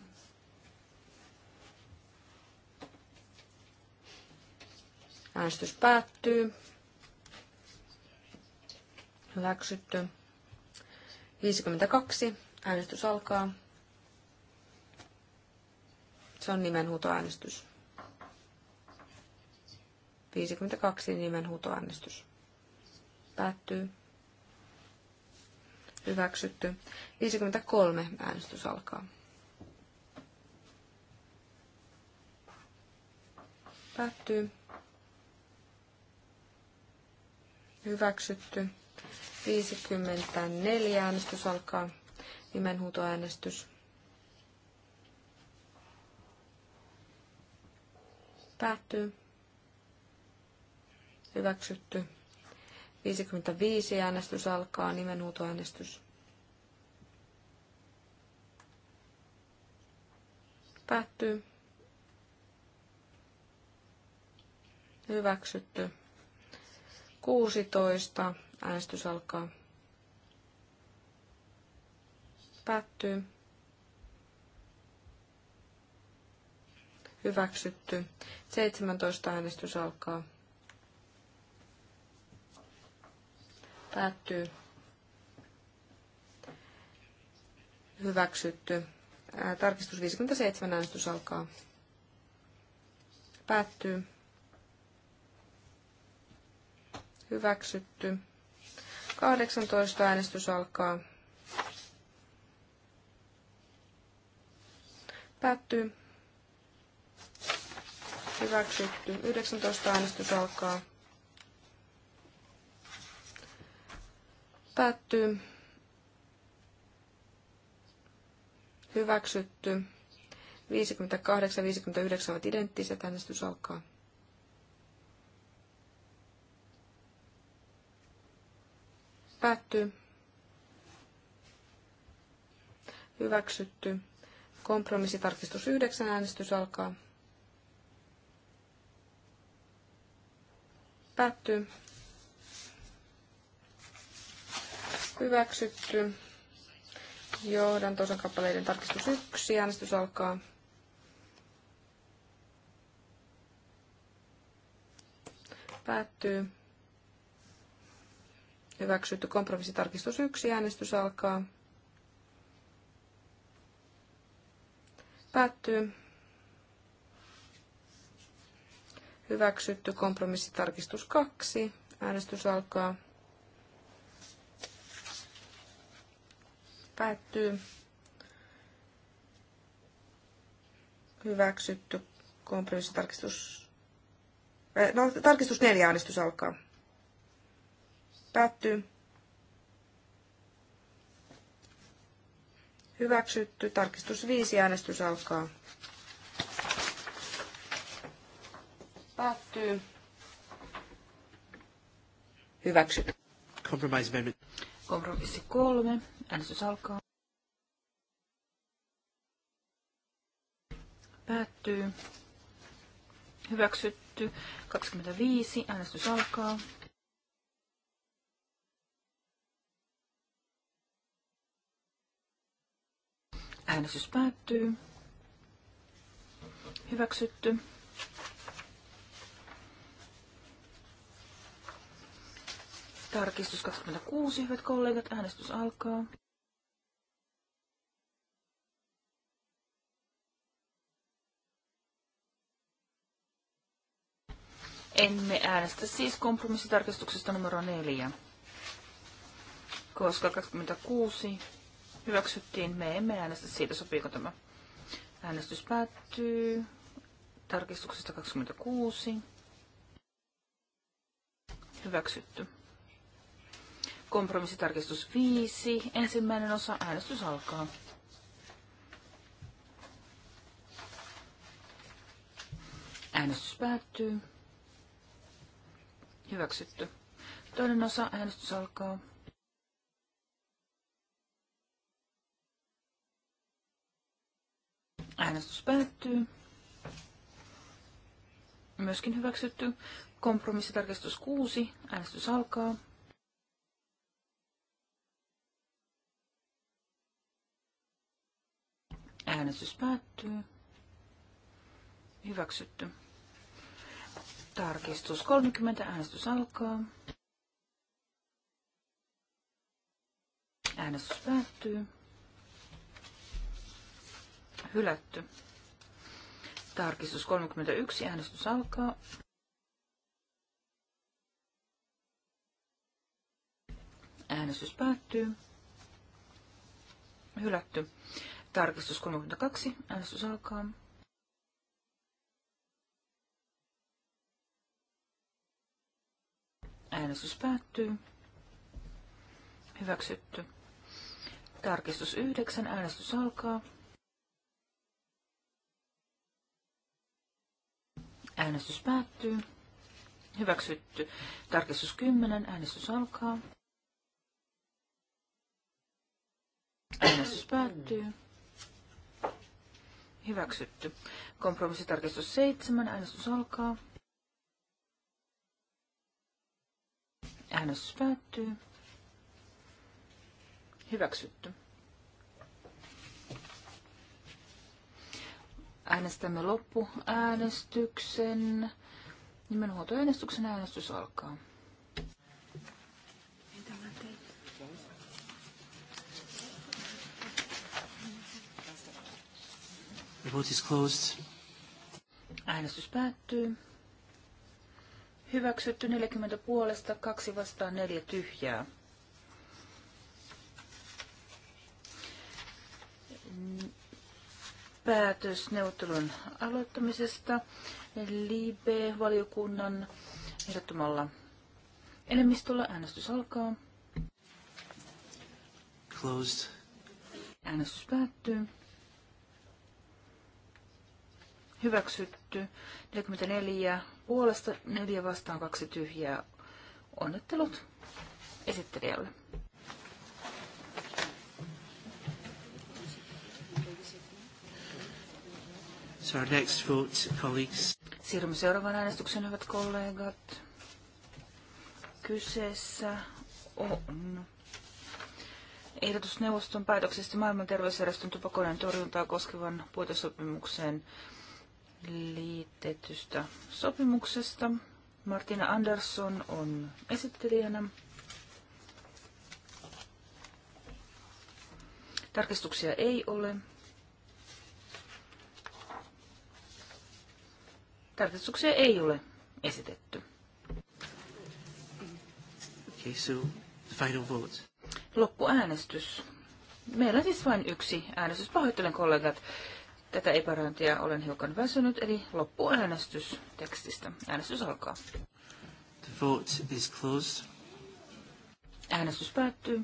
Äänestys päättyy. Hyväksytty. 52 Äänestys alkaa. Se on nimenhuutoäänestys. 52 nimenhuutoäänestys. Päättyy. Hyväksytty. 53 äänestys alkaa. Päättyy. Hyväksytty. 54 äänestys alkaa nimenhuutoäänestys. Päättyy. Hyväksytty. 55 äänestys alkaa, nimenhuutoäänestys. Päättyy. Hyväksytty. 16. Äänestys alkaa. Päättyy. Hyväksytty. 17 äänestys alkaa. Päättyy. Hyväksytty. Tarkistus 57 äänestys alkaa. Päättyy. Hyväksytty. 18 äänestys alkaa. Päättyy. Hyväksytty. 19 äänestys alkaa. Päättyy. Hyväksytty. 58 ja 59 ovat identtiset. Äänestys alkaa. Päättyy. Hyväksytty. Kompromissitarkistus 9. Äänestys alkaa. Päättyy. Hyväksytty. toisen kappaleiden tarkistus 1. Äänestys alkaa. Päättyy. Hyväksytty kompromissitarkistus 1. Äänestys alkaa. Päättyy. Hyväksytty kompromissitarkistus 2. Äänestys alkaa. Päättyy. Hyväksytty kompromissitarkistus. Eh, no, tarkistus 4 äänestys alkaa. Päättyy. Hyväksytty. Tarkistus 5. Äänestys alkaa. Päättyy. Hyväksytty. Kompromissi kolme. Äänestys alkaa. Päättyy. Hyväksytty. 25. Äänestys alkaa. Äänestys päättyy. Hyväksytty. Tarkistus 26, hyvät kollegat, äänestys alkaa. Emme äänestä siis kompromissitarkistuksesta numero 4, koska 26 hyväksyttiin. Me emme äänestä siitä, sopiiko tämä. Äänestys päättyy tarkistuksesta 26. Hyväksytty. Kompromissitarkistus 5. Ensimmäinen osa. Äänestys alkaa. Äänestys päättyy. Hyväksytty. Toinen osa. Äänestys alkaa. Äänestys päättyy. Myöskin hyväksytty. Kompromissitarkistus 6. Äänestys alkaa. Äänestys päättyy. Hyväksytty. Tarkistus 30. Äänestys alkaa. Äänestys päättyy hylätty. Tarkistus 31, äänestys alkaa. Äänestys päättyy. Hylätty. Tarkistus 32, äänestys alkaa. Äänestys päättyy. Hyväksytty. Tarkistus 9, äänestys alkaa. Äänestys päättyy. Hyväksytty. Tarkistus 10. Äänestys alkaa. Äänestys päättyy. Hyväksytty. Kompromissitarkistus 7. Äänestys alkaa. Äänestys päättyy. Hyväksytty. Äänestämme loppuäänestyksen. Nimenhuoltoäänestyksen äänestys alkaa. The vote is closed. Äänestys päättyy. Hyväksytty 40 puolesta, kaksi vastaan, neljä tyhjää. päätös neuvottelun aloittamisesta LIBE-valiokunnan ehdottomalla enemmistöllä. Äänestys alkaa. Closed. Äänestys päättyy. Hyväksytty. 44 puolesta, 4 vastaan, 2 tyhjää. Onnittelut esittelijälle. So our next vote, colleagues. Siirrymme seuraavaan äänestykseen, hyvät kollegat. Kyseessä on ehdotus neuvoston päätöksestä maailman terveysjärjestön tupakoiden torjuntaa koskevan puitesopimukseen liitetystä sopimuksesta. Martina Andersson on esittelijänä. Tarkistuksia ei ole. Tarkastuksia ei ole esitetty. Okay, so final vote. Loppuäänestys. Meillä siis vain yksi äänestys. Pahoittelen kollegat. Tätä epäröintiä olen hiukan väsynyt, eli loppuäänestys tekstistä. Äänestys alkaa. The vote is closed. Äänestys päättyy.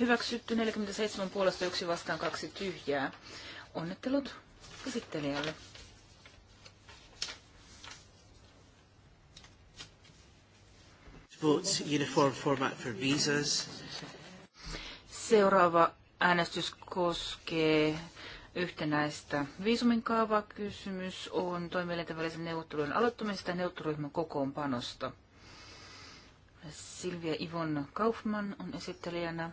Hyväksytty 47 puolesta yksi vastaan kaksi tyhjää. Onnittelut esittelijälle. Votes uniform format for visas. Seuraava äänestys koskee yhtenäistä viisumin kaavaa. Kysymys on toimielinten välisen neuvottelujen aloittamisesta ja neuvotteluryhmän kokoonpanosta. Silvia Ivon Kaufman on esittelijänä.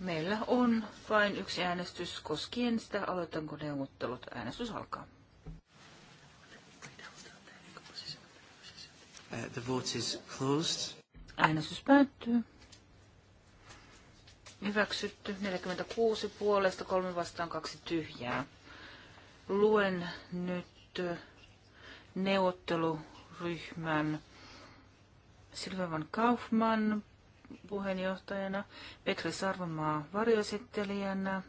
Meillä on vain yksi äänestys koskien sitä, aloitanko neuvottelut. Äänestys alkaa. Uh, the vote is closed. Äänestys päättyy. Hyväksytty 46 puolesta, 3 vastaan, 2 tyhjää. Luen nyt uh, neuvotteluryhmän Silvevan Kaufman puheenjohtajana, Petri Sarvamaa varjoesittelijänä,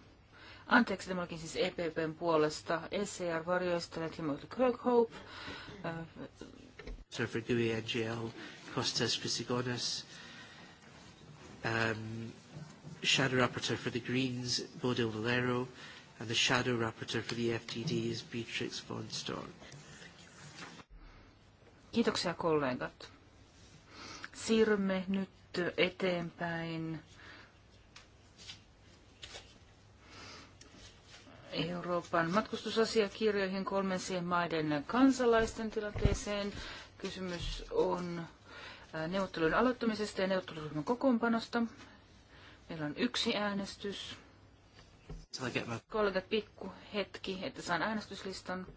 anteeksi tämä olikin siis EPPn puolesta, SCR e varjoesittelijä Timothy Kirkhope, uh, for GUE NGL, Costas Um, shadow rapporteur for the Greens, Bodil Valero, and the shadow rapporteur for the FTD is Beatrix von Storck. Kiitoksia kollegat. Siirrymme nyt eteenpäin Euroopan matkustusasiakirjoihin kolmansien maiden kansalaisten tilanteeseen. Kysymys on äh, neuvottelujen aloittamisesta ja neuvotteluryhmän kokoonpanosta. Meillä on yksi äänestys. Kollegat, pikku hetki, että saan äänestyslistan.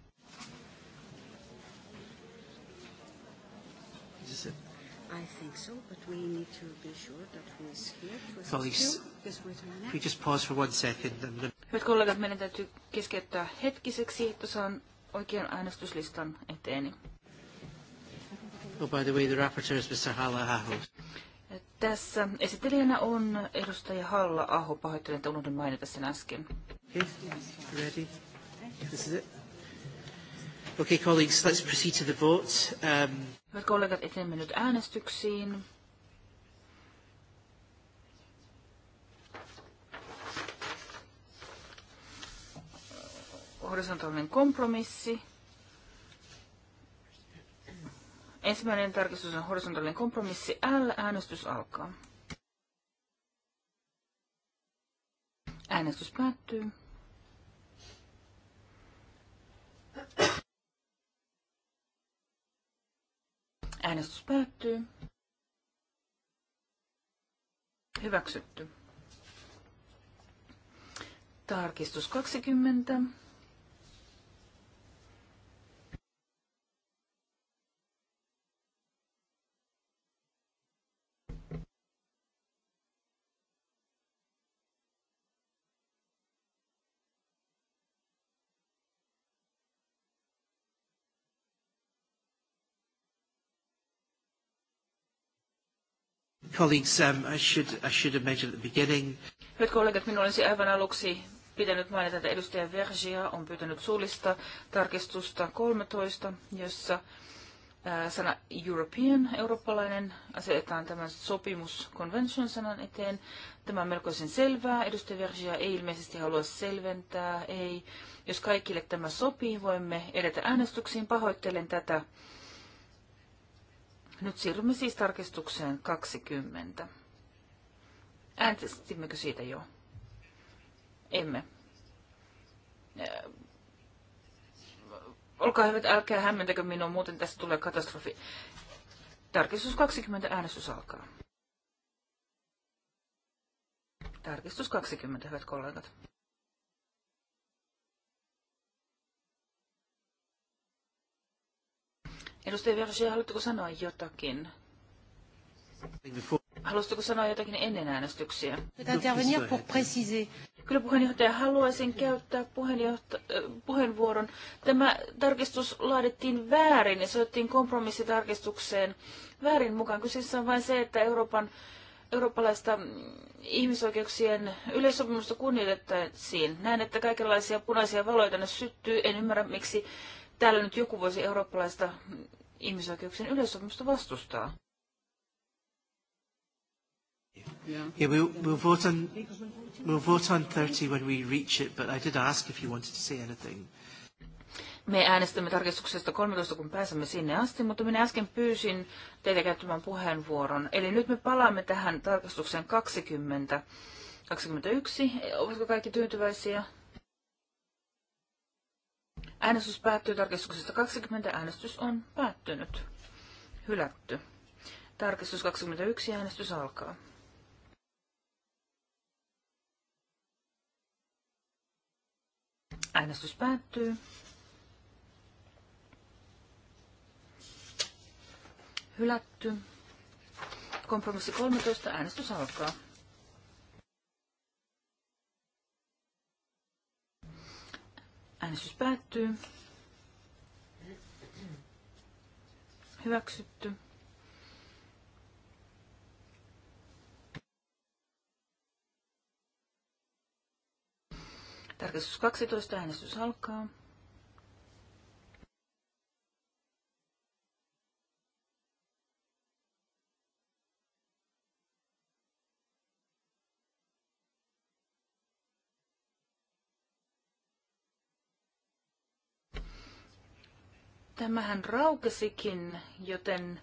I think so, but we need to be sure that who is here. Colleagues, we just pause for one second. Hyvät kollegat, meidän täytyy keskeyttää hetkiseksi, että saan oikean äänestyslistan eteeni. Oh, by the way, the rapporteur is Mr. Halla-Aho. Tässä esittelijänä on edustaja Halla-Aho. Pahoittelen, että unohdin mainita sen äsken. Okay, ready? This is it. Okay, colleagues, let's proceed to the vote. Um... Hyvät kollegat, etenemme nyt äänestyksiin. Horisontaalinen kompromissi. Ensimmäinen tarkistus on horisontaalinen kompromissi L. Äänestys alkaa. Äänestys päättyy. Äänestys päättyy. Hyväksytty. Tarkistus 20. Colleagues, um, I should, I should have mentioned at the beginning. Hyvät kollegat, minun olisi aivan aluksi pitänyt mainita, että edustaja Vergia on pyytänyt suullista tarkistusta 13, jossa äh, sana European, eurooppalainen, asetetaan tämän sopimus convention sanan eteen. Tämä on melkoisen selvää. Edustaja Vergia ei ilmeisesti halua selventää, ei. Jos kaikille tämä sopii, voimme edetä äänestyksiin. Pahoittelen tätä nyt siirrymme siis tarkistukseen 20. Äänestimmekö siitä jo? Emme. Olkaa hyvät, älkää hämmentäkö minua, muuten tästä tulee katastrofi. Tarkistus 20, äänestys alkaa. Tarkistus 20, hyvät kollegat. Edustaja Verge, haluatteko sanoa jotakin? Haluaisitko sanoa jotakin ennen äänestyksiä? Kyllä puheenjohtaja, haluaisin käyttää puheenjohta- äh, puheenvuoron. Tämä tarkistus laadittiin väärin ja se otettiin kompromissitarkistukseen väärin mukaan. Kyseessä on vain se, että Euroopan, eurooppalaista ihmisoikeuksien yleissopimusta kunnioitettaisiin. Näen, että kaikenlaisia punaisia valoja tänne syttyy. En ymmärrä, miksi täällä nyt joku voisi eurooppalaista ihmisoikeuksien yleissopimusta vastustaa. Yeah, yeah, we'll, we'll, vote on, we'll vote on 30 when we reach it, but I did ask if you wanted to say anything. Me äänestämme tarkistuksesta 13, kun pääsemme sinne asti, mutta minä äsken pyysin teitä käyttämään puheenvuoron. Eli nyt me palaamme tähän tarkastukseen 20. 21. Ovatko kaikki tyytyväisiä? Äänestys päättyy tarkistuksesta 20. Äänestys on päättynyt. Hylätty. Tarkistus 21. Äänestys alkaa. Äänestys päättyy. Hylätty. Kompromissi 13. Äänestys alkaa. Äänestys päättyy. Hyväksytty. Tarkastus 12. Äänestys alkaa. Tämähän raukesikin, joten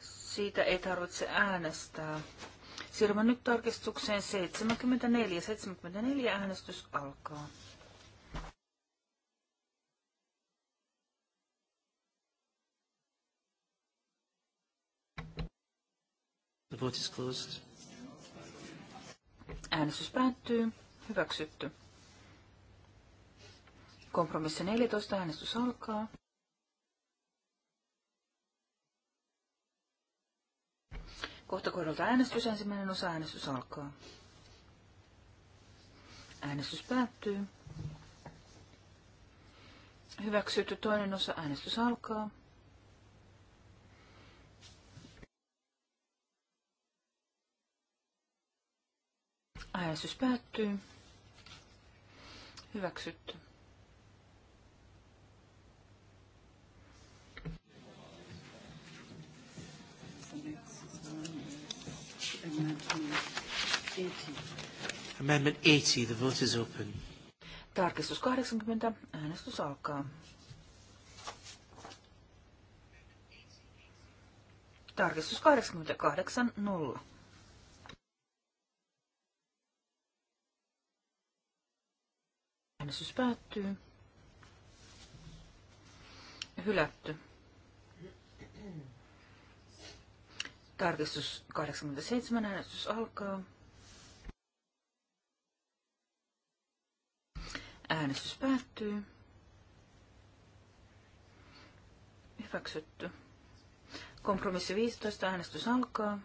siitä ei tarvitse äänestää. Siirrymme nyt tarkistukseen 74. 74 äänestys alkaa. The vote is closed. Äänestys päättyy. Hyväksytty. Kompromissi 14. Äänestys alkaa. Kohta kohdalta äänestys. Ensimmäinen osa äänestys alkaa. Äänestys päättyy. Hyväksytty toinen osa. Äänestys alkaa. Äänestys päättyy. Hyväksytty. Amendment 80. The vote is open. Tarkistus 80. Äänestys alkaa. Tarkistus 88 0. Äänestys päättyy. Hylätty. Tarkistus 87. Äänestys alkaa. Äänestys päättyy. Hyväksytty. Kompromissi 15. Äänestys alkaa.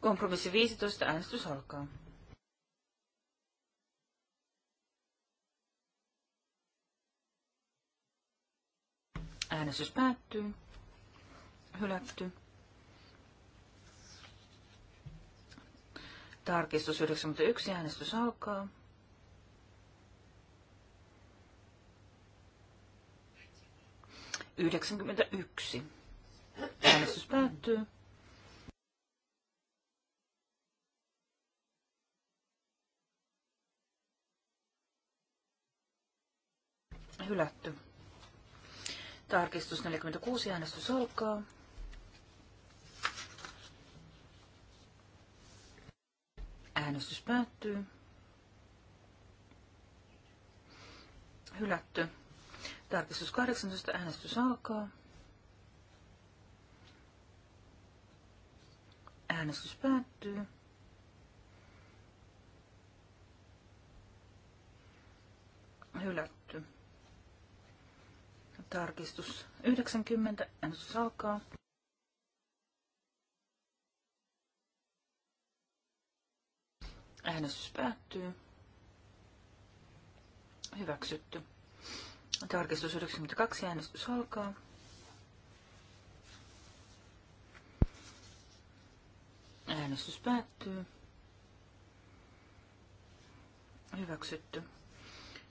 Kompromissi 15. Äänestys alkaa. Äänestys päättyy. Hylätty. Tarkistus 91. Äänestys alkaa. yksi. Äänestys päättyy. Hylätty. Tarkistus 46, äänestys alkaa. Äänestys päättyy. Hylätty. Tarkistus 18, äänestys alkaa. Äänestys päättyy. Hylätty. Tarkistus 90. Äänestys alkaa. Äänestys päättyy. Hyväksytty. Tarkistus 92. Äänestys alkaa. Äänestys päättyy. Hyväksytty.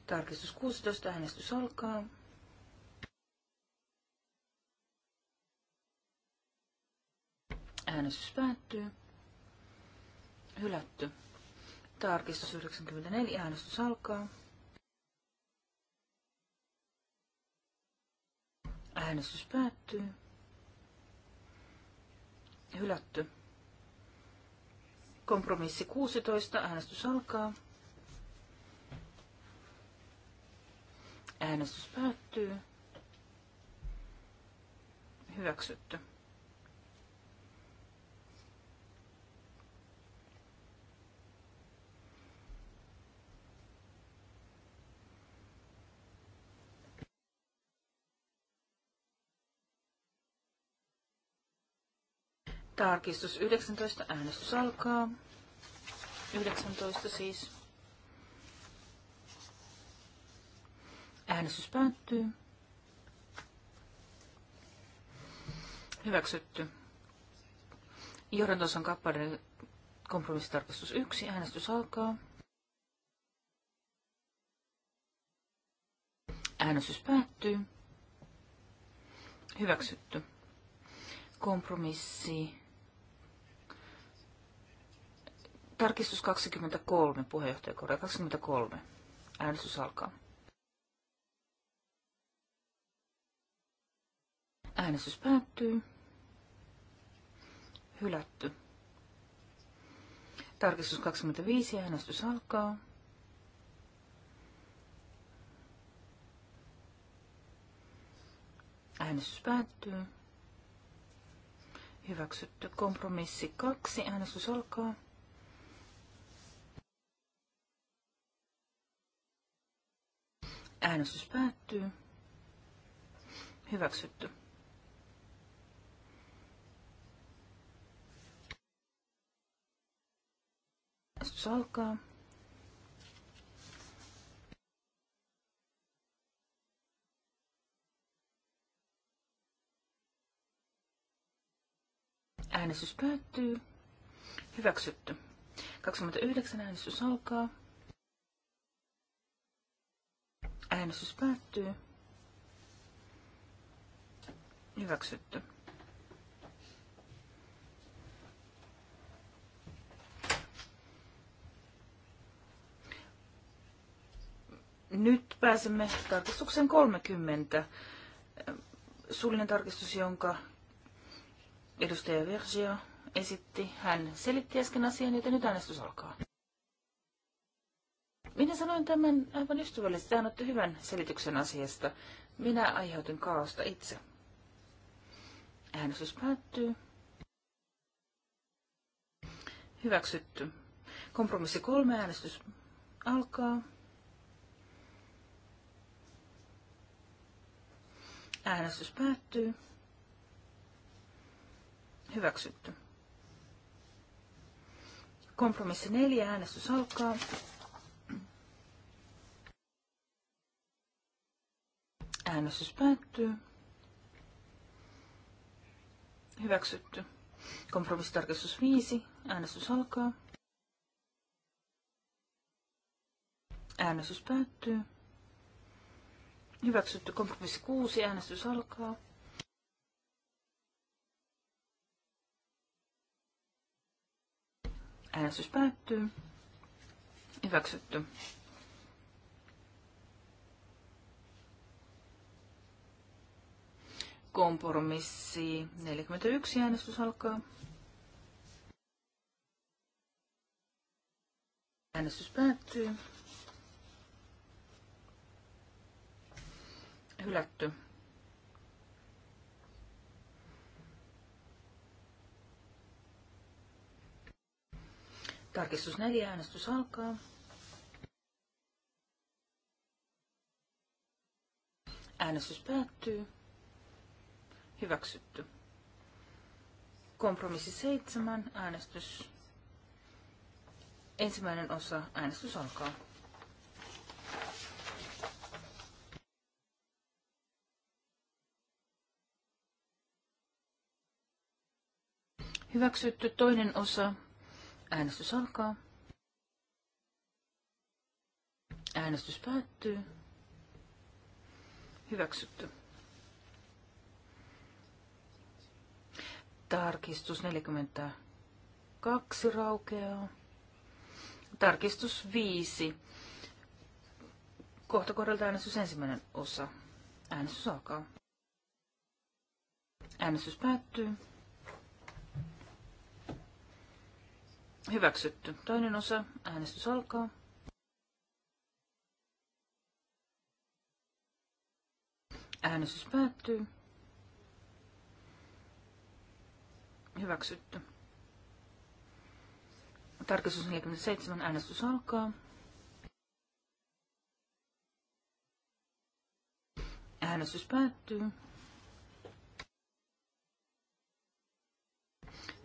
Tarkistus 16. Äänestys alkaa. Äänestys päättyy. Hylätty. Tarkistus 94. Äänestys alkaa. Äänestys päättyy. Hylätty. Kompromissi 16. Äänestys alkaa. Äänestys päättyy. Hyväksytty. Tarkistus 19. Äänestys alkaa. 19 siis. Äänestys päättyy. Hyväksytty. Johdantos on kappaleen kompromissitarkistus 1. Äänestys alkaa. Äänestys päättyy. Hyväksytty. Kompromissi Tarkistus 23, puheenjohtaja Korea 23. Äänestys alkaa. Äänestys päättyy. Hylätty. Tarkistus 25, äänestys alkaa. Äänestys päättyy. Hyväksytty kompromissi 2, äänestys alkaa. Äänestys päättyy. Hyväksytty. Äänestys alkaa. Äänestys päättyy. Hyväksytty. 29 äänestys alkaa. Äänestys päättyy. Hyväksytty. Nyt pääsemme tarkistukseen 30. Suullinen tarkistus, jonka edustaja Virgio esitti. Hän selitti äsken asian, joten nyt äänestys alkaa. Minä sanoin tämän aivan ystävällisesti. Annatte hyvän selityksen asiasta. Minä aiheutin kaaosta itse. Äänestys päättyy. Hyväksytty. Kompromissi kolme äänestys alkaa. Äänestys päättyy. Hyväksytty. Kompromissi neljä äänestys alkaa. Äänestys päättyy. Hyväksytty. Kompromissitarkistus 5. Äänestys alkaa. Äänestys päättyy. Hyväksytty kompromissi 6. Äänestys alkaa. Äänestys päättyy. Hyväksytty. kompromissi. 41 äänestys alkaa. Äänestys päättyy. Hylätty. Tarkistus neljä äänestys alkaa. Äänestys päättyy. Hyväksytty. Kompromissi seitsemän. Äänestys. Ensimmäinen osa. Äänestys alkaa. Hyväksytty toinen osa. Äänestys alkaa. Äänestys päättyy. Hyväksytty. Tarkistus 42 raukeaa. Tarkistus 5. Kohta kohdalta äänestys ensimmäinen osa. Äänestys alkaa. Äänestys päättyy. Hyväksytty. Toinen osa. Äänestys alkaa. Äänestys päättyy. Hyväksytty. Tarkistus 47. Äänestys alkaa. Äänestys päättyy.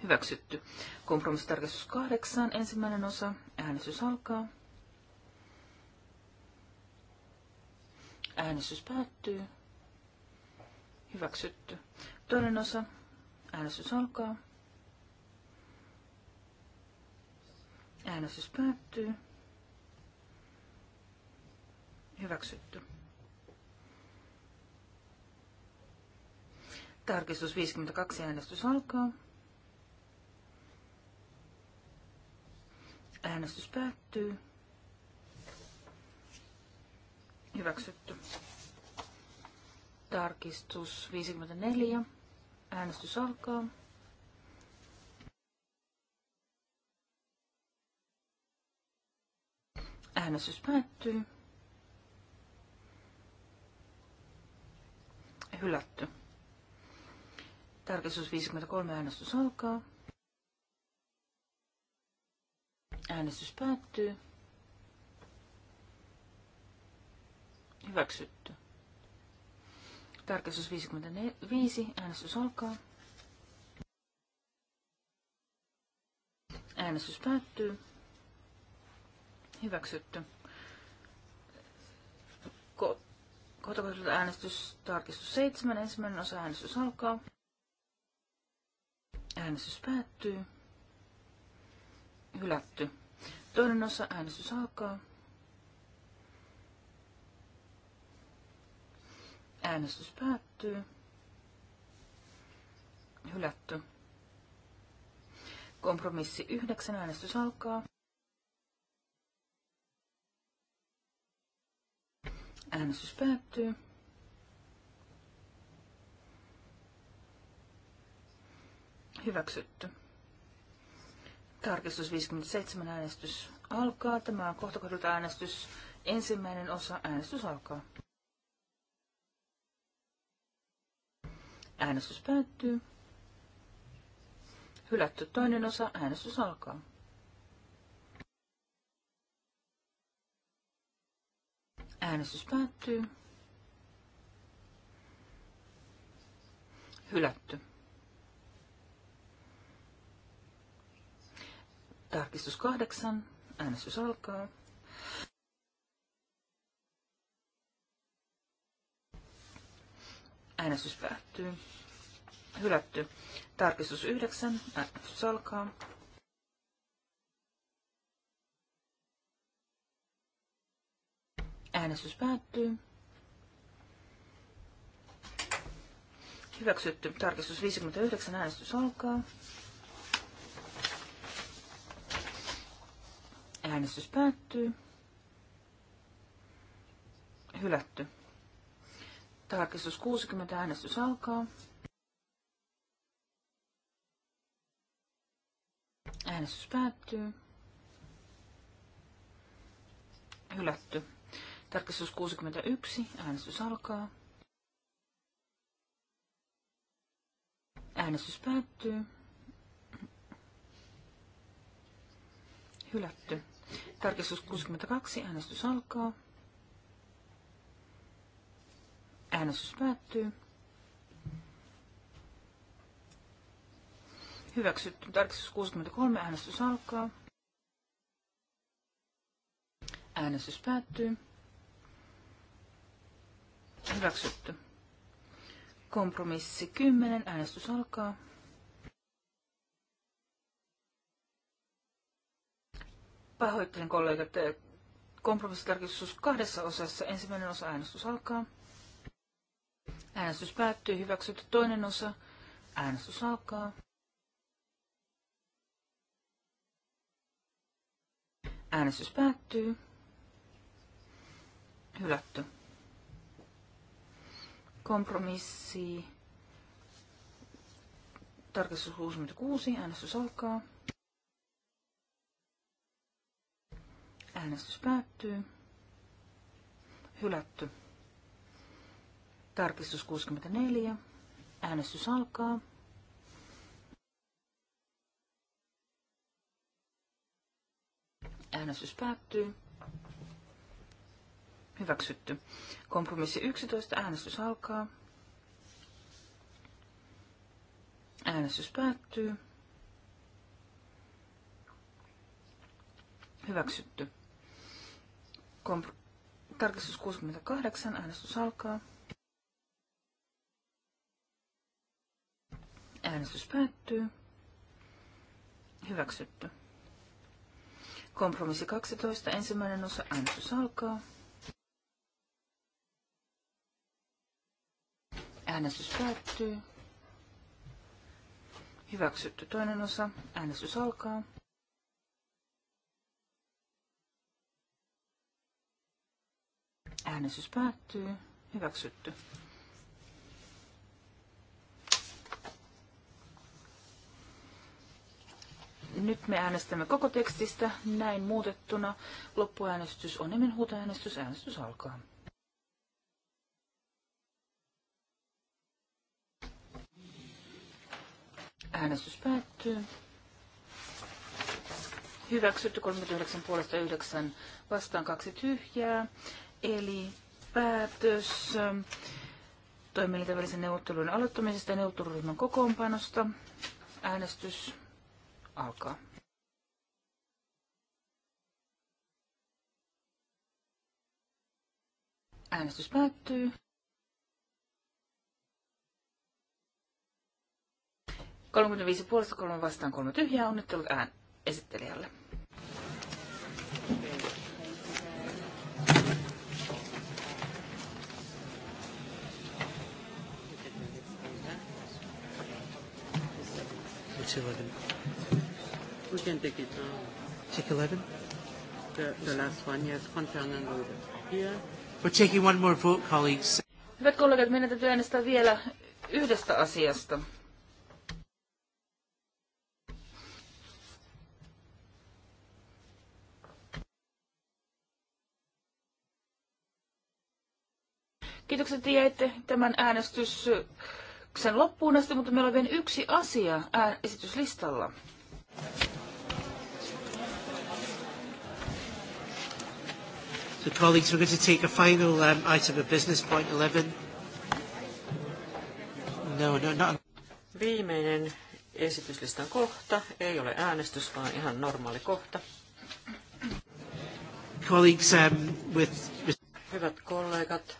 Hyväksytty. Kompromissitarkistus 8. Ensimmäinen osa. Äänestys alkaa. Äänestys päättyy. Hyväksytty. Toinen osa. Äänestys alkaa. Äänestys päättyy. Hyväksytty. Tarkistus 52 äänestys alkaa. Äänestys päättyy. Hyväksytty. Tarkistus 54. Äänestys alkaa. Äänestys päättyy. Hylätty. Tarkistus 53. Äänestys alkaa. Äänestys päättyy. Hyväksytty. Tarkastus 55. Äänestys alkaa. Äänestys päättyy. Hyväksytty. Ko- äänestys, tarkistus 7, ensimmäinen osa äänestys alkaa. Äänestys päättyy. Hylätty. Toinen osa äänestys alkaa. Äänestys päättyy. Hylätty. Kompromissi 9. Äänestys alkaa. Äänestys päättyy. Hyväksytty. Tarkistus 57 äänestys alkaa. Tämä on kohtakohdilta äänestys. Ensimmäinen osa äänestys alkaa. Äänestys päättyy. Hylätty toinen osa. Äänestys alkaa. Äänestys päättyy. Hylätty. Tarkistus kahdeksan. Äänestys alkaa. Äänestys päättyy. Hylätty. Tarkistus 9. Äänestys alkaa. Äänestys päättyy. Hyväksytty. Tarkistus 59. Äänestys alkaa. Äänestys päättyy. Hylätty. Tarkistus 60. Äänestys alkaa. Äänestys päättyy. Hylätty. Tarkistus 61. Äänestys alkaa. Äänestys päättyy. Hylätty. Tarkistus 62. Äänestys alkaa. Äänestys päättyy. Hyväksytty. Tarkistus 63. Äänestys alkaa. Äänestys päättyy. Hyväksytty. Kompromissi 10. Äänestys alkaa. Pahoittelen kollegat. Kompromissitarkistus kahdessa osassa. Ensimmäinen osa äänestys alkaa. Äänestys päättyy. Hyväksytty toinen osa. Äänestys alkaa. Äänestys päättyy. Hylätty. Kompromissi. Tarkistus 66. Äänestys alkaa. Äänestys päättyy. Hylätty. Tarkistus 64. Äänestys alkaa. Äänestys päättyy. Hyväksytty. Kompromissi 11. Äänestys alkaa. Äänestys päättyy. Hyväksytty. Kompr- tarkistus 68. Äänestys alkaa. Äänestys päättyy. Hyväksytty. Kompromissi 12. Ensimmäinen osa. Äänestys alkaa. Äänestys päättyy. Hyväksytty toinen osa. Äänestys alkaa. Äänestys päättyy. Hyväksytty. Nyt me äänestämme koko tekstistä näin muutettuna. Loppuäänestys on huutoäänestys. Äänestys alkaa. Äänestys päättyy. Hyväksytty 39 puolesta 9 vastaan kaksi tyhjää. Eli päätös toimielintävälisen neuvottelujen aloittamisesta ja neuvotteluryhmän kokoonpanosta. Äänestys alkaa. Äänestys päättyy. Kolmekymmentäviisi puolesta kolme vastaan kolme tyhjää. Onnittelut ään esittelijälle. Silloin We can take it now. Check 11? The, the last one, yes, concerning yeah. We're taking one more vote, colleagues. Hyvät kollegat, meidän täytyy äänestää vielä yhdestä asiasta. Kiitokset, että jäitte tämän äänestyksen loppuun asti, mutta meillä on vielä yksi asia esityslistalla. The colleagues, we're going to take a final um, item of business, point 11. No, no, not... Viimeinen esityslistan kohta ei ole äänestys, vaan ihan normaali kohta. Colleagues, um, with... Hyvät kollegat,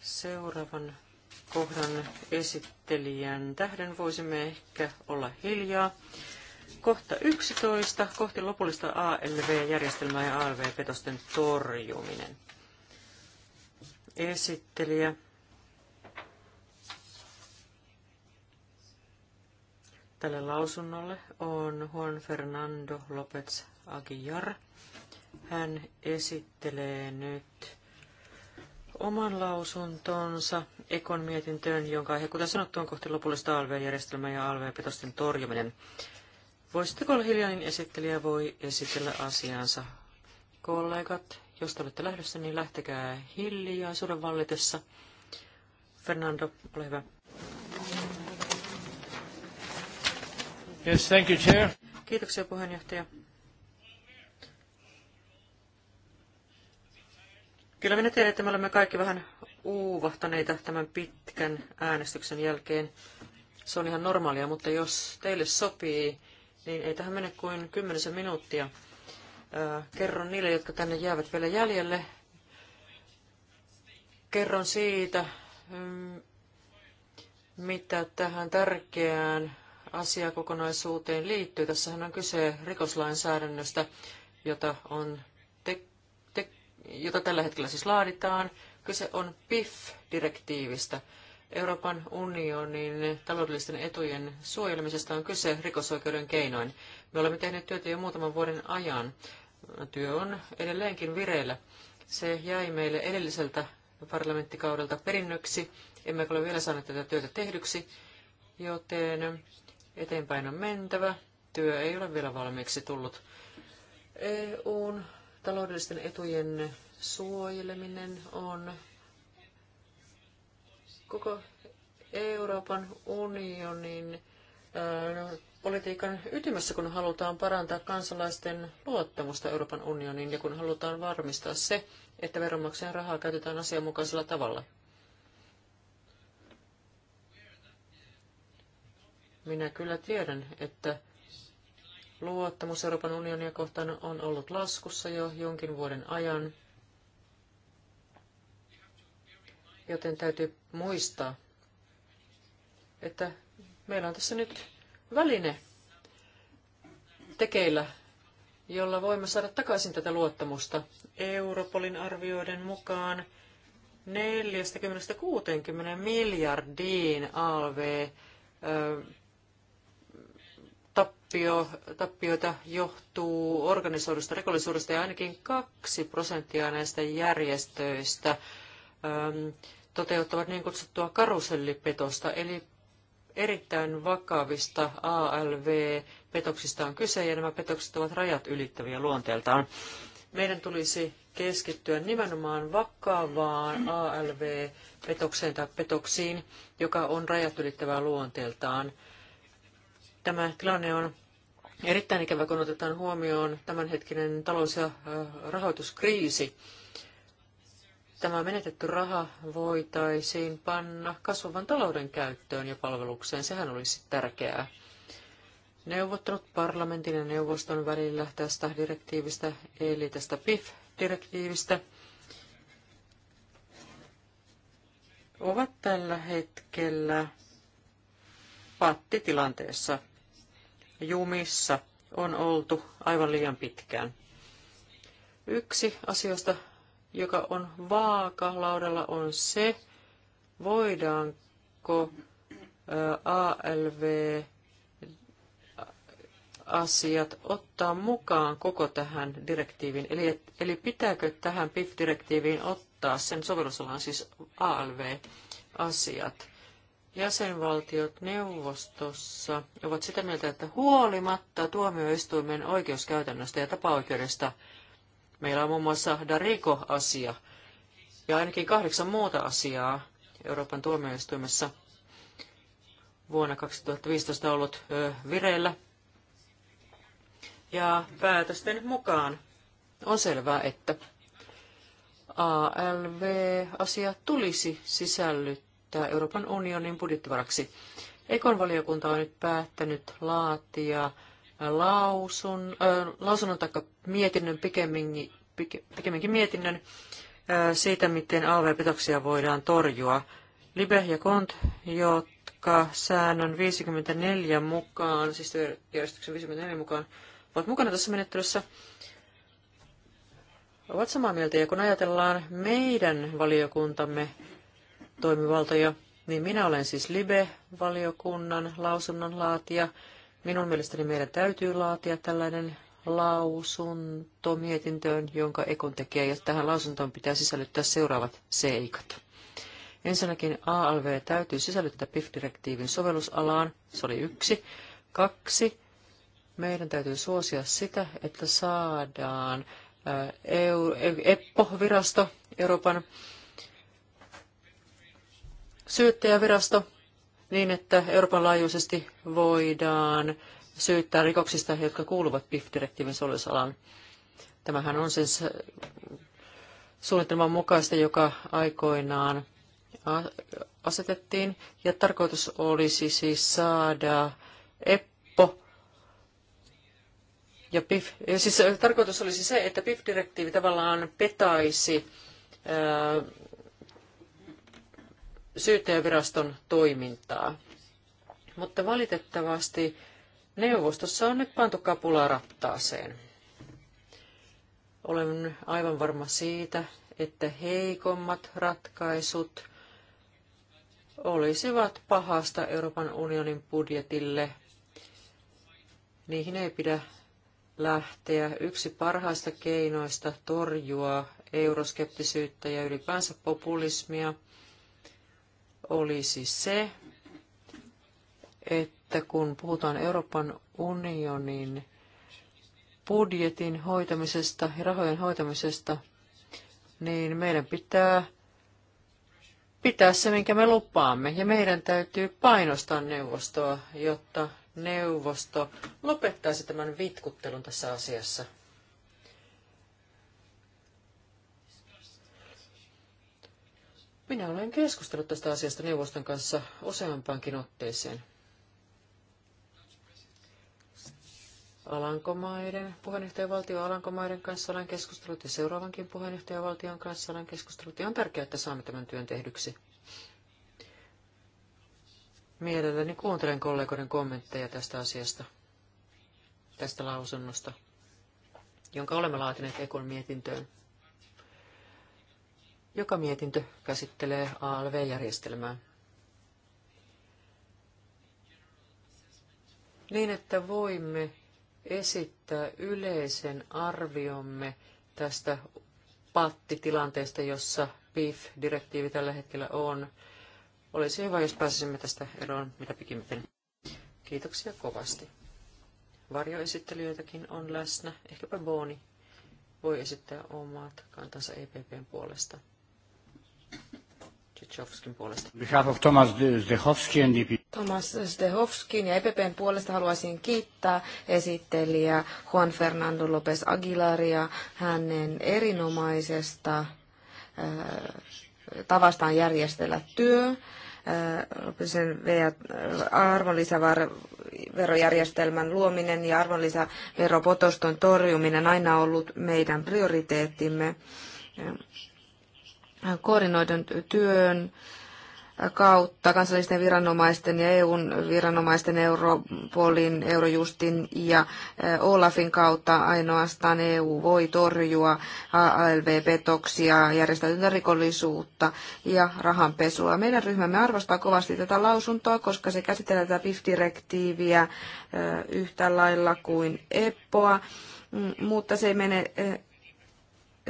seuraavan kohdan esittelijän tähden voisimme ehkä olla hiljaa. Kohta 11. Kohti lopullista ALV-järjestelmää ja ALV-petosten torjuminen. Esittelijä. Tälle lausunnolle on Juan Fernando López Aguiar. Hän esittelee nyt oman lausuntonsa Ekon mietintöön, jonka aihe, kuten sanottu, on kohti lopullista ALV-järjestelmää ja ALV-petosten torjuminen. Voisitteko olla hiljaa, niin esittelijä voi esitellä asiansa. Kollegat, jos te olette lähdössä, niin lähtekää hiljaisuuden vallitessa. Fernando, ole hyvä. Yes, thank you, chair. Kiitoksia puheenjohtaja. Kyllä minä tiedän, että me olemme kaikki vähän uuvahtaneita tämän pitkän äänestyksen jälkeen. Se on ihan normaalia, mutta jos teille sopii, niin ei tähän mene kuin kymmenisen minuuttia. Kerron niille, jotka tänne jäävät vielä jäljelle. Kerron siitä, mm, mitä tähän tärkeään asiakokonaisuuteen liittyy. Tässähän on kyse rikoslainsäädännöstä, jota, on te, te, jota tällä hetkellä siis laaditaan. Kyse on PIF-direktiivistä, Euroopan unionin taloudellisten etujen suojelemisesta on kyse rikosoikeuden keinoin. Me olemme tehneet työtä jo muutaman vuoden ajan. Työ on edelleenkin vireillä. Se jäi meille edelliseltä parlamenttikaudelta perinnöksi. Emme ole vielä saaneet tätä työtä tehdyksi, joten eteenpäin on mentävä. Työ ei ole vielä valmiiksi tullut. EUn taloudellisten etujen suojeleminen on koko Euroopan unionin politiikan ytimessä, kun halutaan parantaa kansalaisten luottamusta Euroopan unioniin ja kun halutaan varmistaa se, että veronmaksajan rahaa käytetään asianmukaisella tavalla. Minä kyllä tiedän, että luottamus Euroopan unionia kohtaan on ollut laskussa jo jonkin vuoden ajan. joten täytyy muistaa, että meillä on tässä nyt väline tekeillä, jolla voimme saada takaisin tätä luottamusta. Europolin arvioiden mukaan 40-60 miljardiin ALV tappio, tappioita johtuu organisoidusta rikollisuudesta ja ainakin kaksi prosenttia näistä järjestöistä Ähm, toteuttavat niin kutsuttua karusellipetosta, eli erittäin vakavista ALV-petoksista on kyse, ja nämä petokset ovat rajat ylittäviä luonteeltaan. Meidän tulisi keskittyä nimenomaan vakavaan ALV-petokseen tai petoksiin, joka on rajat ylittävää luonteeltaan. Tämä tilanne on erittäin ikävä, kun otetaan huomioon tämänhetkinen talous- ja äh, rahoituskriisi, tämä menetetty raha voitaisiin panna kasvavan talouden käyttöön ja palvelukseen. Sehän olisi tärkeää. Neuvottelut parlamentin ja neuvoston välillä tästä direktiivistä, eli tästä PIF-direktiivistä, ovat tällä hetkellä pattitilanteessa. Jumissa on oltu aivan liian pitkään. Yksi asioista joka on vaaka laudalla on se, voidaanko ALV-asiat ottaa mukaan koko tähän direktiiviin. Eli, eli pitääkö tähän PIF-direktiiviin ottaa sen sovellusalan siis ALV-asiat? jäsenvaltiot neuvostossa ovat sitä mieltä, että huolimatta tuomioistuimen oikeuskäytännöstä ja tapaoikeudesta – Meillä on muun muassa Dareko-asia ja ainakin kahdeksan muuta asiaa Euroopan tuomioistuimessa vuonna 2015 ollut vireillä. Ja päätösten mukaan on selvää, että ALV-asia tulisi sisällyttää Euroopan unionin budjettivaraksi. Ekon valiokunta on nyt päättänyt laatia lausun, äh, lausunnon tai mietinnön, pikemminkin, pikemminkin mietinnön äh, siitä, miten alvepetoksia voidaan torjua. Libe ja Kont, jotka säännön 54 mukaan, siis järjestyksen 54 mukaan, ovat mukana tässä menettelyssä, ovat samaa mieltä. Ja kun ajatellaan meidän valiokuntamme toimivaltoja, niin minä olen siis Libe-valiokunnan lausunnonlaatija. laatija Minun mielestäni meidän täytyy laatia tällainen lausunto mietintöön, jonka Ekon tekee, ja tähän lausuntoon pitää sisällyttää seuraavat seikat. Ensinnäkin ALV täytyy sisällyttää PIF-direktiivin sovellusalaan, se oli yksi. Kaksi, meidän täytyy suosia sitä, että saadaan EU, EPPO-virasto, Euroopan syyttäjävirasto, niin että Euroopan laajuisesti voidaan syyttää rikoksista, jotka kuuluvat PIF-direktiivin sovellusalaan. Tämähän on siis suunnitelman mukaista, joka aikoinaan asetettiin. Ja tarkoitus olisi siis saada EPPO. Ja PIF, ja siis tarkoitus olisi se, että PIF-direktiivi tavallaan petaisi syyttäjäviraston toimintaa. Mutta valitettavasti neuvostossa on nyt pantu kapulaa rattaaseen. Olen aivan varma siitä, että heikommat ratkaisut olisivat pahasta Euroopan unionin budjetille. Niihin ei pidä lähteä. Yksi parhaista keinoista torjua euroskeptisyyttä ja ylipäänsä populismia – olisi se, että kun puhutaan Euroopan unionin budjetin hoitamisesta ja rahojen hoitamisesta, niin meidän pitää pitää se, minkä me lupaamme. Ja meidän täytyy painostaa neuvostoa, jotta neuvosto lopettaisi tämän vitkuttelun tässä asiassa. Minä olen keskustellut tästä asiasta neuvoston kanssa useampaankin otteeseen. Alankomaiden, puheenjohtajavaltio Alankomaiden kanssa olen keskustellut ja seuraavankin puheenjohtajavaltion kanssa olen keskustellut. Ja on tärkeää, että saamme tämän työn tehdyksi. Mielelläni kuuntelen kollegoiden kommentteja tästä asiasta, tästä lausunnosta, jonka olemme laatineet Ekon mietintöön. Joka mietintö käsittelee ALV-järjestelmää. Niin, että voimme esittää yleisen arviomme tästä pattitilanteesta, jossa PIF-direktiivi tällä hetkellä on. Olisi hyvä, jos pääsisimme tästä eroon mitä pikimmiten. Kiitoksia kovasti. Varjoesittelijöitäkin on läsnä. Ehkäpä Booni voi esittää omat kantansa EPPn puolesta. Chichowskin puolesta. Behalf of Thomas Zdechowski e Thomas ja EPPn puolesta haluaisin kiittää esittelijä Juan Fernando López Aguilaria hänen erinomaisesta äh, tavastaan järjestellä työ äh, sen arvonlisäverojärjestelmän luominen ja arvonlisäveropotoston torjuminen aina ollut meidän prioriteettimme koordinoidun työn kautta kansallisten viranomaisten ja EUn viranomaisten Europolin, Eurojustin ja eh, Olafin kautta ainoastaan EU voi torjua ALV-petoksia, järjestäytyntä rikollisuutta ja rahanpesua. Meidän ryhmämme arvostaa kovasti tätä lausuntoa, koska se käsittelee tätä PIF-direktiiviä eh, yhtä lailla kuin EPPOa, mm, mutta se ei mene eh,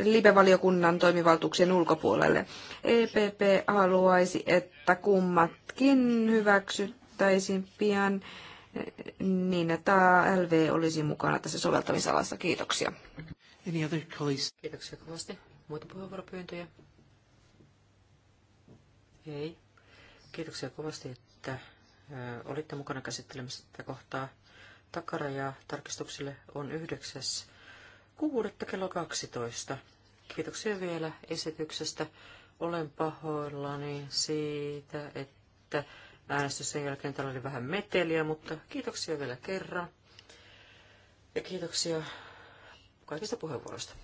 libevaliokunnan toimivaltuuksien ulkopuolelle. EPP haluaisi, että kummatkin hyväksyttäisiin pian niin, että LV olisi mukana tässä soveltamisalassa. Kiitoksia. Kiitoksia kovasti. Muita puheenvuoropyyntöjä? Ei. Kiitoksia kovasti, että olitte mukana käsittelemässä tätä kohtaa. Takaraja tarkistuksille on 9 kuudetta kello 12. Kiitoksia vielä esityksestä. Olen pahoillani siitä, että äänestyksen jälkeen täällä oli vähän meteliä, mutta kiitoksia vielä kerran. Ja kiitoksia kaikista puheenvuoroista.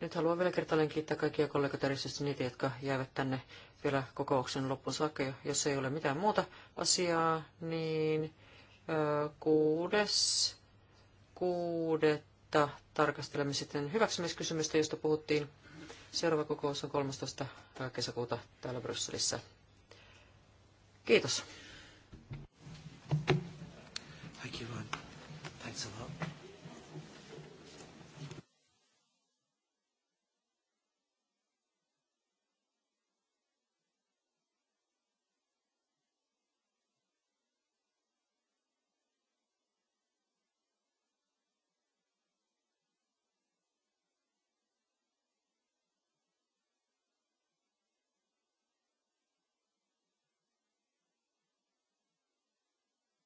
Nyt haluan vielä kertaalleen kiittää kaikkia kollegoita, erityisesti niitä, jotka jäävät tänne vielä kokouksen loppuun saakka. Jos ei ole mitään muuta asiaa, niin kuudes, kuudet mutta tarkastelemme sitten hyväksymiskysymystä, josta puhuttiin. Seuraava kokous on 13. kesäkuuta täällä Brysselissä. Kiitos.